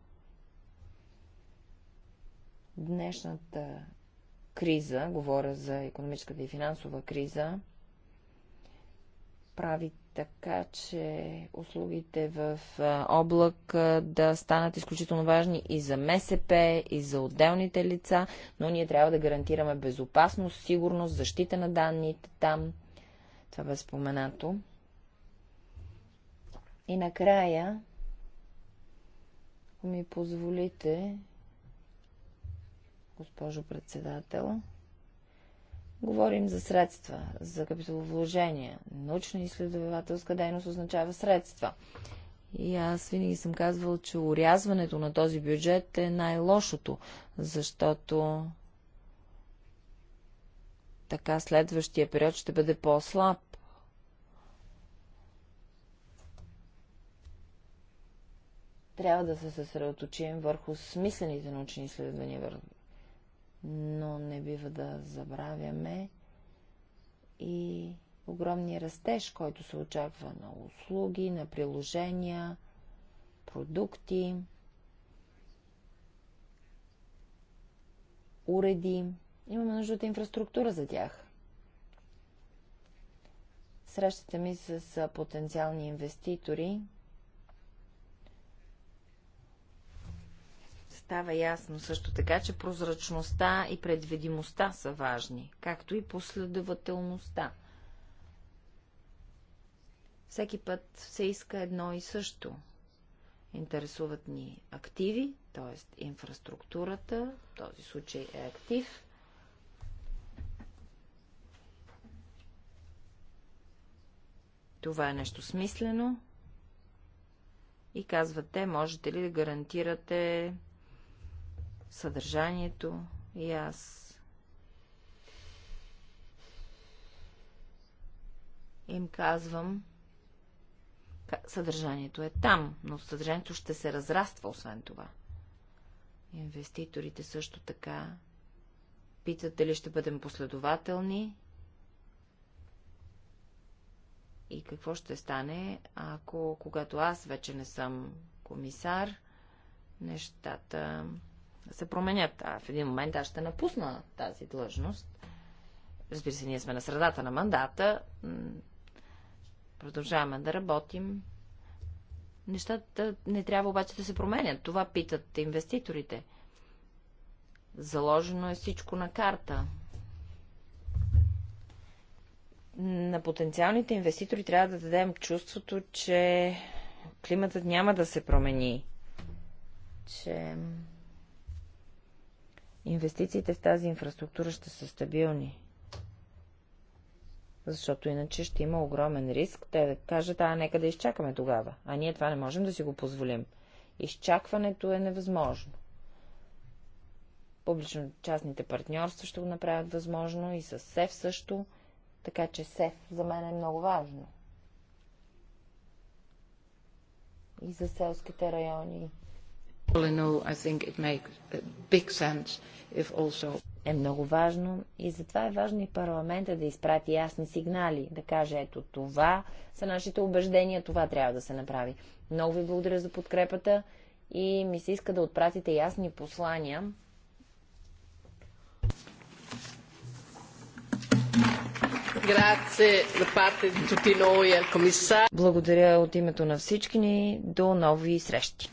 Днешната криза, говоря за економическата и финансова криза, прави така, че услугите в облак да станат изключително важни и за МСП, и за отделните лица, но ние трябва да гарантираме безопасност, сигурност, защита на данните там. Това бе споменато. И накрая, ако ми позволите, госпожо председател, говорим за средства, за капиталовложения. Научно-изследователска дейност означава средства. И аз винаги съм казвал, че урязването на този бюджет е най-лошото, защото така следващия период ще бъде по-слаб Трябва да се съсредоточим върху смислените научни изследвания, но не бива да забравяме и огромния растеж, който се очаква на услуги, на приложения, продукти, уреди. Имаме нужда от инфраструктура за тях. Срещата ми с потенциални инвеститори Става ясно също така, че прозрачността и предвидимостта са важни, както и последователността. Всеки път се иска едно и също. Интересуват ни активи, т.е. инфраструктурата, в този случай е актив. Това е нещо смислено. И казвате, можете ли да гарантирате съдържанието и аз им казвам, съдържанието е там, но съдържанието ще се разраства, освен това. Инвеститорите също така питат дали ще бъдем последователни и какво ще стане, ако когато аз вече не съм комисар, нещата се променят. А в един момент аз ще напусна тази длъжност. Разбира се, ние сме на средата на мандата. Продължаваме да работим. Нещата не трябва обаче да се променят. Това питат инвеститорите. Заложено е всичко на карта. На потенциалните инвеститори трябва да дадем чувството, че климатът няма да се промени. Че Инвестициите в тази инфраструктура ще са стабилни. Защото иначе ще има огромен риск те да кажат, а нека да изчакаме тогава. А ние това не можем да си го позволим. Изчакването е невъзможно. Публично-частните партньорства ще го направят възможно и с СЕФ също, така че СЕФ за мен е много важно. И за селските райони, е много важно и затова е важно и парламента да изпрати ясни сигнали, да каже ето това са нашите убеждения, това трябва да се направи. Много ви благодаря за подкрепата и ми се иска да отпратите ясни послания. Е, благодаря от името на всички ни. До нови срещи!